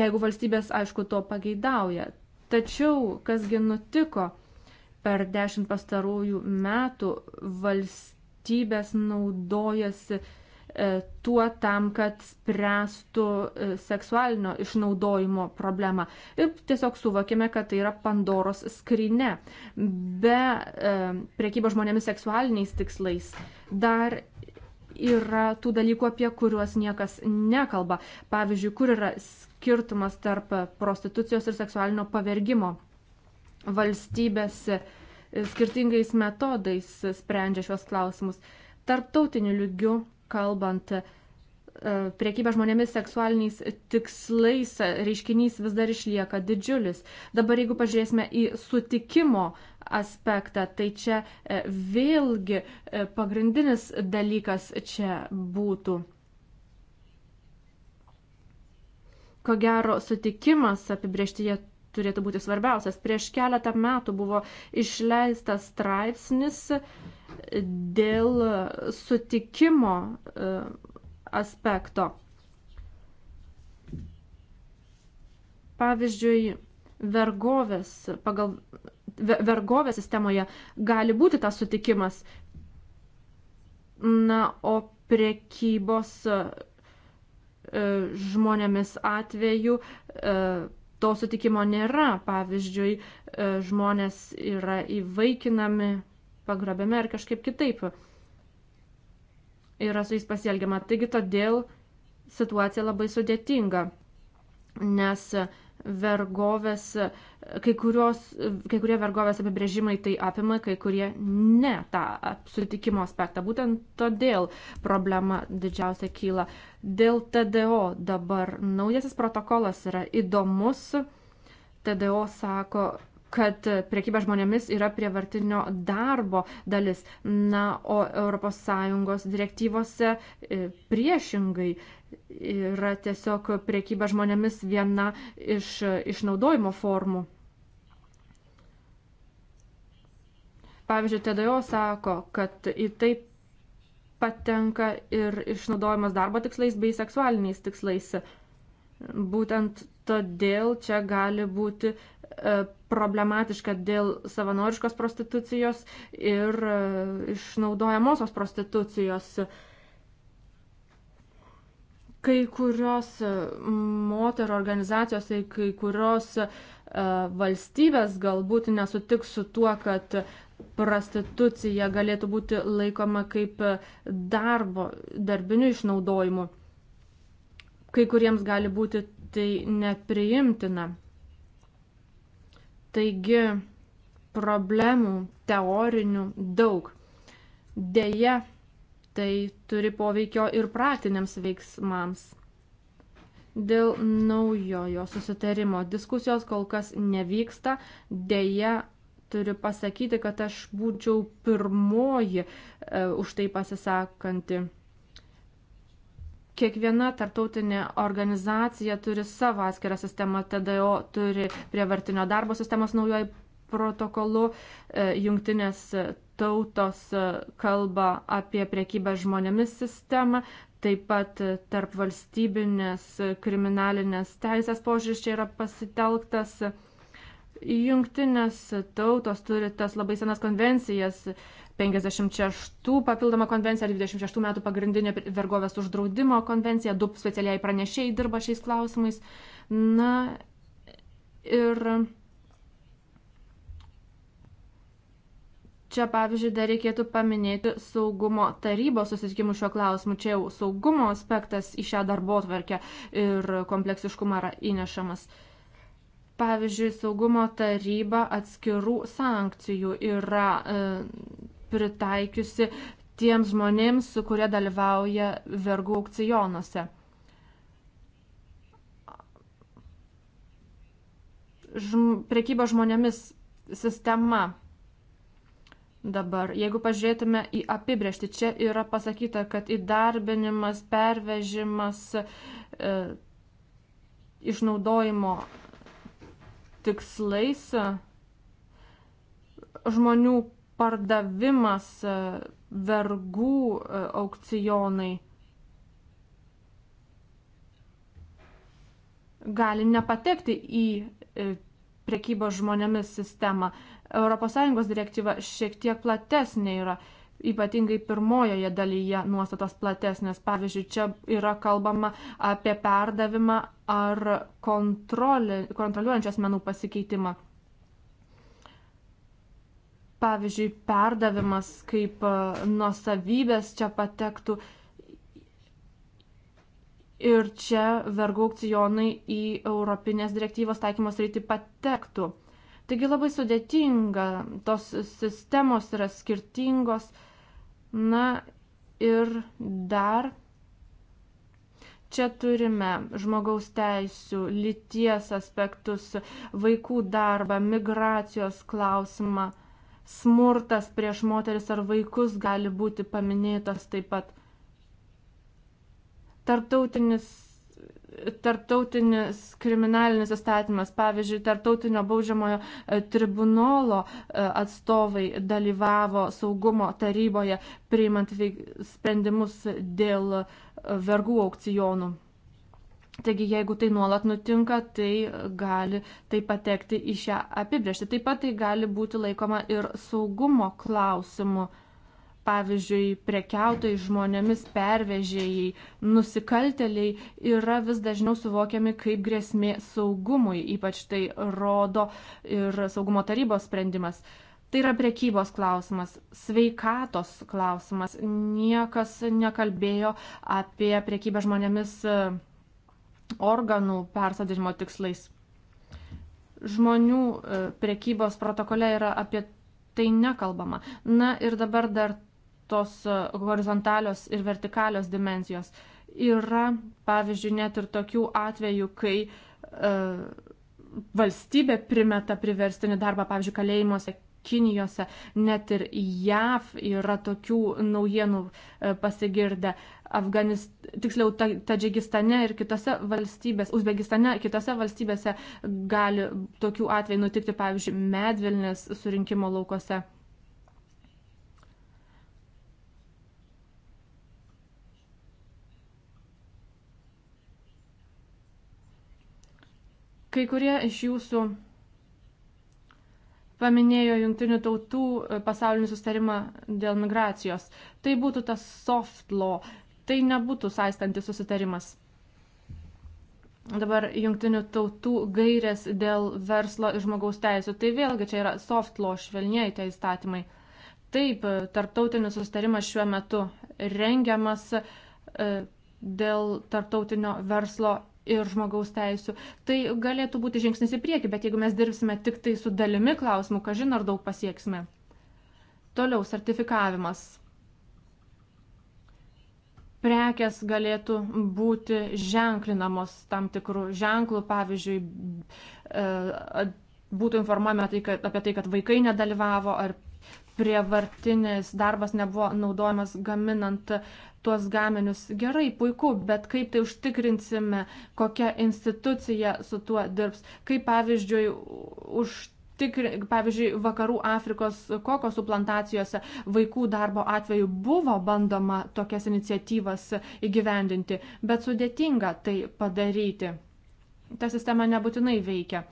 Jeigu valstybės, aišku, to pageidauja. Tačiau, kasgi nutiko per dešimt pastarųjų metų valstybės naudojasi E, tuo tam, kad spręstų e, seksualinio išnaudojimo problemą. Ir tiesiog suvokime, kad tai yra Pandoros skrinė. Be e, priekybos žmonėmis seksualiniais tikslais dar yra tų dalykų, apie kuriuos niekas nekalba. Pavyzdžiui, kur yra skirtumas tarp prostitucijos ir seksualinio pavergimo valstybėse skirtingais metodais sprendžia šios klausimus. Tarptautiniu lygiu kalbant, e, priekyba žmonėmis seksualiniais tikslais e, reiškinys vis dar išlieka didžiulis. Dabar jeigu pažiūrėsime į sutikimo aspektą, tai čia e, vėlgi pagrindinis dalykas čia būtų. Ko gero, sutikimas apibrieštyje turėtų būti svarbiausias. Prieš keletą metų buvo išleistas straipsnis dėl sutikimo e, aspekto. Pavyzdžiui, vergovės, pagal vergovės sistemoje gali būti tas sutikimas. Na, o priekybos e, žmonėmis atveju e, to sutikimo nėra. Pavyzdžiui, e, žmonės yra įvaikinami, pagrabiami ar kažkaip kitaip yra su jais pasielgiama. Taigi todėl situacija labai sudėtinga, nes vergovės, kai, kurios, kai kurie vergovės apibrėžimai tai apima, kai kurie ne tą sutikimo aspektą. Būtent todėl problema didžiausia kyla. Dėl TDO dabar naujasis protokolas yra įdomus. TDO sako, kad priekyba žmonėmis yra prievartinio darbo dalis. Na, o ES direktyvose e, priešingai yra tiesiog priekyba žmonėmis viena iš e, išnaudojimo formų. Pavyzdžiui, TDO sako, kad į tai patenka ir išnaudojimas darbo tikslais bei seksualiniais tikslais. Būtent todėl čia gali būti E, problematiška dėl savanoriškos prostitucijos ir e, išnaudojamosios prostitucijos. Kai kurios e, moterų organizacijos ir kai kurios valstybės galbūt nesutiks su tuo, kad prostitucija galėtų būti laikoma kaip darbo, darbiniu išnaudojimu. Kai kuriems gali būti tai nepriimtina. Taigi problemų teorinių daug. Deja, tai turi poveikio ir praktiniams veiksmams. Dėl naujojo susitarimo diskusijos kol kas nevyksta, deja turiu pasakyti, kad aš būčiau pirmoji e, už tai pasisakanti Kiekviena tartautinė organizacija turi savo atskirą sistemą, TDO turi prievartinio darbo sistemos naujoji protokolu, e, jungtinės tautos e, kalba apie priekybę žmonėmis sistemą, taip pat tarp valstybinės kriminalinės teisės požiūris čia yra pasitelktas. Jungtinės tautos turi tas labai senas konvencijas 56 papildoma konvencija, 26 metų pagrindinė vergovės uždraudimo konvencija, du specialiai pranešėjai dirba šiais klausimais. Na ir čia pavyzdžiui dar reikėtų paminėti saugumo tarybos susitikimų šiuo klausimu. Čia jau saugumo aspektas į šią darbo tvarkę ir kompleksiškumą yra įnešamas pavyzdžiui, saugumo taryba atskirų sankcijų yra e, pritaikiusi tiems žmonėms, kurie dalyvauja vergų aukcijonuose. Žm, prekyba žmonėmis sistema dabar. Jeigu pažiūrėtume į apibrėžtį, čia yra pasakyta, kad įdarbinimas, pervežimas, e, išnaudojimo tikslais žmonių pardavimas, e, vergų e, aukcionai gali nepatekti į e, prekybos žmonėmis sistemą. ES direktyva šiek tiek platesnė yra, ypatingai pirmojoje dalyje nuostatos platesnės. Pavyzdžiui, čia yra kalbama apie perdavimą ar kontroliuojančios menų pasikeitimą pavyzdžiui, perdavimas kaip e, nuosavybės čia patektų. Ir čia vergų aukcionai į Europinės direktyvos taikymos rytį patektų. Taigi labai sudėtinga, tos sistemos yra skirtingos. Na ir dar čia turime žmogaus teisų, lyties aspektus, vaikų darbą, migracijos klausimą. Smurtas prieš moteris ar vaikus gali būti paminėtas taip pat. Tartautinis tartautinis kriminalinis įstatymas, pavyzdžiui, tartautinio baudžiamojo e, tribunolo e, atstovai dalyvavo saugumo taryboje priimant sprendimus dėl e, vergų aukcijonų. Taigi, jeigu tai nuolat nutinka, tai gali tai patekti į šią apibrėžtį. Taip pat tai gali būti laikoma ir saugumo klausimu. Pavyzdžiui, prekiautojai žmonėmis, pervežėjai, nusikalteliai yra vis dažniau suvokiami kaip grėsmė saugumui, ypač tai rodo ir saugumo tarybos sprendimas. Tai yra priekybos klausimas, sveikatos klausimas. Niekas nekalbėjo apie priekybę žmonėmis organų persodinimo tikslais. Žmonių e, prekybos protokole yra apie tai nekalbama. Na ir dabar dar tos e, horizontalios ir vertikalios dimensijos. Yra, pavyzdžiui, net ir tokių atvejų, kai e, valstybė primeta priverstinį darbą, pavyzdžiui, kalėjimuose Kinijose, net ir JAV yra tokių naujienų e, pasigirdę. Afganist, tiksliau, Tadžikistane ir kitose valstybėse, Uzbekistane, kitose valstybėse gali tokių atvejų nutikti, pavyzdžiui, medvilnės surinkimo laukose. Kai kurie iš jūsų paminėjo jungtinių tautų e, pasaulinį sustarimą dėl migracijos. Tai būtų tas soft law, tai nebūtų saistantis susitarimas. Dabar jungtinių tautų gairės dėl verslo ir žmogaus teisų. Tai vėlgi čia yra soft law, švelniai tie įstatymai. Taip, e, tarptautinis sustarimas šiuo metu rengiamas e, dėl tarptautinio verslo ir žmogaus teisų. Tai galėtų būti žingsnis į priekį, bet jeigu mes dirbsime tik tai su dalimi klausimų, kažin ar daug pasieksime. Toliau sertifikavimas. Prekės galėtų būti ženklinamos tam tikrų ženklų, pavyzdžiui, e, būtų informuojama tai, kad, apie tai, kad vaikai nedalyvavo ar prievartinis darbas nebuvo naudojamas gaminant tuos gaminius. Gerai, puiku, bet kaip tai užtikrinsime, kokia institucija su tuo dirbs, kaip pavyzdžiui užtikri, pavyzdžiui, vakarų Afrikos kokosų plantacijose vaikų darbo atveju buvo bandoma tokias iniciatyvas įgyvendinti, bet sudėtinga tai padaryti. Ta sistema nebūtinai veikia.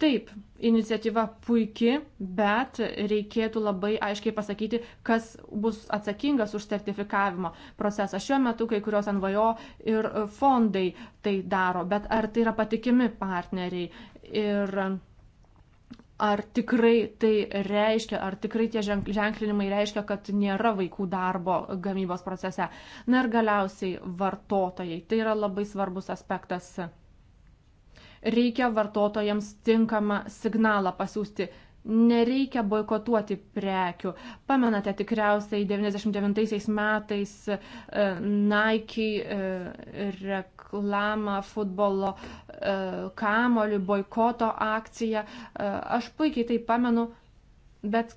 Taip, iniciatyva puiki, bet reikėtų labai aiškiai pasakyti, kas bus atsakingas už sertifikavimo procesą. Šiuo metu kai kurios NVO ir fondai tai daro, bet ar tai yra patikimi partneriai ir ar tikrai tai reiškia, ar tikrai tie ženklinimai reiškia, kad nėra vaikų darbo gamybos procese. Na ir galiausiai vartotojai. Tai yra labai svarbus aspektas reikia vartotojams tinkamą signalą pasiūsti. Nereikia boikotuoti prekių. Pamenate tikriausiai 99 metais e, Nike e, reklamą futbolo e, kamolių boikoto akciją. Aš puikiai tai pamenu, bet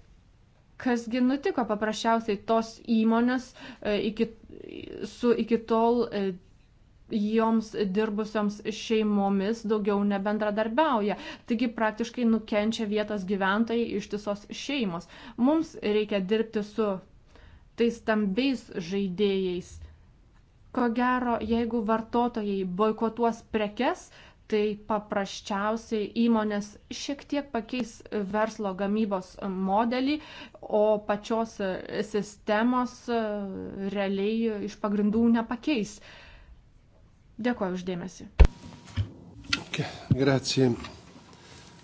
kasgi nutiko paprasčiausiai tos įmonės iki, su iki tol joms dirbusioms šeimomis daugiau nebendradarbiauja. Taigi praktiškai nukenčia vietos gyventojai ištisos šeimos. Mums reikia dirbti su tais stambiais žaidėjais. Ko gero, jeigu vartotojai boikotuos prekes, tai paprasčiausiai įmonės šiek tiek pakeis verslo gamybos modelį, o pačios sistemos e, realiai iš pagrindų nepakeis. Uh, Dėkuoju uždėmesi. Okay, grazie.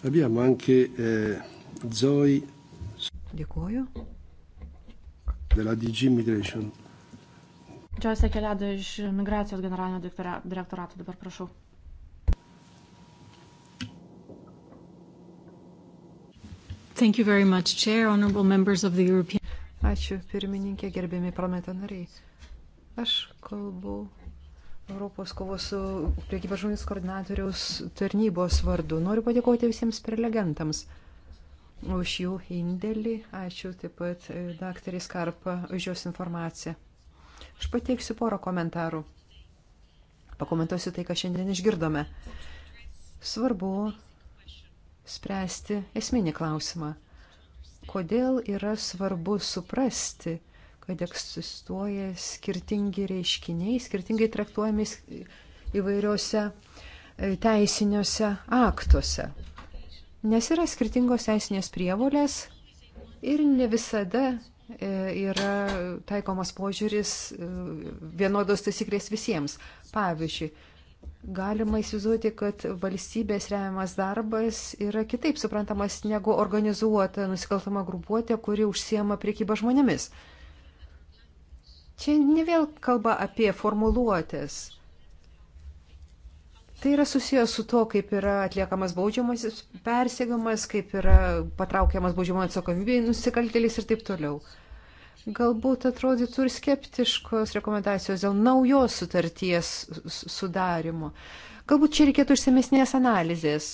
Abbiamo anche eh, Zoe. Dėkuoju. Della DG Migration. Džiausia keliada iš migracijos generalinio direktorato, dabar prašau. Thank you very much, Chair, honorable members of the European. Ačiū, pirmininkė, gerbėmi parlamento nariai. Aš kalbu Europos kovos su priekybės žmonės koordinatoriaus tarnybos vardu. Noriu padėkoti visiems prelegentams už jų indėlį. Ačiū taip pat e, daktarį Skarpą už jos informaciją. Aš pateiksiu porą komentarų. Pakomentuosiu tai, ką šiandien išgirdome. Svarbu spręsti esminį klausimą. Kodėl yra svarbu suprasti, kad egzistuoja skirtingi reiškiniai, skirtingai traktuojami įvairiuose e, teisiniuose aktuose. Nes yra skirtingos teisinės prievolės ir ne visada e, yra taikomas požiūris e, vienodos taisyklės visiems. Pavyzdžiui, galima įsivaizduoti, kad valstybės remiamas darbas yra kitaip suprantamas negu organizuota nusikaltama grupuotė, kuri užsiema priekyba žmonėmis. Čia ne vėl kalba apie formuluotės. Tai yra susijęs su to, kaip yra atliekamas baudžiamasis persiegimas, kaip yra patraukiamas baudžiamojo atsakomybėje nusikaltėlis ir taip toliau. Galbūt atrodytų ir skeptiškos rekomendacijos dėl naujos sutarties sudarimo. Galbūt čia reikėtų išsamesnės analizės.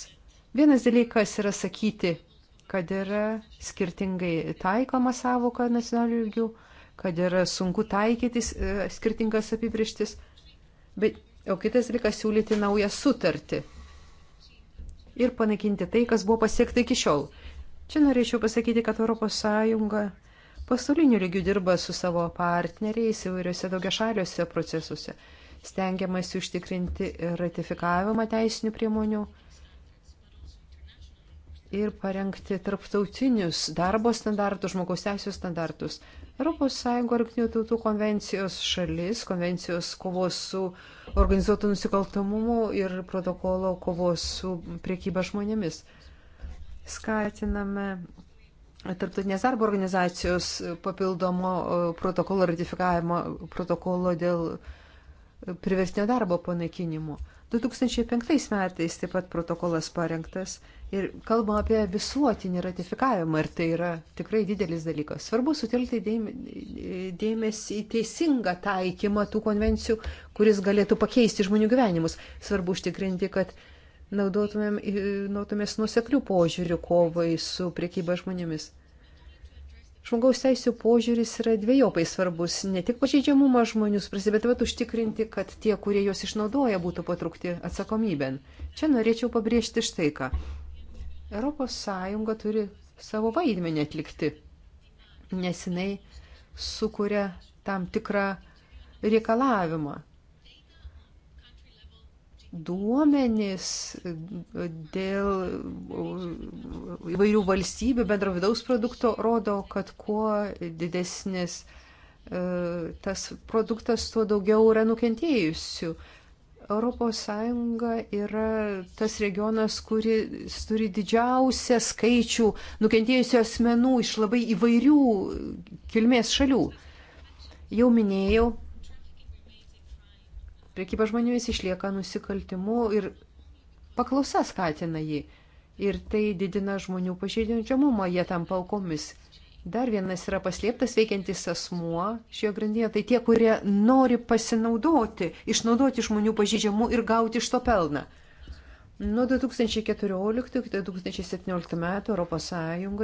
Vienas dalykas yra sakyti, kad yra skirtingai taikoma savoka nacionalinių lygių kad yra sunku taikytis e, skirtingas apibrištis, bet o kitas dalykas siūlyti naują sutartį ir panaikinti tai, kas buvo pasiekta iki šiol. Čia norėčiau pasakyti, kad ES pasauliniu lygiu dirba su savo partneriais įvairiuose daugiašaliuose procesuose. Stengiamasi užtikrinti ratifikavimą teisinių priemonių ir parengti tarptautinius darbo standartus, žmogaus teisų standartus. ES Arktinių tautų konvencijos šalis, konvencijos kovos su organizuotų nusikaltamumu ir protokolo kovos su priekyba žmonėmis. Skatiname Tarptautinės darbo organizacijos papildomo e, protokolo ratifikavimo protokolo dėl priversnio darbo panaikinimo. 2005 metais taip pat protokolas parengtas ir kalba apie visuotinį ratifikavimą ir tai yra tikrai didelis dalykas. Svarbu sutelkti dėmesį į teisingą taikymą tų konvencijų, kuris galėtų pakeisti žmonių gyvenimus. Svarbu užtikrinti, kad naudotumėm, naudotumės nuseklių požiūrių kovai su priekyba žmonėmis žmogaus teisų požiūris yra dviejopai svarbus. Ne tik pažeidžiamumą žmonių suprasti, bet pat užtikrinti, kad tie, kurie juos išnaudoja, būtų patrukti atsakomybėn. Čia norėčiau pabrėžti štai ką. ES turi savo vaidmenį atlikti, nes jinai sukuria tam tikrą reikalavimą duomenys dėl įvairių valstybių bendro vidaus produkto rodo, kad kuo didesnis e, tas produktas, tuo daugiau yra nukentėjusių. ES yra tas regionas, kuris turi didžiausią skaičių nukentėjusių asmenų iš labai įvairių kilmės šalių. Jau minėjau, Priekyba žmonėmis išlieka nusikaltimu ir paklausa skatina jį. Ir tai didina žmonių pažeidžiamumą, jie tampa aukomis. Dar vienas yra paslėptas veikiantis asmuo šioje grandyje, tai tie, kurie nori pasinaudoti, išnaudoti žmonių pažydžiamų ir gauti iš to pelną. Nuo 2014-2017 metų ES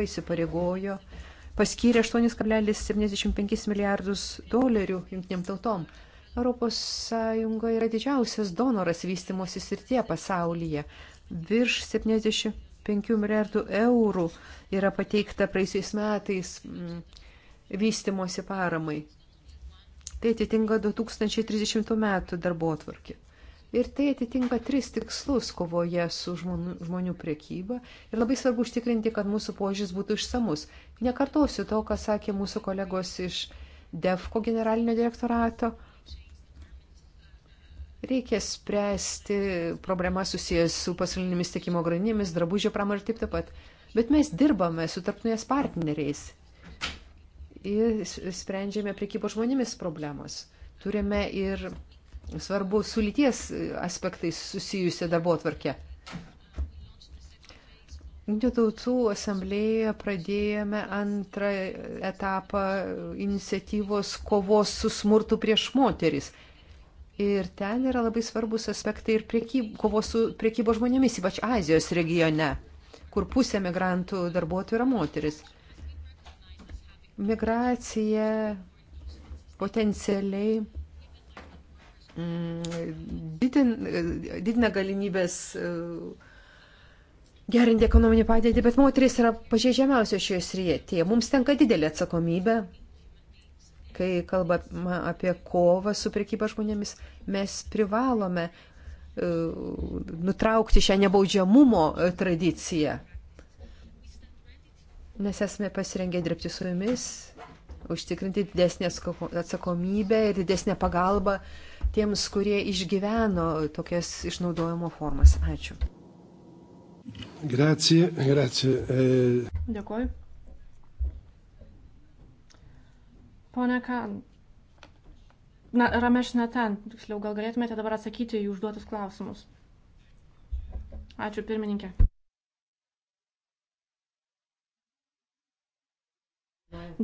įsipareigojo paskyrė 8,75 milijardus dolerių jungtiniam tautom. ES yra didžiausias donoras vystimosi srityje pasaulyje. Virš 75 milijardų eurų yra pateikta praeisiais metais mm, vystimosi paramai. Tai atitinka 2030 metų darbo atvarkį. Ir tai atitinka tris tikslus kovoje su žmonių, žmonių priekyba. Ir labai svarbu užtikrinti, kad mūsų požiūris būtų išsamus. Nekartosiu to, ką sakė mūsų kolegos iš DEFCO generalinio direktorato. Uh, Reikia spręsti problemą susijęs su pasaulinėmis tiekimo grandinėmis, drabužio pramonė ir taip taip pat. Bet mes dirbame su tarptautinės partneriais ir sprendžiame priekybos žmonėmis problemos. Turime ir svarbu su lyties aspektais susijusią darbo atvarkę. Jungtinių tautų asamblėje pradėjome antrą etapą iniciatyvos kovos su smurtu prieš moteris. Ir ten yra labai svarbus aspektai ir priekyb, kovos su priekybo žmonėmis, ypač Azijos regione, kur pusė migrantų darbuotojų yra moteris. Migracija potencialiai mm, didin, didina galimybės e, gerinti ekonominį padėtį, bet moteris yra pažeidžiamiausios šioje srityje. Mums tenka didelė atsakomybė kai kalbame apie kovą su prekyba žmonėmis, mes privalome e, nutraukti šią nebaudžiamumo e, tradiciją. Mes esame pasirengę dirbti su jumis, užtikrinti didesnį atsakomybę ir didesnę pagalbą tiems, kurie išgyveno tokias išnaudojimo formas. Ačiū. Grazie, grazie. E- Dėkuoju. Pone Kan, na, Rameš Natan, tiksliau, gal galėtumėte dabar atsakyti į užduotus klausimus. Ačiū, pirmininkė.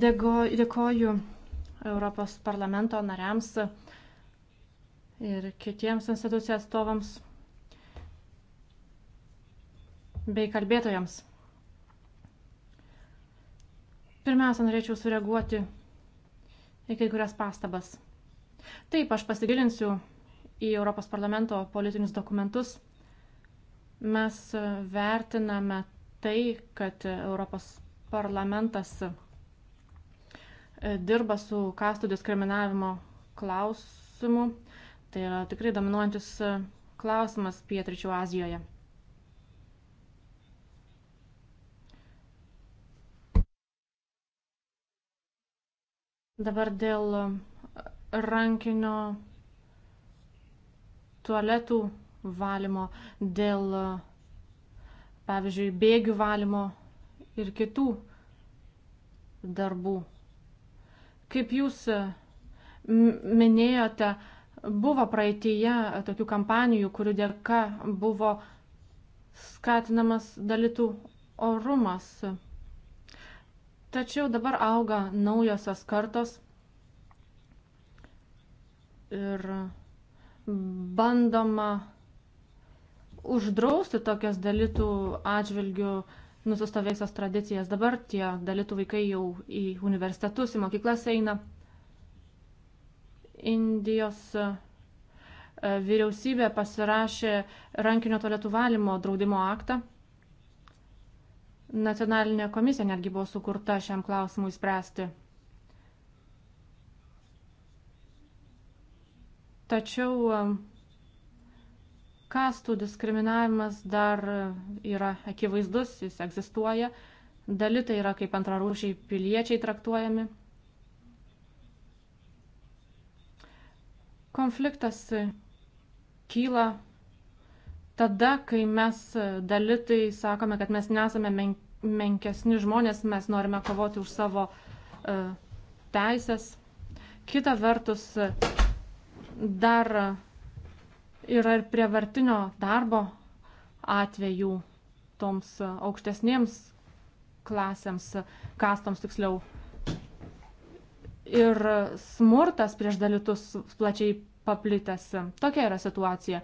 Dėgo, dėkoju Europos parlamento nariams ir kitiems institucijų atstovams bei kalbėtojams. Pirmiausia, norėčiau sureaguoti į kai kurias pastabas. Taip, aš pasigilinsiu į Europos parlamento politinius dokumentus. Mes e, vertiname tai, kad Europos parlamentas e, dirba su kastų diskriminavimo klausimu. Tai yra tikrai dominuojantis e, klausimas Pietričių Azijoje. Dabar dėl e, rankinio tualetų valymo, dėl, e, pavyzdžiui, bėgių valymo ir kitų darbų. Kaip jūs e, minėjote, buvo praeitėje tokių kampanijų, kurių dėka buvo skatinamas dalytų orumas. Tačiau dabar auga naujosios kartos ir bandoma uždrausti tokias dalytų atžvilgių nusistovėjusias tradicijas. Dabar tie dalytų vaikai jau į universitetus, į mokyklas eina. Indijos e, vyriausybė pasirašė rankinio toletų valymo draudimo aktą Nacionalinė komisija netgi buvo sukurta šiam klausimui spręsti. Tačiau um, kastų diskriminavimas dar yra akivaizdus, jis egzistuoja. Dalitai yra kaip antrarūšiai piliečiai traktuojami. Konfliktas kyla tada, kai mes e, dalitai sakome, kad mes nesame men menkesni žmonės, mes norime kovoti už savo uh, teisės. Kita vertus, e, dar yra ir prievartinio darbo atvejų toms aukštesniems klasėms, kastoms tiksliau. Ir smurtas prieš dalitus plačiai paplitęs. Tokia yra situacija.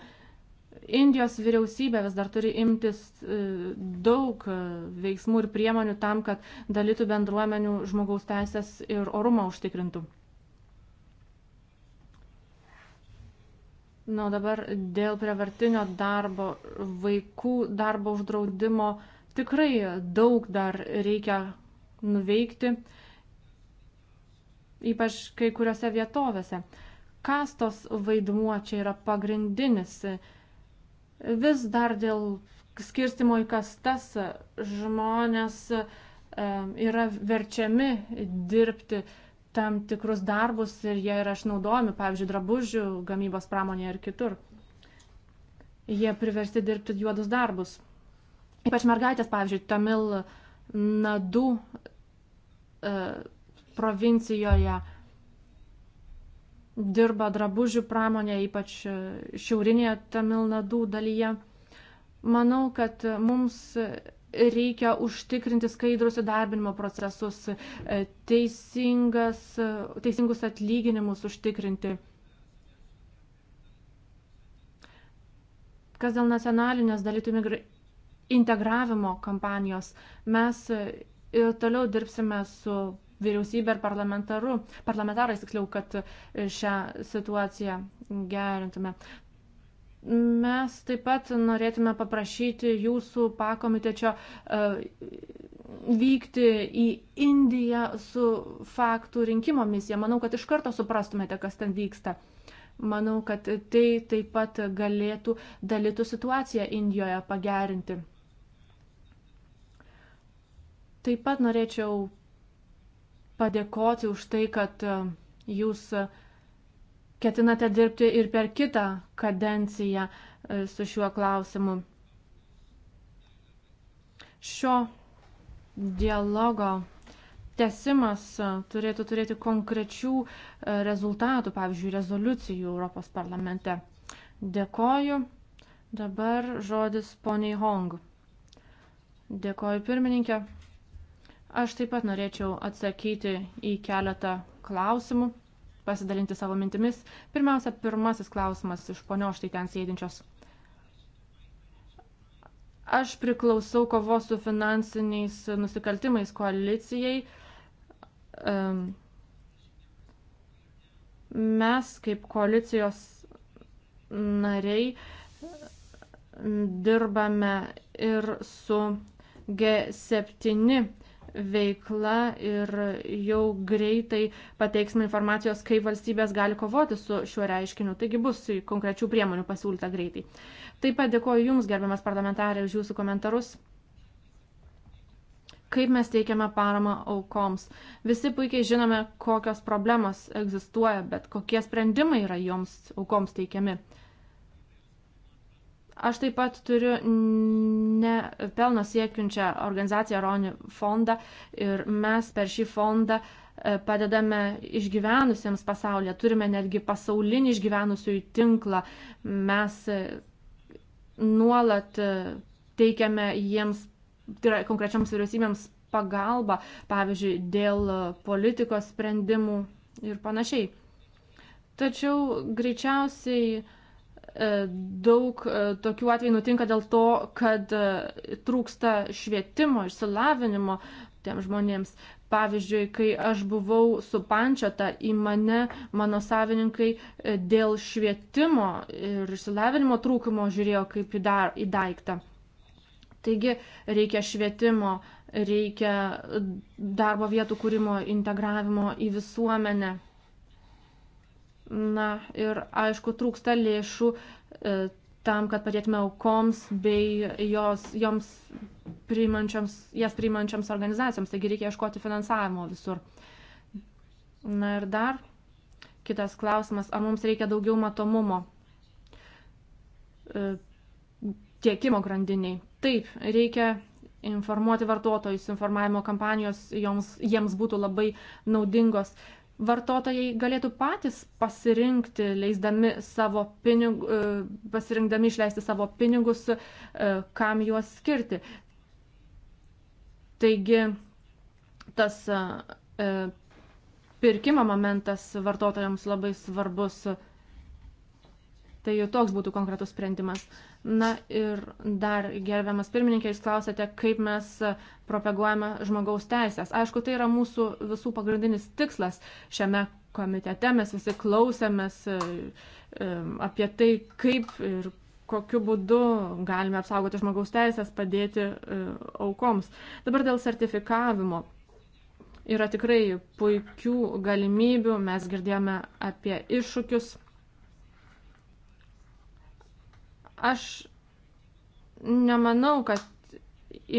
Indijos vyriausybė vis dar turi imtis e, daug e, veiksmų ir priemonių tam, kad dalytų bendruomenių žmogaus teisės ir orumą užtikrintų. Na, dabar dėl prievartinio darbo, vaikų darbo uždraudimo tikrai daug dar reikia nuveikti, ypač kai kuriuose vietovėse. Kastos vaidmuo čia yra pagrindinis vis dar dėl skirstimo į kastas žmonės yra verčiami dirbti tam tikrus darbus ir jie yra išnaudojami, pavyzdžiui, drabužių gamybos pramonėje ir kitur. Jie priversti dirbti juodus darbus. Ypač mergaitės, pavyzdžiui, Tamil Nadu e, provincijoje dirba drabužių pramonė, ypač e, šiaurinėje Tamilnadų dalyje. Manau, kad mums reikia užtikrinti skaidrus įdarbinimo procesus, e, e, teisingus atlyginimus užtikrinti. Kas dėl nacionalinės dalytų integravimo kampanijos, mes ir toliau dirbsime su vyriausybė ir parlamentaru, parlamentarais, tiksliau, kad e, šią situaciją gerintume. Mes taip pat norėtume paprašyti jūsų pakomitečio e, vykti į Indiją su faktų rinkimo misija. Manau, kad iš karto suprastumėte, kas ten vyksta. Manau, kad tai taip pat galėtų dalytų situaciją Indijoje pagerinti. Taip pat norėčiau padėkoti už tai, kad e, jūs ketinate dirbti ir per kitą kadenciją e, su šiuo klausimu. Šio dialogo tesimas e, turėtų turėti konkrečių rezultatų, pavyzdžiui, rezoliucijų Europos parlamente. Dėkoju. Dabar žodis poniai Hong. Dėkoju pirmininkė. Aš taip pat norėčiau atsakyti į keletą klausimų, pasidalinti savo mintimis. Pirmiausia, pirmasis klausimas iš ponio štai ten sėdinčios. Aš priklausau kovos su finansiniais nusikaltimais koalicijai. Mes kaip koalicijos nariai dirbame ir su G7 veikla ir jau greitai pateiksime informacijos, kaip valstybės gali kovoti su šiuo reiškiniu. Taigi bus konkrečių priemonių pasiūlyta greitai. Taip pat dėkoju Jums, gerbiamas parlamentarė, už Jūsų komentarus kaip mes teikiame paramą aukoms. Visi puikiai žinome, kokios problemos egzistuoja, bet kokie sprendimai yra joms aukoms teikiami. Aš taip pat turiu ne pelno siekiančią organizaciją Roni fondą ir mes per šį fondą e, padedame išgyvenusiems pasaulyje, turime netgi pasaulinį išgyvenusiųjų tinklą. Mes e, nuolat e, teikiame jiems, tai yra konkrečiams vyriausybėms pagalbą, pavyzdžiui, dėl politikos sprendimų ir panašiai. Tačiau greičiausiai E, daug e, tokių atvejų nutinka dėl to, kad e, trūksta švietimo, išsilavinimo tiem žmonėms. Pavyzdžiui, kai aš buvau supančiata į mane, mano savininkai dėl švietimo ir išsilavinimo trūkumo žiūrėjo kaip į, dar, į daiktą. Taigi reikia švietimo, reikia darbo vietų kūrimo, integravimo į visuomenę. Na ir aišku, trūksta lėšų e, tam, kad padėtume aukoms bei jos, joms priimančioms, jas priimančioms organizacijoms. Taigi reikia ieškoti finansavimo visur. Na ir dar kitas klausimas, ar mums reikia daugiau matomumo e, tiekimo grandiniai. Taip, reikia informuoti vartotojus, informavimo kampanijos joms, jiems būtų labai naudingos vartotojai galėtų patys pasirinkti, leisdami savo pinigus, e, pasirinkdami išleisti savo pinigus, e, kam juos skirti. Taigi tas e, pirkimo momentas vartotojams labai svarbus. Tai toks būtų konkretus sprendimas. Na ir dar, gerbiamas pirmininkė, jūs klausėte, kaip mes propaguojame žmogaus teisės. Aišku, tai yra mūsų visų pagrindinis tikslas šiame komitete. Mes visi klausėmės e, e, apie tai, kaip ir kokiu būdu galime apsaugoti žmogaus teisės, padėti e, aukoms. Dabar dėl sertifikavimo. Yra tikrai puikių galimybių, mes girdėjome apie iššūkius Aš nemanau, kad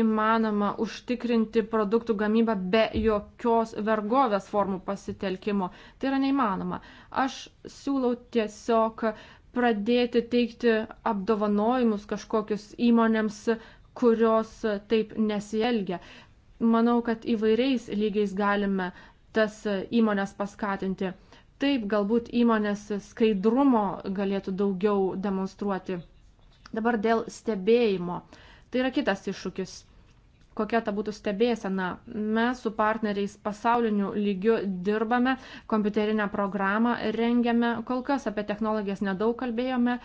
įmanoma užtikrinti produktų gamybą be jokios vergovės formų pasitelkimo. Tai yra neįmanoma. Aš siūlau tiesiog pradėti teikti apdovanojimus kažkokius įmonėms, kurios taip nesielgia. Manau, kad įvairiais lygiais galime tas įmonės paskatinti. Taip, galbūt įmonės skaidrumo galėtų daugiau demonstruoti. Dabar dėl stebėjimo. Tai yra kitas iššūkis. Kokia ta būtų stebėsena? Mes su partneriais pasauliniu lygiu dirbame, kompiuterinę programą rengiame. Kol kas apie technologijas nedaug kalbėjome,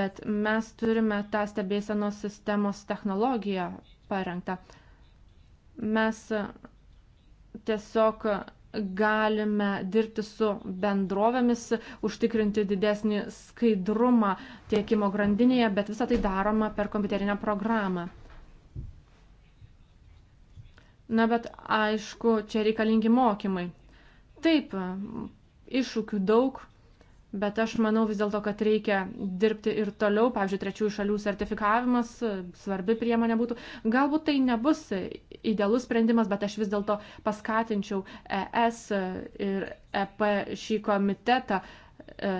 bet mes turime tą stebėsenos sistemos technologiją parengtą. Mes tiesiog galime dirbti su bendrovėmis, užtikrinti didesnį skaidrumą tiekimo grandinėje, bet visą tai daroma per kompiuterinę programą. Na, bet aišku, čia reikalingi mokymai. Taip, iššūkių daug, Bet aš manau vis dėlto, kad reikia dirbti ir toliau, pavyzdžiui, trečiųjų šalių sertifikavimas e, svarbi priemonė būtų. Galbūt tai nebus idealus sprendimas, bet aš vis dėlto paskatinčiau ES ir EP šį komitetą e,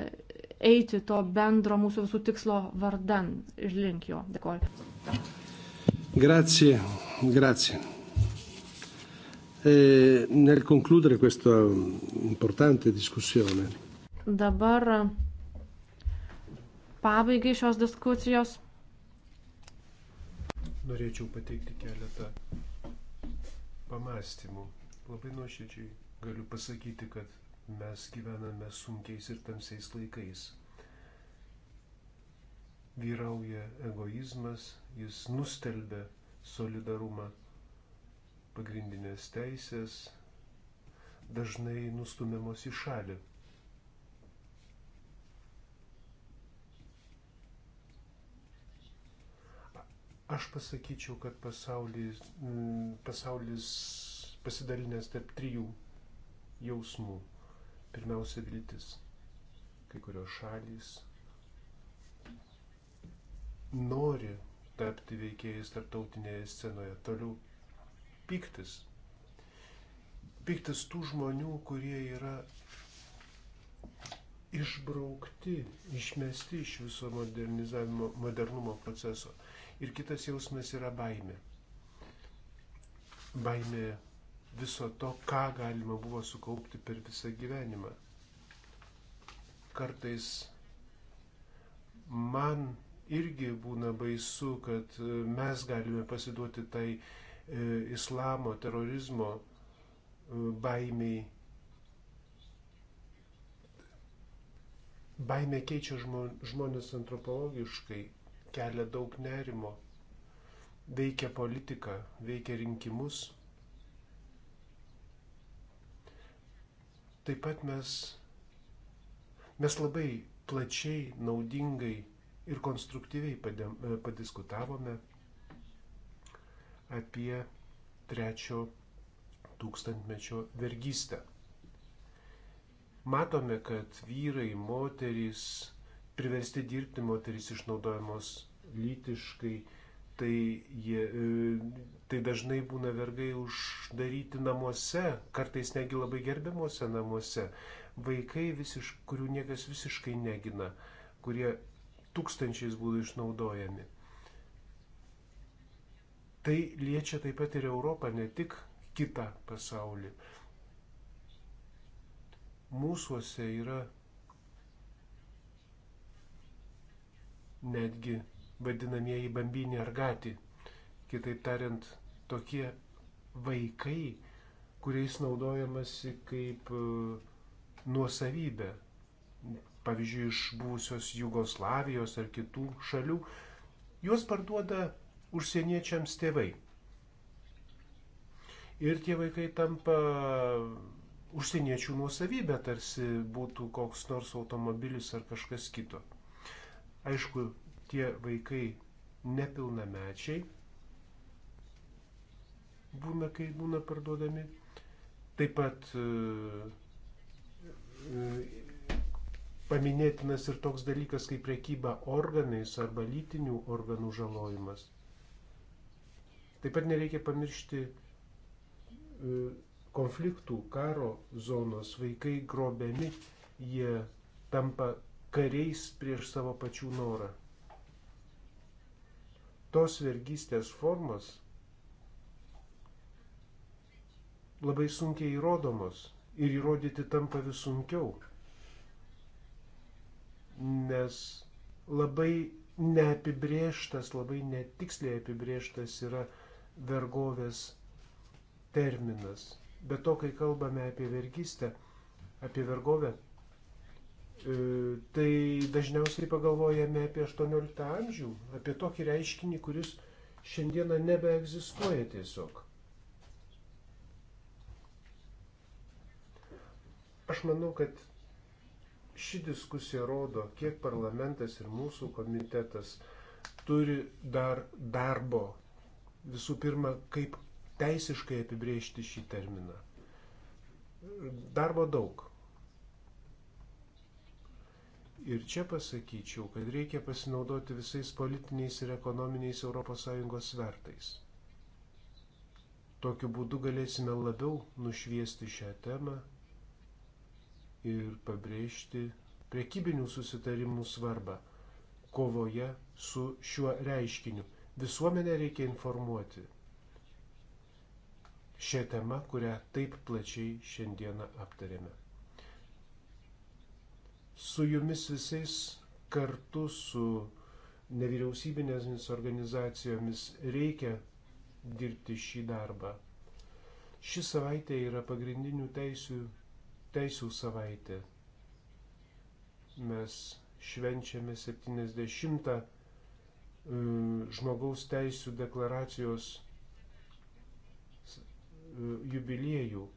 eiti to bendro mūsų visų tikslo vardan ir link jo. Dėkuoju. Grazie, grazie. E, nel concludere questa importante discussione. Dabar pabaigai šios diskusijos. Norėčiau pateikti keletą pamastymų. Labai nuoširdžiai galiu pasakyti, kad mes gyvename sunkiais ir tamsiais laikais. Vyrauja egoizmas, jis nustelbia solidarumą, pagrindinės teisės dažnai nustumiamos į šalį. Aš pasakyčiau, kad pasaulis, mm, pasaulis pasidalinęs tarp trijų jausmų. Pirmiausia, viltis. Kai kurios šalys nori tapti veikėjais tarptautinėje scenoje. Toliau piktis. Piktis tų žmonių, kurie yra išbraukti, išmesti iš viso modernizavimo, modernumo proceso ir kitas jausmas yra baimė. Baimė viso to, ką galima buvo sukaupti per visą gyvenimą. Kartais man irgi būna baisu, kad e, mes galime pasiduoti tai e, islamo, terorizmo e, baimiai. Baimė keičia žmonės antropologiškai, kelia daug nerimo, veikia politiką, veikia rinkimus. Taip pat mes, mes labai plačiai, naudingai ir konstruktyviai padėm, e, padiskutavome apie trečio tūkstantmečio vergystę matome, kad vyrai, moterys, priversti dirbti, moteris išnaudojamos lytiškai, tai, jie, e, tai dažnai būna vergai uždaryti namuose, kartais negi labai gerbiamuose namuose. Vaikai, visiš, kurių niekas visiškai negina, kurie tūkstančiais būdų išnaudojami. Tai liečia taip pat ir Europą, ne tik kitą pasaulį. Mūsuose yra netgi vadinamieji bambiniai ar gati. Kitaip tariant, tokie vaikai, kuriais naudojamasi kaip e, nuosavybė, pavyzdžiui, iš būsios Jugoslavijos ar kitų šalių, juos parduoda užsieniečiams tėvai. Ir tie vaikai tampa užsieniečių nuosavybė, tarsi būtų koks nors automobilis ar kažkas kito. Aišku, tie vaikai nepilnamečiai būna, kai būna parduodami. Taip pat e, e, paminėtinas ir toks dalykas kaip priekyba organais arba lytinių organų žalojimas. Taip pat nereikia pamiršti e, konfliktų, karo zonos, vaikai grobiami, jie tampa kariais prieš savo pačių norą. Tos vergystės formos labai sunkiai įrodomos ir įrodyti tampa vis sunkiau, nes labai neapibrieštas, labai netiksliai apibrieštas yra vergovės terminas. Bet to, kai kalbame apie vergystę, apie vergovę, E, tai dažniausiai pagalvojame apie 18 amžių, apie tokį reiškinį, kuris šiandieną nebeegzistuoja tiesiog. Aš manau, kad ši diskusija rodo, kiek parlamentas ir mūsų komitetas turi dar darbo. Visų pirma, kaip teisiškai apibrėžti šį terminą. Darbo daug. Ir čia pasakyčiau, kad reikia pasinaudoti visais politiniais ir ekonominiais ES svertais. Tokiu būdu galėsime labiau nušviesti šią temą ir pabrėžti priekybinių susitarimų svarbą kovoje su šiuo reiškiniu. Visuomenę reikia informuoti šią temą, kurią taip plačiai šiandieną aptarėme su jumis visais kartu su nevyriausybinėmis organizacijomis reikia dirbti šį darbą. Ši savaitė yra pagrindinių teisių, teisių savaitė. Mes švenčiame 70 e, žmogaus teisų deklaracijos e, jubiliejų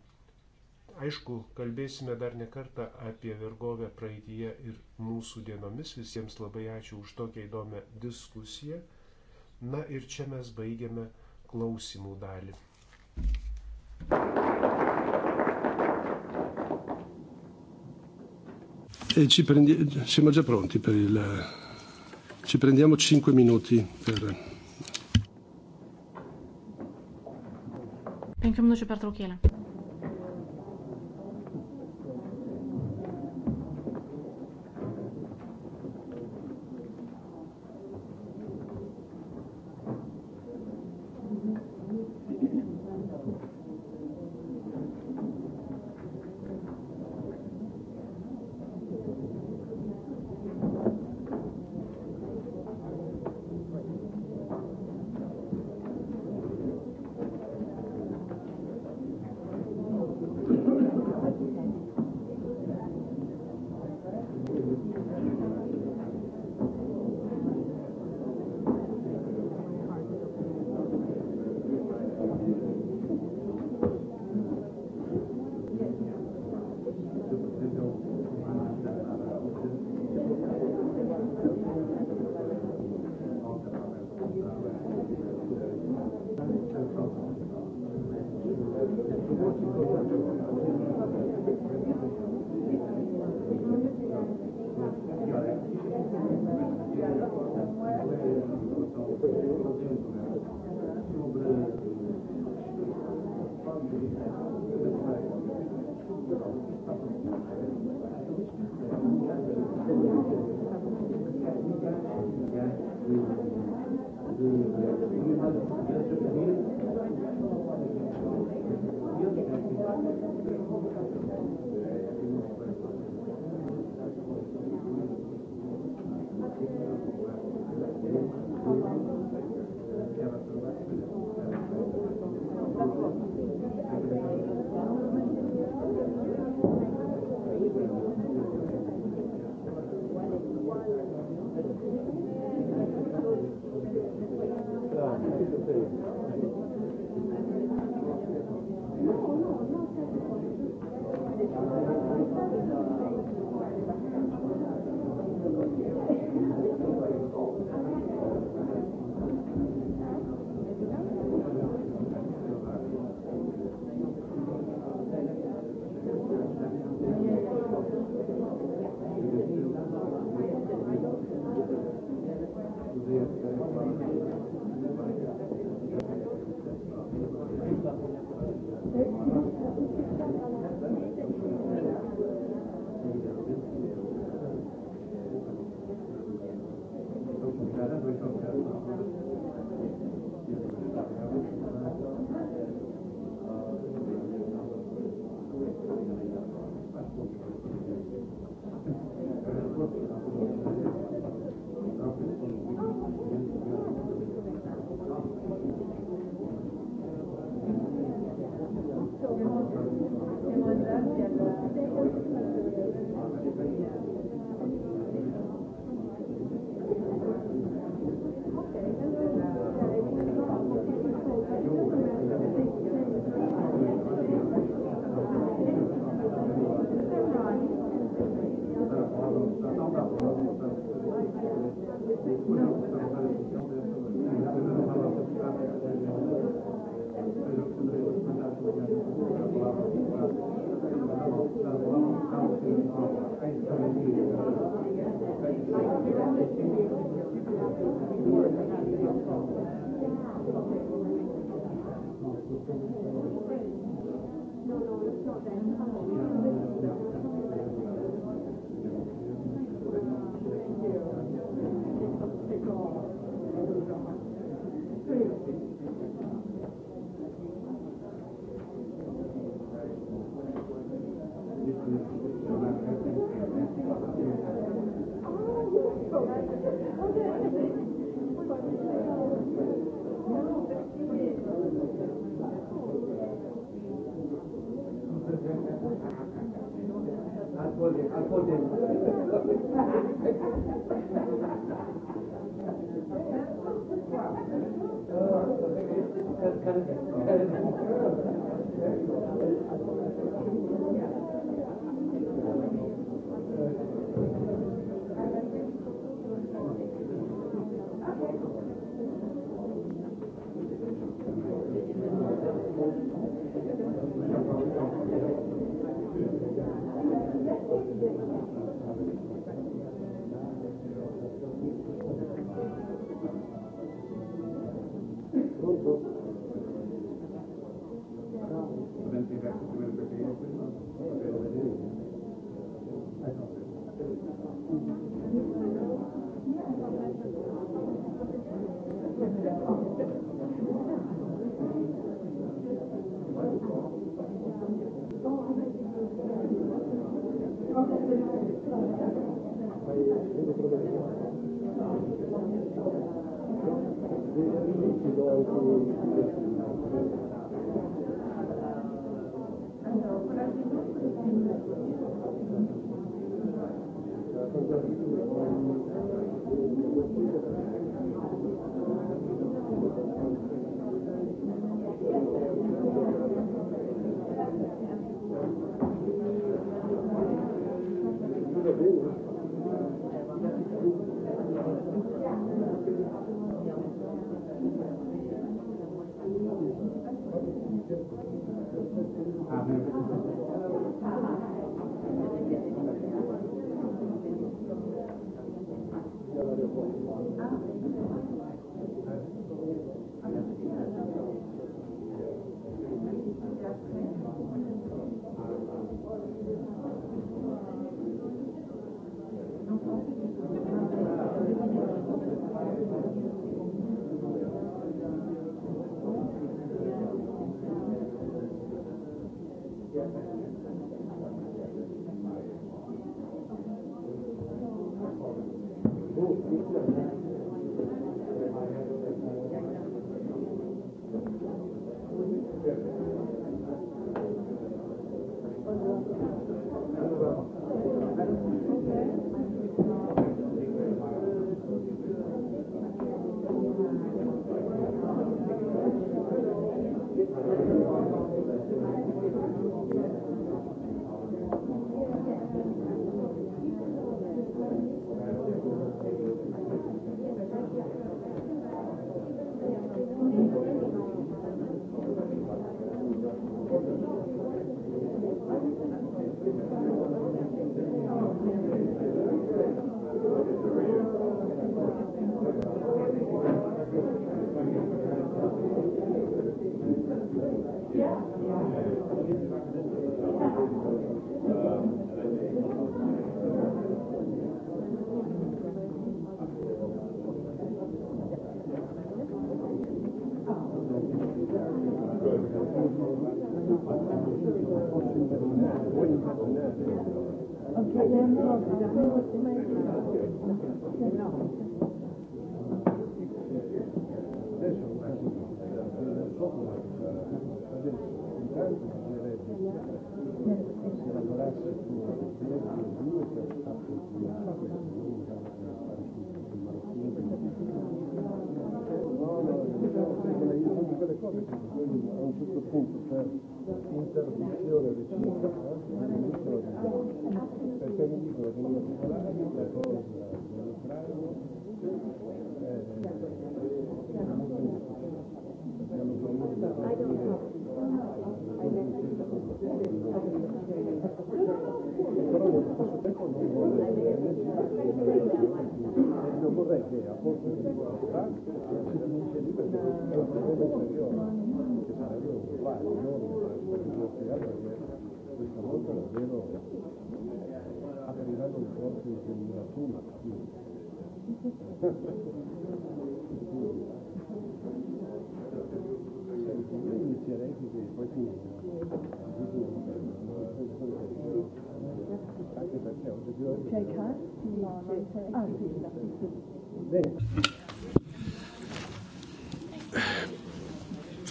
Aišku, kalbėsime dar ne kartą apie vergovę praeitie ir mūsų dienomis. Visiems labai ačiū už tokią įdomią diskusiją. Na ir čia mes baigiame klausimų dalį. E ci prendi... Siamo già pronti per il... Ci prendiamo 5 minuti per... 5 minučių pertraukėlė.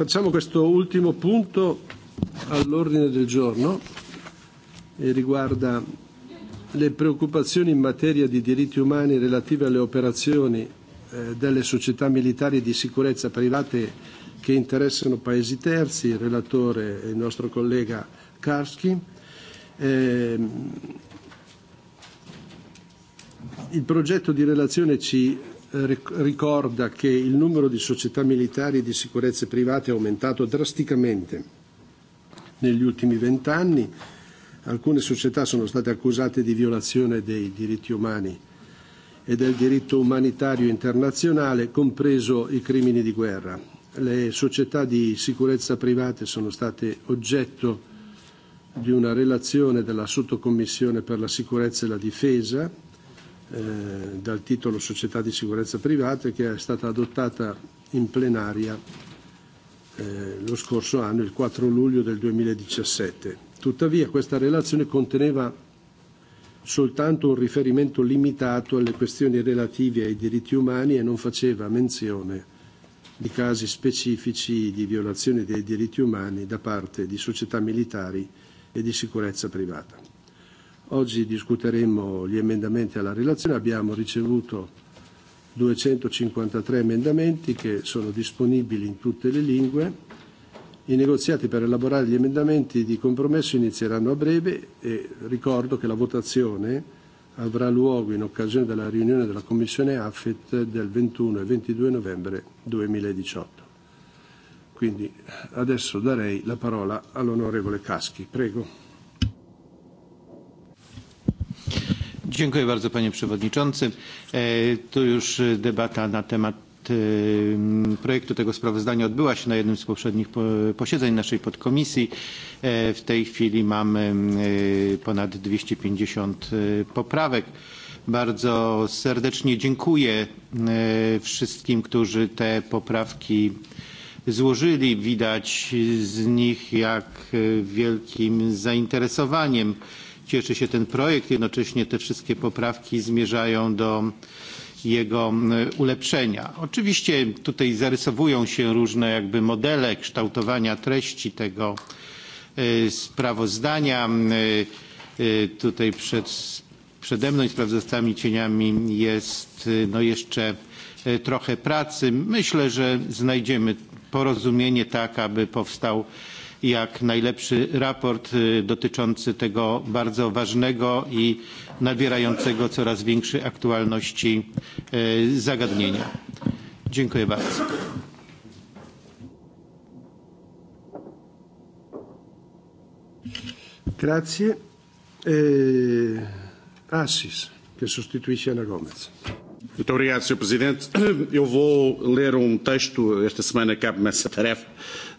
Facciamo questo ultimo punto all'ordine del giorno e riguarda le preoccupazioni in materia di diritti umani relative alle operazioni eh, delle società militari di sicurezza private che interessano paesi terzi, il relatore è il nostro collega Karski. Eh, il progetto di relazione ci ricorda che il numero di società militari e di sicurezze private è aumentato drasticamente negli ultimi vent'anni. Alcune società sono state accusate di violazione dei diritti umani e del diritto umanitario internazionale, compreso i crimini di guerra. Le società di sicurezza private sono state oggetto di una relazione della Sottocommissione per la sicurezza e la difesa eh, dal titolo Società di sicurezza privata che è stata adottata in plenaria eh, lo scorso anno, il 4 luglio del 2017. Tuttavia questa relazione conteneva soltanto un riferimento limitato alle questioni relative ai diritti umani e non faceva menzione di casi specifici di violazione dei diritti umani da parte di società militari e di sicurezza privata. Oggi discuteremo gli emendamenti alla relazione. Abbiamo ricevuto 253 emendamenti che sono disponibili in tutte le lingue. I negoziati per elaborare gli emendamenti di compromesso inizieranno a breve e ricordo che la votazione avrà luogo in occasione della riunione della Commissione AFET del 21 e 22 novembre 2018. Quindi adesso darei la parola all'onorevole Caschi. Prego. Dziękuję bardzo panie przewodniczący. E, tu już debata na temat e, projektu tego sprawozdania odbyła się na jednym z poprzednich posiedzeń naszej podkomisji. E, w tej chwili mamy ponad 250 poprawek. Bardzo serdecznie dziękuję wszystkim, którzy te poprawki złożyli. Widać z nich, jak wielkim zainteresowaniem cieszy się ten projekt. Jednocześnie te wszystkie poprawki zmierzają do jego ulepszenia. Oczywiście tutaj zarysowują się różne jakby modele kształtowania treści tego e, sprawozdania. E, e, tutaj przed, przede mną i sprawozdawcami cieniami jest no jeszcze trochę pracy. Myślę, że znajdziemy porozumienie tak, aby powstał jak najlepszy raport dotyczący tego bardzo ważnego i nabierającego coraz większej aktualności zagadnienia. Dziękuję bardzo. Grazie. Eh, Assis, que substituisce Ana Gomes. Muito obrigado, Sr. Presidente. Eu vou ler um texto, esta semana cabe-me essa tarefa,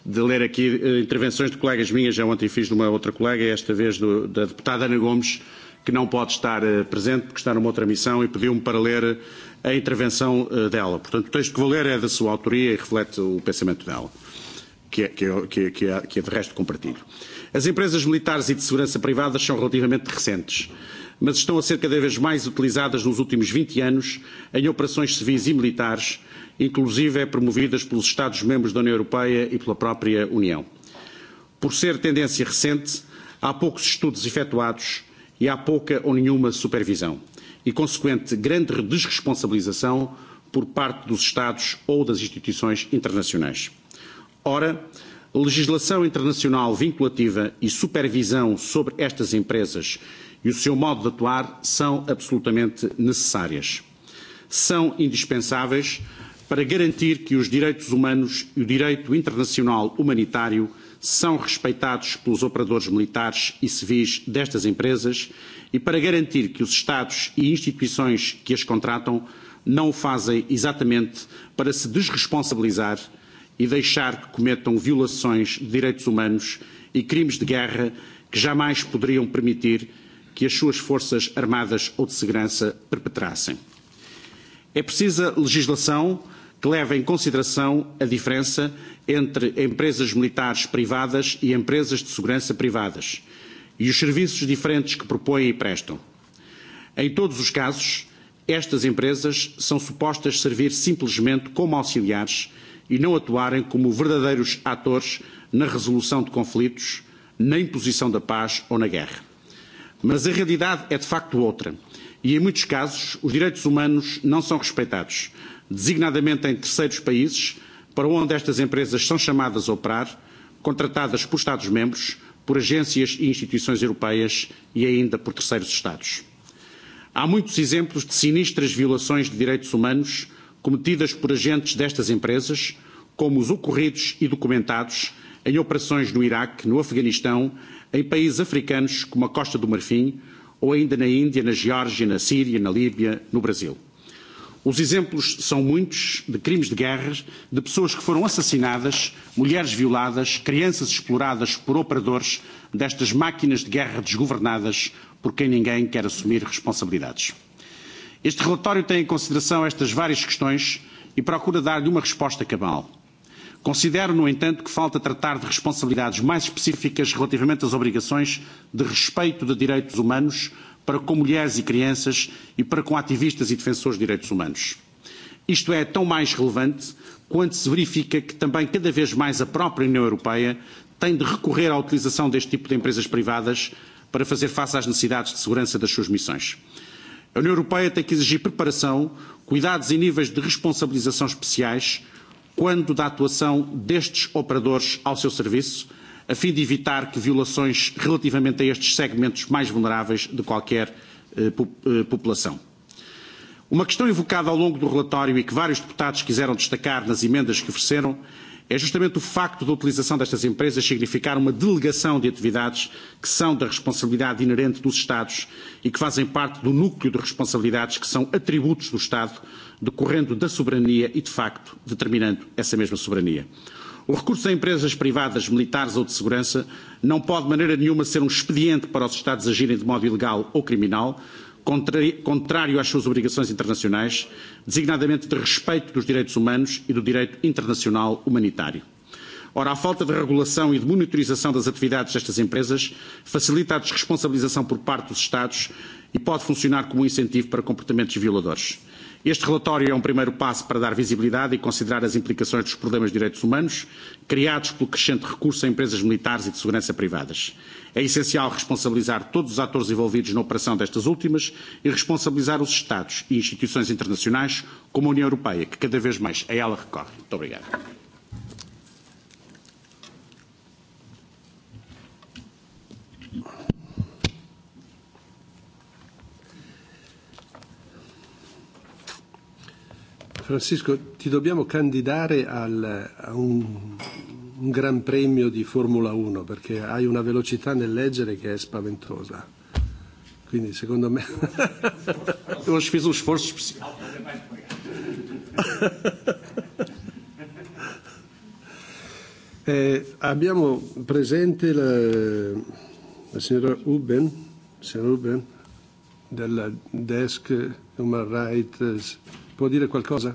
de ler aqui eh, intervenções de colegas minhas, já ontem fiz de uma outra colega, esta vez do, da deputada Ana Gomes, que não pode estar eh, presente porque está numa outra missão e pediu-me para ler a intervenção eh, dela. Portanto, o texto que vou ler é da sua autoria e reflete o pensamento dela, que é, que é, que é, que é, que é de resto compartilho. As empresas militares e de segurança privadas são relativamente recentes, mas estão a ser cada vez mais utilizadas nos últimos 20 anos em operações civis e militares inclusive promovidas pelos Estados-membros da União Europeia e pela própria União. Por ser tendência recente, há poucos estudos efetuados e há pouca ou nenhuma supervisão, e consequente grande desresponsabilização por parte dos Estados ou das instituições internacionais. Ora, legislação internacional vinculativa e supervisão sobre estas empresas e o seu modo de atuar são absolutamente necessárias. São indispensáveis para garantir que os direitos humanos e o direito internacional humanitário são respeitados pelos operadores militares e civis destas empresas e para garantir que os Estados e instituições que as contratam não o fazem exatamente para se desresponsabilizar e deixar que cometam violações de direitos humanos e crimes de guerra que jamais poderiam permitir que as suas forças armadas ou de segurança perpetrassem. É precisa legislação que leva em consideração a diferença entre empresas militares privadas e empresas de segurança privadas e os serviços diferentes que propõem e prestam. Em todos os casos, estas empresas são supostas servir simplesmente como auxiliares e não atuarem como verdadeiros atores na resolução de conflitos, na imposição da paz ou na guerra. Mas a realidade é de facto outra, e em muitos casos os direitos humanos não são respeitados, designadamente em terceiros países, para onde estas empresas são chamadas a operar, contratadas por Estados-membros, por agências e instituições europeias e ainda por terceiros Estados. Há muitos exemplos de sinistras violações de direitos humanos cometidas por agentes destas empresas, como os ocorridos e documentados em operações no Iraque, no Afeganistão, em países africanos como a Costa do Marfim ou ainda na Índia, na Geórgia, na Síria, na Líbia, no Brasil. Os exemplos são muitos de crimes de guerra, de pessoas que foram assassinadas, mulheres violadas, crianças exploradas por operadores destas máquinas de guerra desgovernadas por quem ninguém quer assumir responsabilidades. Este relatório tem em consideração estas várias questões e procura dar-lhe uma resposta cabal. Considero, no entanto, que falta tratar de responsabilidades mais específicas relativamente às obrigações de respeito de direitos humanos para com mulheres e crianças e para com ativistas e defensores de direitos humanos. Isto é tão mais relevante quando se verifica que também cada vez mais a própria União Europeia tem de recorrer à utilização deste tipo de empresas privadas para fazer face às necessidades de segurança das suas missões. A União Europeia tem que exigir preparação, cuidados e níveis de responsabilização especiais quando da atuação destes operadores ao seu serviço, a fim de evitar que violações relativamente a estes segmentos mais vulneráveis de qualquer eh, po eh, população. Uma questão evocada ao longo do relatório e que vários deputados quiseram destacar nas emendas que ofereceram é justamente o facto da utilização destas empresas significar uma delegação de atividades que são da responsabilidade inerente dos Estados e que fazem parte do núcleo de responsabilidades que são atributos do Estado, decorrendo da soberania e, de facto, determinando essa mesma soberania. O recurso a empresas privadas, militares ou de segurança não pode de maneira nenhuma ser um expediente para os Estados agirem de modo ilegal ou criminal, contrário às suas obrigações internacionais, designadamente de respeito dos direitos humanos e do direito internacional humanitário. Ora, a falta de regulação e de monitorização das atividades destas empresas facilita a desresponsabilização por parte dos Estados e pode funcionar como um incentivo para comportamentos violadores. Este relatório é um primeiro passo para dar visibilidade e considerar as implicações dos problemas de direitos humanos criados pelo crescente recurso a empresas militares e de segurança privadas. É essencial responsabilizar todos os atores envolvidos na operação destas últimas e responsabilizar os Estados e instituições internacionais, como a União Europeia, que cada vez mais a ela recorre. Muito obrigado. Francisco, ti dobbiamo candidare al, a un, un gran premio di Formula 1 perché hai una velocità nel leggere che è spaventosa. Quindi secondo me... Hoje fiz um esforço especial. eh, abbiamo presente la, la signora Uben, signora Uben, della Desk Human Rights può dire qualcosa?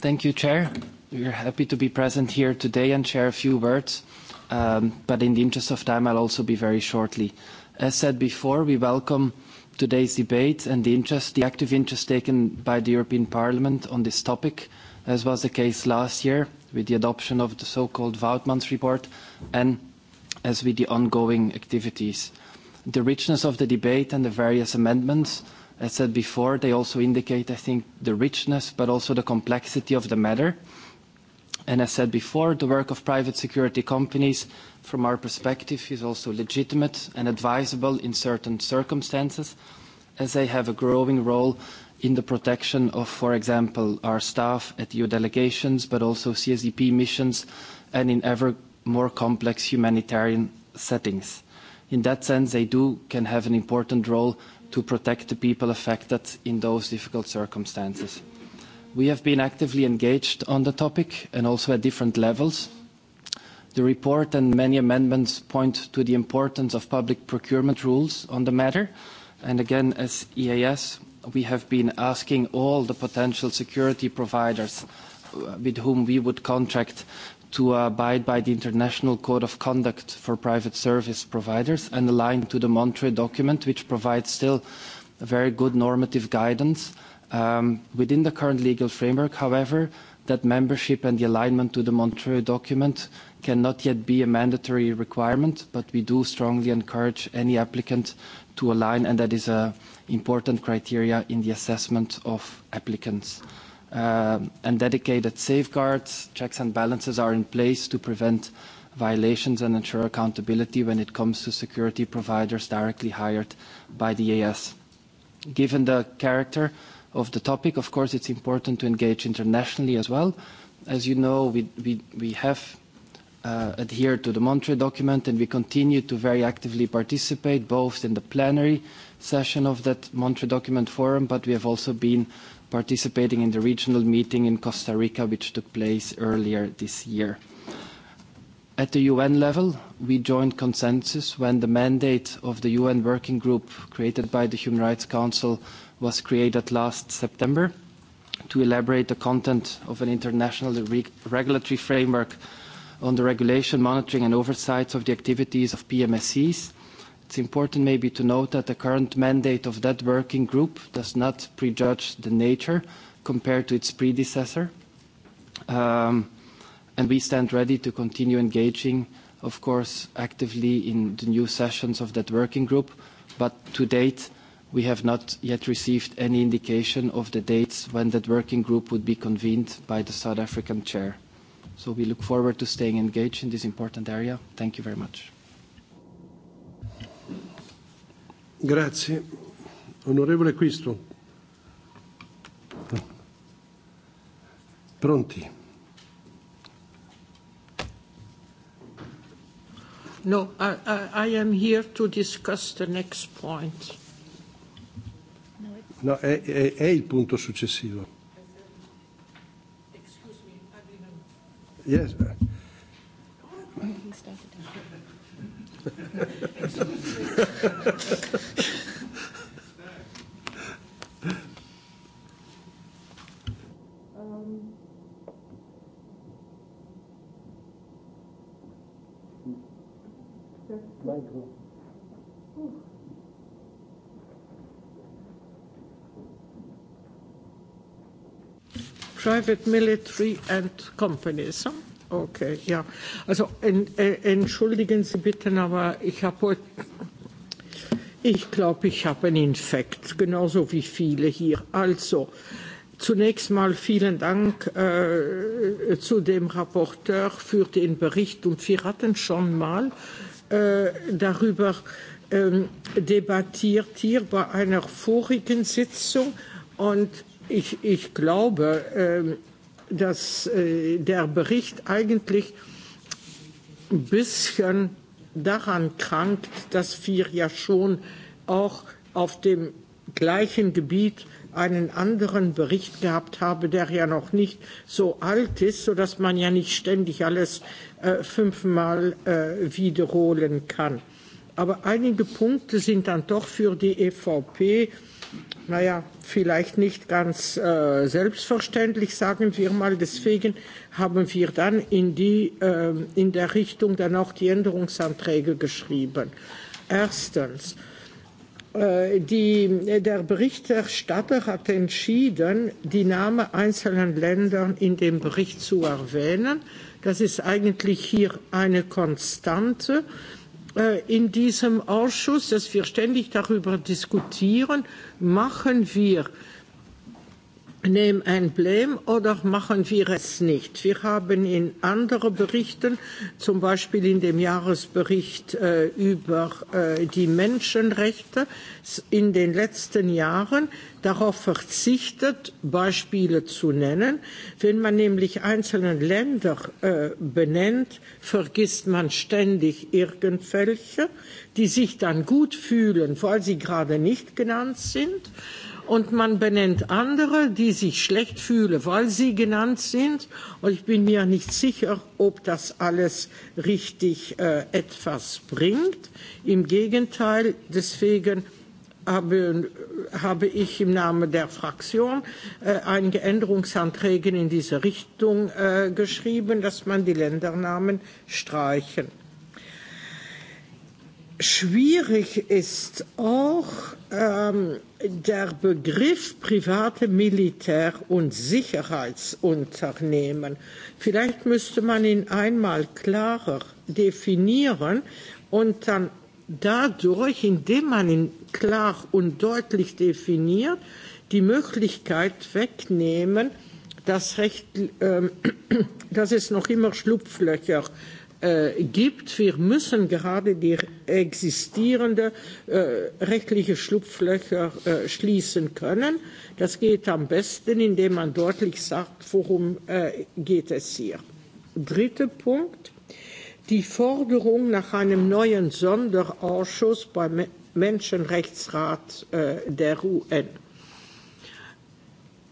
Thank you, Chair. We're happy to be present here today and share a few words. Um, but in the interest of time, I'll also be very shortly. As said before, we welcome today's debate and the interest, the active interest taken by the European Parliament on this topic, as was the case last year with the adoption of the so-called Woutmans report and as with the ongoing activities. Uh, the richness of the debate and the various amendments. As said before, they also indicate, I think, the richness but also the complexity of the matter. And as said before, the work of private security companies, from our perspective, is also legitimate and advisable in certain circumstances, as they have a growing role in the protection of, for example, our staff at EU delegations, but also CSDP missions, and in ever more complex humanitarian settings in that sense, they do can have an important role to protect the people affected in those difficult circumstances. We have been actively engaged on the topic and also at different levels. The report and many amendments point to the importance of public procurement rules on the matter. And again, as EAS, we have been asking all the potential security providers uh, with whom we would contract to abide by the International Code of Conduct for Private Service Providers and aligned to the Montreux document, which provides still very good normative guidance. Um, within the current legal framework, however, that membership and the alignment to the Montreux document cannot yet be a mandatory requirement, but we do strongly encourage any applicant to align, and that is an important criteria in the assessment of applicants. Uh, um, and dedicated safeguards, checks and balances are in place to prevent violations and ensure accountability when it comes to security providers directly hired by the AS. Given the character of the topic, of course, it's important to engage internationally as well. As you know, we, we, we have uh, adhered to the Monterey document, and we continue to very actively participate, both in the plenary session of that Monterey document forum, but we have also been participating in the regional meeting in Costa Rica, which took place earlier this year. At the UN level, we joined consensus when the mandate of the UN Working Group created by the Human Rights Council was created last September to elaborate the content of an international re regulatory framework on the regulation, monitoring and oversight of the activities of PMSCs It's important maybe to note that the current mandate of that working group does not prejudge the nature compared to its predecessor. Um, and we stand ready to continue engaging, of course, actively in the new sessions of that working group. But to date, we have not yet received any indication of the dates when that working group would be convened by the South African chair. So we look forward to staying engaged in this important area. Thank you very much. Grazie. Onorevole Quisto. Pronti? No, I, I, I am here to discuss the next point. No, è, è, è il punto successivo. Excuse me, I didn't... Yes private military and companies. Huh? Okay, ja. Also en, en, entschuldigen Sie bitte, aber ich habe heute, ich glaube, ich habe einen Infekt, genauso wie viele hier. Also, zunächst mal vielen Dank äh, zu dem Rapporteur für den Bericht. Und wir hatten schon mal äh, darüber ähm, debattiert hier bei einer vorigen Sitzung. Und ich, ich glaube, äh, dass äh, der Bericht eigentlich ein bisschen daran krankt, dass wir ja schon auch auf dem gleichen Gebiet einen anderen Bericht gehabt habe, der ja noch nicht so alt ist, sodass man ja nicht ständig alles äh, fünfmal äh, wiederholen kann. Aber einige Punkte sind dann doch für die EVP äh, naja, vielleicht nicht ganz äh, selbstverständlich, sagen wir mal. Deswegen haben wir dann in, die, äh, in der Richtung dann auch die Änderungsanträge geschrieben. Erstens, äh, die, der Berichterstatter hat entschieden, die Namen einzelner Länder in dem Bericht zu erwähnen. Das ist eigentlich hier eine Konstante. Äh, Äh, in diesem Ausschuss, dass wir ständig darüber diskutieren, machen wir nehmen ein Blame oder machen wir es nicht. Wir haben in anderen Berichten, zum Beispiel in dem Jahresbericht äh, über äh, die Menschenrechte in den letzten Jahren darauf verzichtet, Beispiele zu nennen. Wenn man nämlich einzelne Länder äh, benennt, vergisst man ständig irgendwelche, die sich dann gut fühlen, weil sie gerade nicht genannt sind. Äh, und man benennt andere, die sich schlecht fühlen, weil sie genannt sind. Und ich bin mir nicht sicher, ob das alles richtig äh, etwas bringt. Im Gegenteil, deswegen habe, habe ich im Namen der Fraktion äh, einige Änderungsanträge in diese Richtung äh, geschrieben, dass man die Ländernamen streichen Schwierig ist auch ähm, der Begriff private Militär- und Sicherheitsunternehmen. Vielleicht müsste man ihn einmal klarer definieren und dann dadurch, indem man ihn klar und deutlich definiert, die Möglichkeit wegnehmen, dass, recht, äh, dass es noch immer Schlupflöcher äh, gibt. Wir müssen gerade die existierenden äh, rechtlichen Schlupflöcher äh, schließen können. Das geht am besten, indem man deutlich sagt, worum äh, geht es hier. Dritter Punkt. Die Forderung nach einem neuen Sonderausschuss beim Menschenrechtsrat äh, der UN.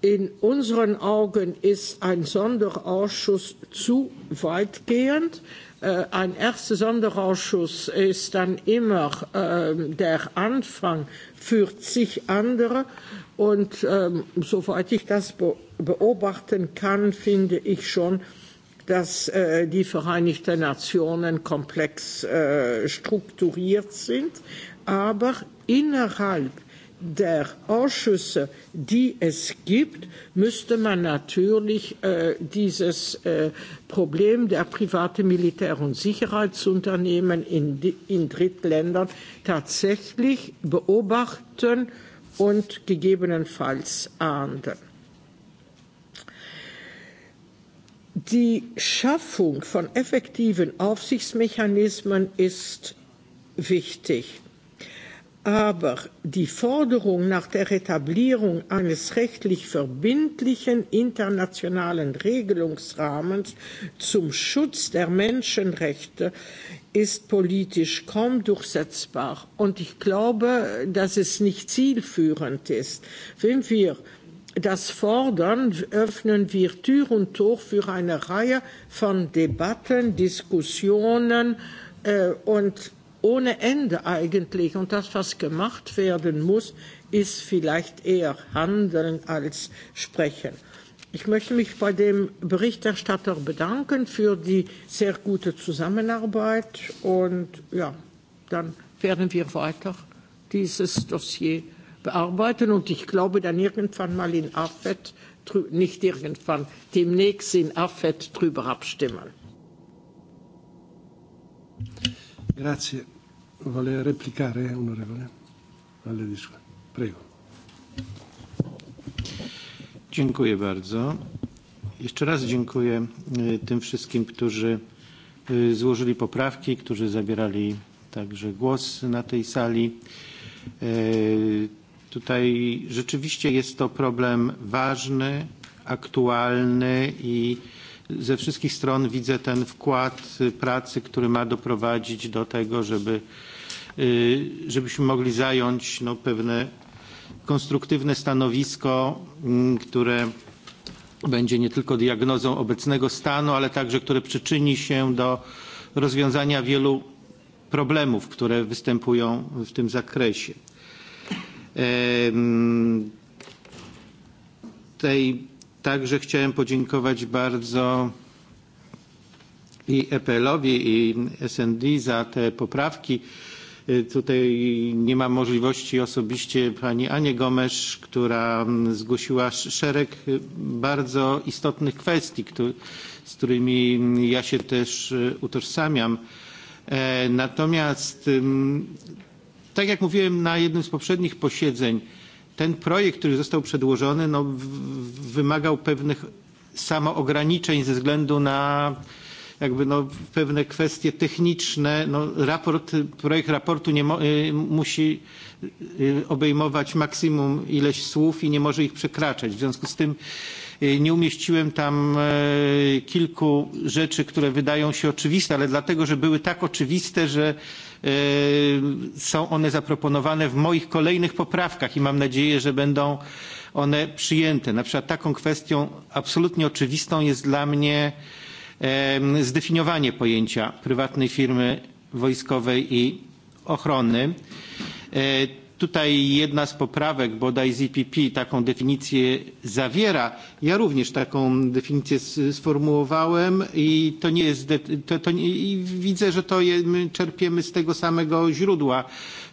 In unseren Augen ist ein Sonderausschuss zu weitgehend äh, ein erster Sonderausschuss ist dann immer äh, der Anfang für zig andere. Und ähm, soweit ich das be beobachten kann, finde ich schon, dass äh, die Vereinigten Nationen komplex äh, strukturiert sind, aber innerhalb äh, der Ausschüsse, die es gibt, müsste man natürlich äh, dieses äh, Problem der private Militär- und Sicherheitsunternehmen in, in Drittländern tatsächlich beobachten und gegebenenfalls ahnden. Die Schaffung von effektiven Aufsichtsmechanismen ist wichtig. Aber die Forderung nach der Etablierung eines rechtlich verbindlichen internationalen Regelungsrahmens zum Schutz der Menschenrechte ist politisch kaum durchsetzbar. Und ich glaube, dass es nicht zielführend ist. Wenn wir das fordern, öffnen wir Tür und Tor für eine Reihe von Debatten, Diskussionen äh, und ohne Ende eigentlich. Und das, was gemacht werden muss, ist vielleicht eher Handeln als Sprechen. Ich möchte mich bei dem Berichterstatter bedanken für die sehr gute Zusammenarbeit. Und ja, dann werden wir weiter dieses Dossier bearbeiten. Und ich glaube, dann irgendwann mal in AFET, nicht irgendwann, demnächst in AFET drüber abstimmen. Grazie. Vuole replicare, onorevole? Ale disco. Prego. Dziękuję bardzo. Jeszcze raz dziękuję e, tym wszystkim, którzy e, złożyli poprawki, którzy zabierali także głos na tej sali. E, tutaj rzeczywiście jest to problem ważny, aktualny i ze wszystkich stron widzę ten wkład pracy, który ma doprowadzić do tego, żeby żebyśmy mogli zająć no, pewne konstruktywne stanowisko, mm, które będzie nie tylko diagnozą obecnego stanu, ale także które przyczyni się do rozwiązania wielu problemów, które występują w tym zakresie. Tej także chciałem podziękować bardzo i EPL-owi i SND za te poprawki. Tutaj nie mam możliwości osobiście pani Anie Gomesz, która mm, zgłosiła szereg bardzo istotnych kwestii, z którymi mm, ja się też utożsamiam. E, natomiast, tak jak mówiłem na jednym z poprzednich posiedzeń, ten projekt, który został przedłożony, no, wymaga pewnych samoograniczeń ze względu na jakby no, pewne kwestie techniczne. No, raport, projekt raportu nie mo, y, musi y, obejmować maksimum ileś słów i nie może ich przekraczać. W związku z tym y, nie umieściłem tam y, kilku rzeczy, które wydają się oczywiste, ale dlatego, że były tak oczywiste, że y, są one zaproponowane w moich kolejnych poprawkach i mam nadzieję, że będą one przyjęte. Na przykład taką kwestią absolutnie oczywistą jest dla mnie y, zdefiniowanie pojęcia prywatnej firmy wojskowej i ochrony. E, tutaj jedna z poprawek, bodaj z EPP, taką definicję zawiera. Ja również taką definicję sformułowałem i to nie jest, to, to nie, i widzę, że to je, my czerpiemy z tego samego źródła,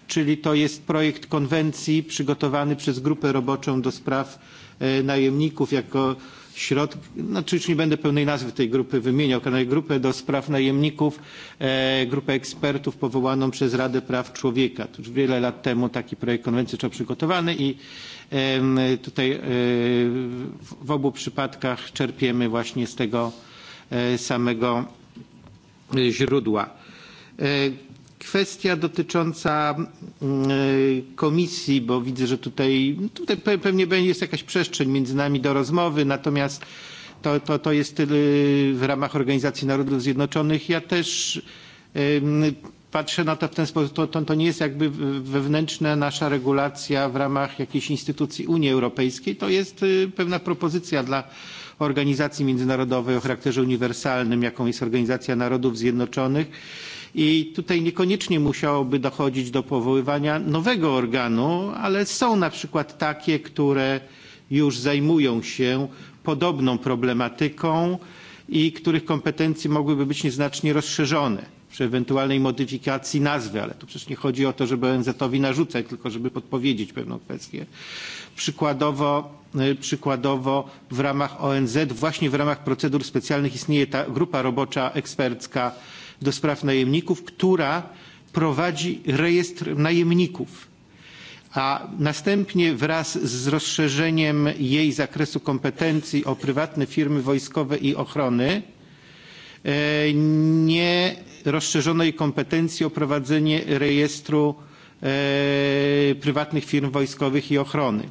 czyli to jest projekt konwencji przygotowany przez grupę roboczą do spraw e, najemników jako środki, znaczy już nie będę pełnej nazwy tej grupy wymieniał, ale grupę do spraw najemników, e, grupę ekspertów powołaną przez Radę Praw Człowieka. Tuż wiele lat temu taki projekt konwencji został przygotowany i e, tutaj e, w obu przypadkach czerpiemy właśnie z tego e, samego e, źródła. E, Kwestia dotycząca e, komisji, bo widzę, że tutaj, tutaj pewnie jest jakaś przestrzeń między nami do rozmowy, natomiast to, to, to jest w ramach Organizacji Narodów Zjednoczonych. Ja też patrzę na to w ten sposób, to, to, to nie jest jakby wewnętrzna nasza regulacja w ramach jakiejś instytucji Unii Europejskiej, to jest e, pewna propozycja dla organizacji międzynarodowej o charakterze uniwersalnym, jaką jest Organizacja Narodów Zjednoczonych I tutaj niekoniecznie musiałoby dochodzić do powoływania nowego organu, ale są na przykład takie, które już zajmują się podobną problematyką i których kompetencje mogłyby być nieznacznie rozszerzone przy ewentualnej modyfikacji nazwy, ale tu przecież nie chodzi o to, żeby ONZ-owi narzucać, tylko żeby podpowiedzieć pewną kwestię. Przykładowo, przykładowo w ramach ONZ, właśnie w ramach procedur specjalnych istnieje ta grupa robocza ekspercka do spraw najemników, która prowadzi rejestr najemników, a następnie wraz z rozszerzeniem jej zakresu kompetencji o prywatne firmy wojskowe i ochrony e, nie rozszerzono jej kompetencji o prowadzenie rejestru e, prywatnych firm wojskowych i ochrony.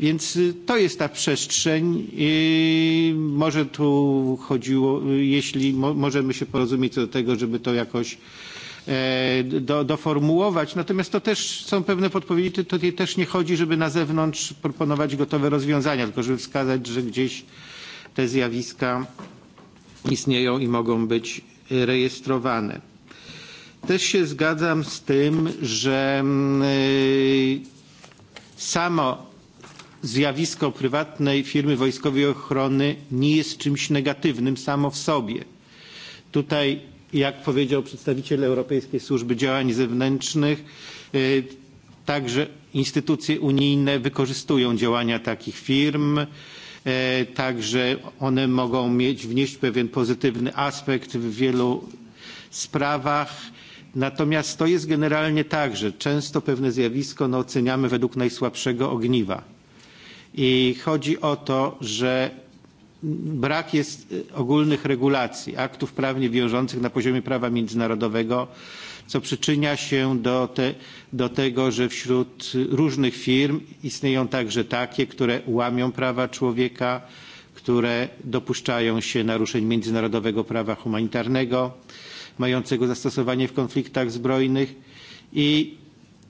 Więc to jest ta przestrzeń. I może tu chodziło, jeśli mo, możemy się porozumieć co do tego, żeby to jakoś e, do, doformułować. Natomiast to też są pewne podpowiedzi. Tutaj też nie chodzi, żeby na zewnątrz proponować gotowe rozwiązania, tylko żeby wskazać, że gdzieś te zjawiska istnieją i mogą być rejestrowane. Też się zgadzam z tym, że mm, y, samo zjawisko prywatnej firmy wojskowej ochrony nie jest czymś negatywnym samo w sobie. Tutaj, jak powiedział przedstawiciel Europejskiej Służby Działań Zewnętrznych, e, także instytucje unijne wykorzystują działania takich firm. E, także one mogą mieć, wnieść pewien pozytywny aspekt w wielu sprawach. Natomiast to jest generalnie tak, że często pewne zjawisko no, oceniamy według najsłabszego ogniwa I chodzi o to, że brak jest e, ogólnych regulacji, aktów prawnie wiążących na poziomie prawa międzynarodowego, co przyczynia się do, te, do tego, że wśród różnych firm istnieją także takie, które łamią prawa człowieka, które dopuszczają się naruszeń międzynarodowego prawa humanitarnego, mającego zastosowanie w konfliktach zbrojnych i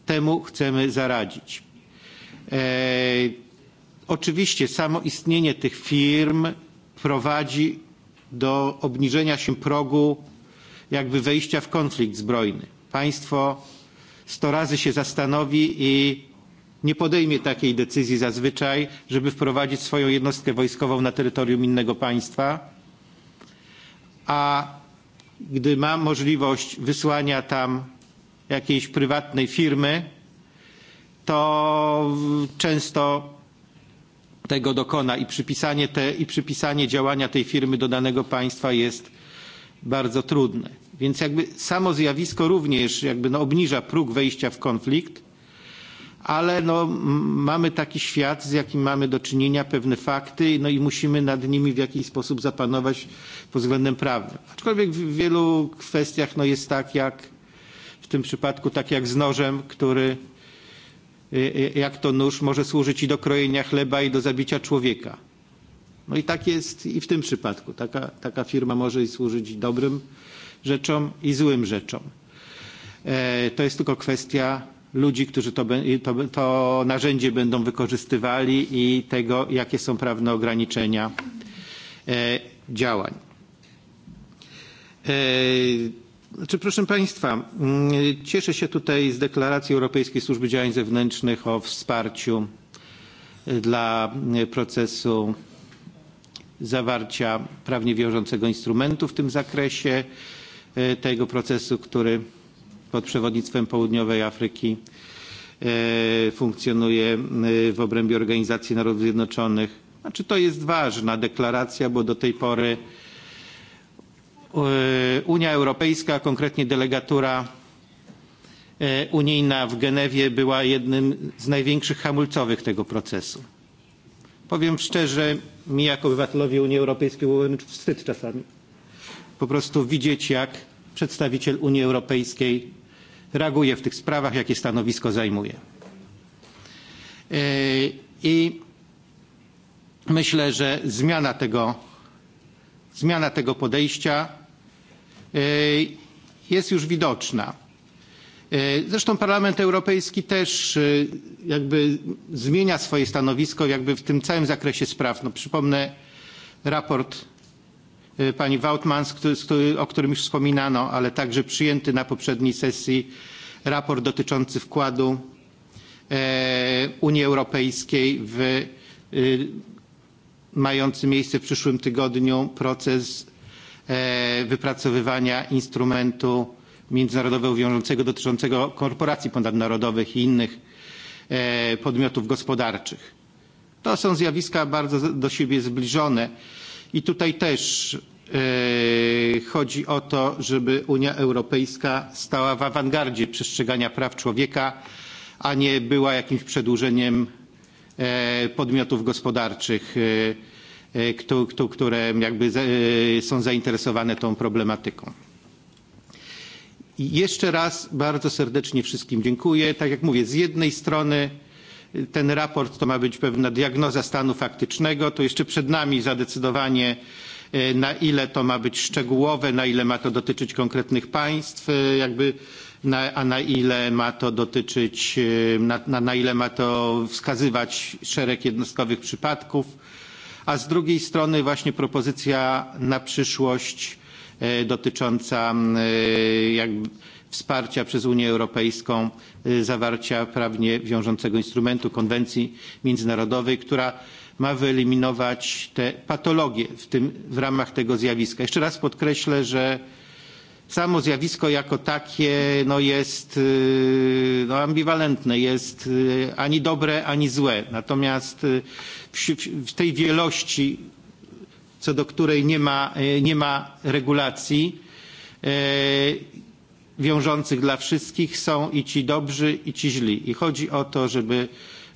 temu chcemy zaradzić. E Oczywiście samo istnienie tych firm prowadzi do obniżenia się progu jakby wejścia w konflikt zbrojny. Państwo sto razy się zastanowi i nie podejmie takiej decyzji zazwyczaj, żeby wprowadzić swoją jednostkę wojskową na terytorium innego państwa, a gdy ma możliwość wysłania tam jakiejś prywatnej firmy, to często tego dokona i przypisanie, te, i przypisanie działania tej firmy do danego państwa jest bardzo trudne. Więc jakby samo zjawisko również jakby no obniża próg wejścia w konflikt, ale no mamy taki świat, z jakim mamy do czynienia, pewne fakty no i musimy nad nimi w jakiś sposób zapanować pod względem prawnym. Aczkolwiek w wielu kwestiach no jest tak jak w tym przypadku tak jak z nożem, który E, e, jak to nóż może służyć i do krojenia chleba, i do zabicia człowieka. No i tak jest i w tym przypadku. Taka, taka firma może służyć i dobrym rzeczom, i złym rzeczom. E, to jest tylko kwestia ludzi, którzy to, to, to narzędzie będą wykorzystywali i tego, jakie są prawne ograniczenia działań. Czy, proszę Państwa, mm, cieszę się tutaj z deklaracji Europejskiej Służby Działań Zewnętrznych o wsparciu dla procesu zawarcia prawnie wiążącego instrumentu w tym zakresie, tego procesu, który pod przewodnictwem Południowej Afryki funkcjonuje w obrębie Organizacji Narodów Zjednoczonych. Znaczy, to jest ważna deklaracja, bo do tej pory Unia Europejska, a konkretnie delegatura unijna w Genewie była jednym z największych hamulcowych tego procesu. Powiem szczerze, mi jako obywatelowi Unii Europejskiej było wstyd czasami. Po prostu widzieć, jak przedstawiciel Unii Europejskiej reaguje w tych sprawach, jakie stanowisko zajmuje. I myślę, że zmiana tego, zmiana tego podejścia E, jest już widoczna. E, zresztą Parlament Europejski też e, jakby zmienia swoje stanowisko jakby w tym całym zakresie spraw. No, przypomnę raport pani Wautmans, o którym już wspominano, ale także przyjęty na poprzedniej sesji raport dotyczący wkładu Unii Europejskiej w mający miejsce w przyszłym tygodniu proces E, wypracowywania instrumentu międzynarodowego wiążącego dotyczącego korporacji ponadnarodowych i innych e, podmiotów gospodarczych. To są zjawiska bardzo do siebie zbliżone i tutaj też e, chodzi o to, żeby Unia Europejska stała w awangardzie przestrzegania praw człowieka, a nie była jakimś przedłużeniem podmiotów gospodarczych E, które jakby e, są zainteresowane tą problematyką. I jeszcze raz bardzo serdecznie wszystkim dziękuję. Tak jak mówię, z jednej strony e, ten raport to ma być pewna diagnoza stanu faktycznego, to jeszcze przed nami zadecydowanie na ile to ma być szczegółowe, na ile ma to dotyczyć konkretnych państw, jakby na, a na ile ma to dotyczyć, na, na, na ile ma to wskazywać szereg jednostkowych przypadków a z drugiej strony właśnie propozycja na przyszłość e, dotycząca e, jakby wsparcia przez Unię Europejską e, zawarcia prawnie wiążącego instrumentu konwencji międzynarodowej, która ma wyeliminować te patologie w, tym, w ramach tego zjawiska. Jeszcze raz podkreślę, że samo zjawisko jako takie no, jest no, ambiwalentne, jest ani dobre, ani złe. Natomiast w, w tej wielości, co do której nie ma, nie ma regulacji e, wiążących dla wszystkich, są i ci dobrzy, i ci źli. I chodzi o to, żeby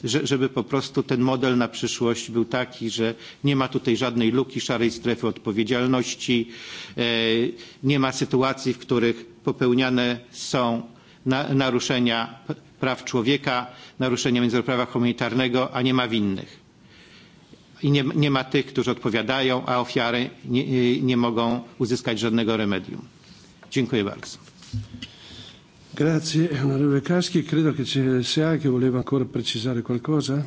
żeby po prostu ten model na przyszłość był taki, że nie ma tutaj żadnej luki, szarej strefy odpowiedzialności, e, nie ma sytuacji, w których popełniane są na, naruszenia praw człowieka, naruszenia międzynarodowego prawa humanitarnego, a nie ma winnych. I nie, nie ma tych, którzy odpowiadają, a ofiary nie, nie mogą uzyskać żadnego remedium. Dziękuję bardzo. Grazie, onorevole Caschi. Credo che c'è SA che voleva ancora precisare qualcosa.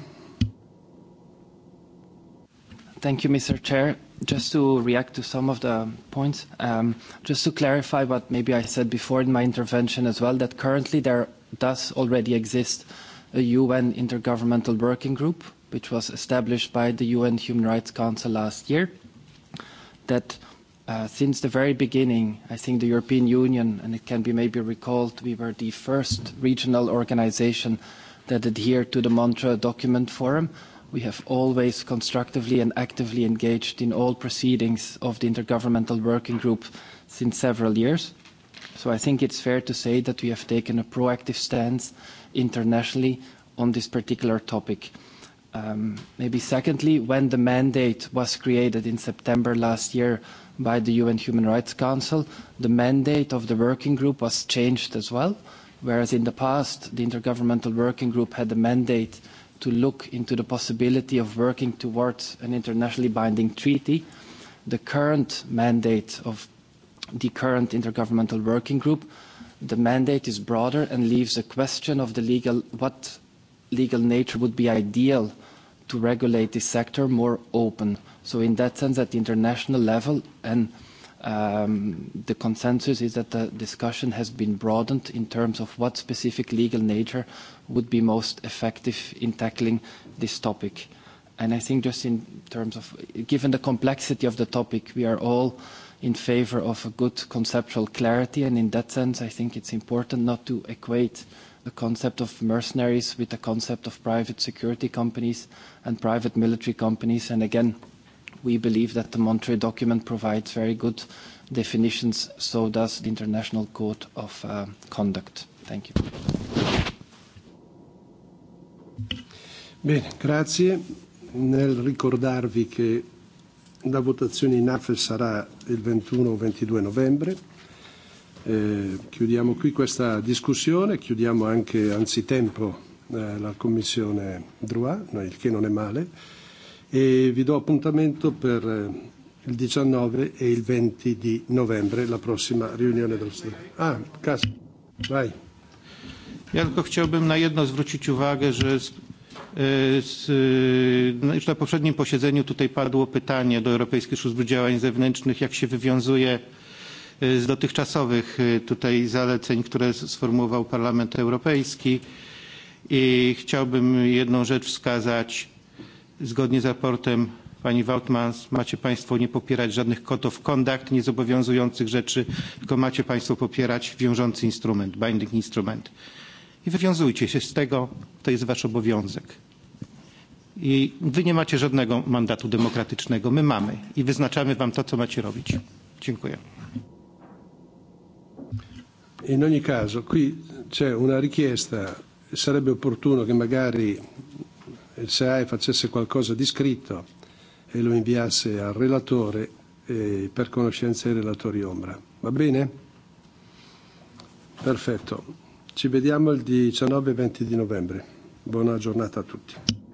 Thank you, Mr. Chair. Just to react to some of the points, um, just to clarify what maybe I said before in my intervention as well, that currently there does already exist a UN Intergovernmental Working Group, which was established by the UN Human Rights Council last year, that uh, since the very beginning, I think the European Union, and it can be maybe recalled, we were the first regional organization that adhered to the Mantra Document Forum. We have always constructively and actively engaged in all proceedings of the Intergovernmental Working Group since several years. So I think it's fair to say that we have taken a proactive stance internationally on this particular topic. Um, maybe secondly, when the mandate was created in September last year, by the UN Human Rights Council, the mandate of the working group was changed as well, whereas in the past the Intergovernmental Working Group had the mandate to look into the possibility of working towards an internationally binding treaty. The current mandate of the current Intergovernmental Working Group, the mandate is broader and leaves a question of the legal, what legal nature would be ideal to regulate this sector more open. So in that sense, at the international level, and um, the consensus is that the discussion has been broadened in terms of what specific legal nature would be most effective in tackling this topic. And I think just in terms of, given the complexity of the topic, we are all in favor of a good conceptual clarity. And in that sense, I think it's important not to equate the concept of mercenaries with the concept of private security companies and private military companies. And again, We believe that the Monterey document provides very good definitions, so does the International Code of uh, Conduct. Thank you. Bene, grazie. Nel ricordarvi che la votazione in AFE sarà il 21 o 22 novembre. Eh, chiudiamo qui questa discussione, chiudiamo anche anzitempo eh, la Commissione Droit, no, il che non è male e vi do appuntamento per eh, il 19 e il 20 di novembre, la prossima riunione del Senato. Ah, Kas, vai. Ja tylko chciałbym na jedno zwrócić uwagę, że z, e, z, już na poprzednim posiedzeniu tutaj padło pytanie do Europejskiej Służby Działań Zewnętrznych, jak się wywiązuje e, z dotychczasowych e, tutaj zaleceń, które sformułował Parlament Europejski. I chciałbym jedną rzecz wskazać Zgodnie z raportem pani Wautmans macie Państwo nie popierać żadnych code of conduct, niezobowiązujących rzeczy, tylko macie Państwo popierać wiążący instrument, binding instrument. I wywiązujcie się z tego, to jest Wasz obowiązek. I Wy nie macie żadnego mandatu demokratycznego, my mamy i wyznaczamy Wam to, co macie robić. Dziękuję. In ogni caso qui c'è una richiesta, sarebbe opportuno che magari il e SEAE facesse qualcosa di scritto e lo inviasse al relatore eh, per conoscenza ai relatori ombra. Va bene? Perfetto. Ci vediamo il 19 e 20 di novembre. Buona giornata a tutti.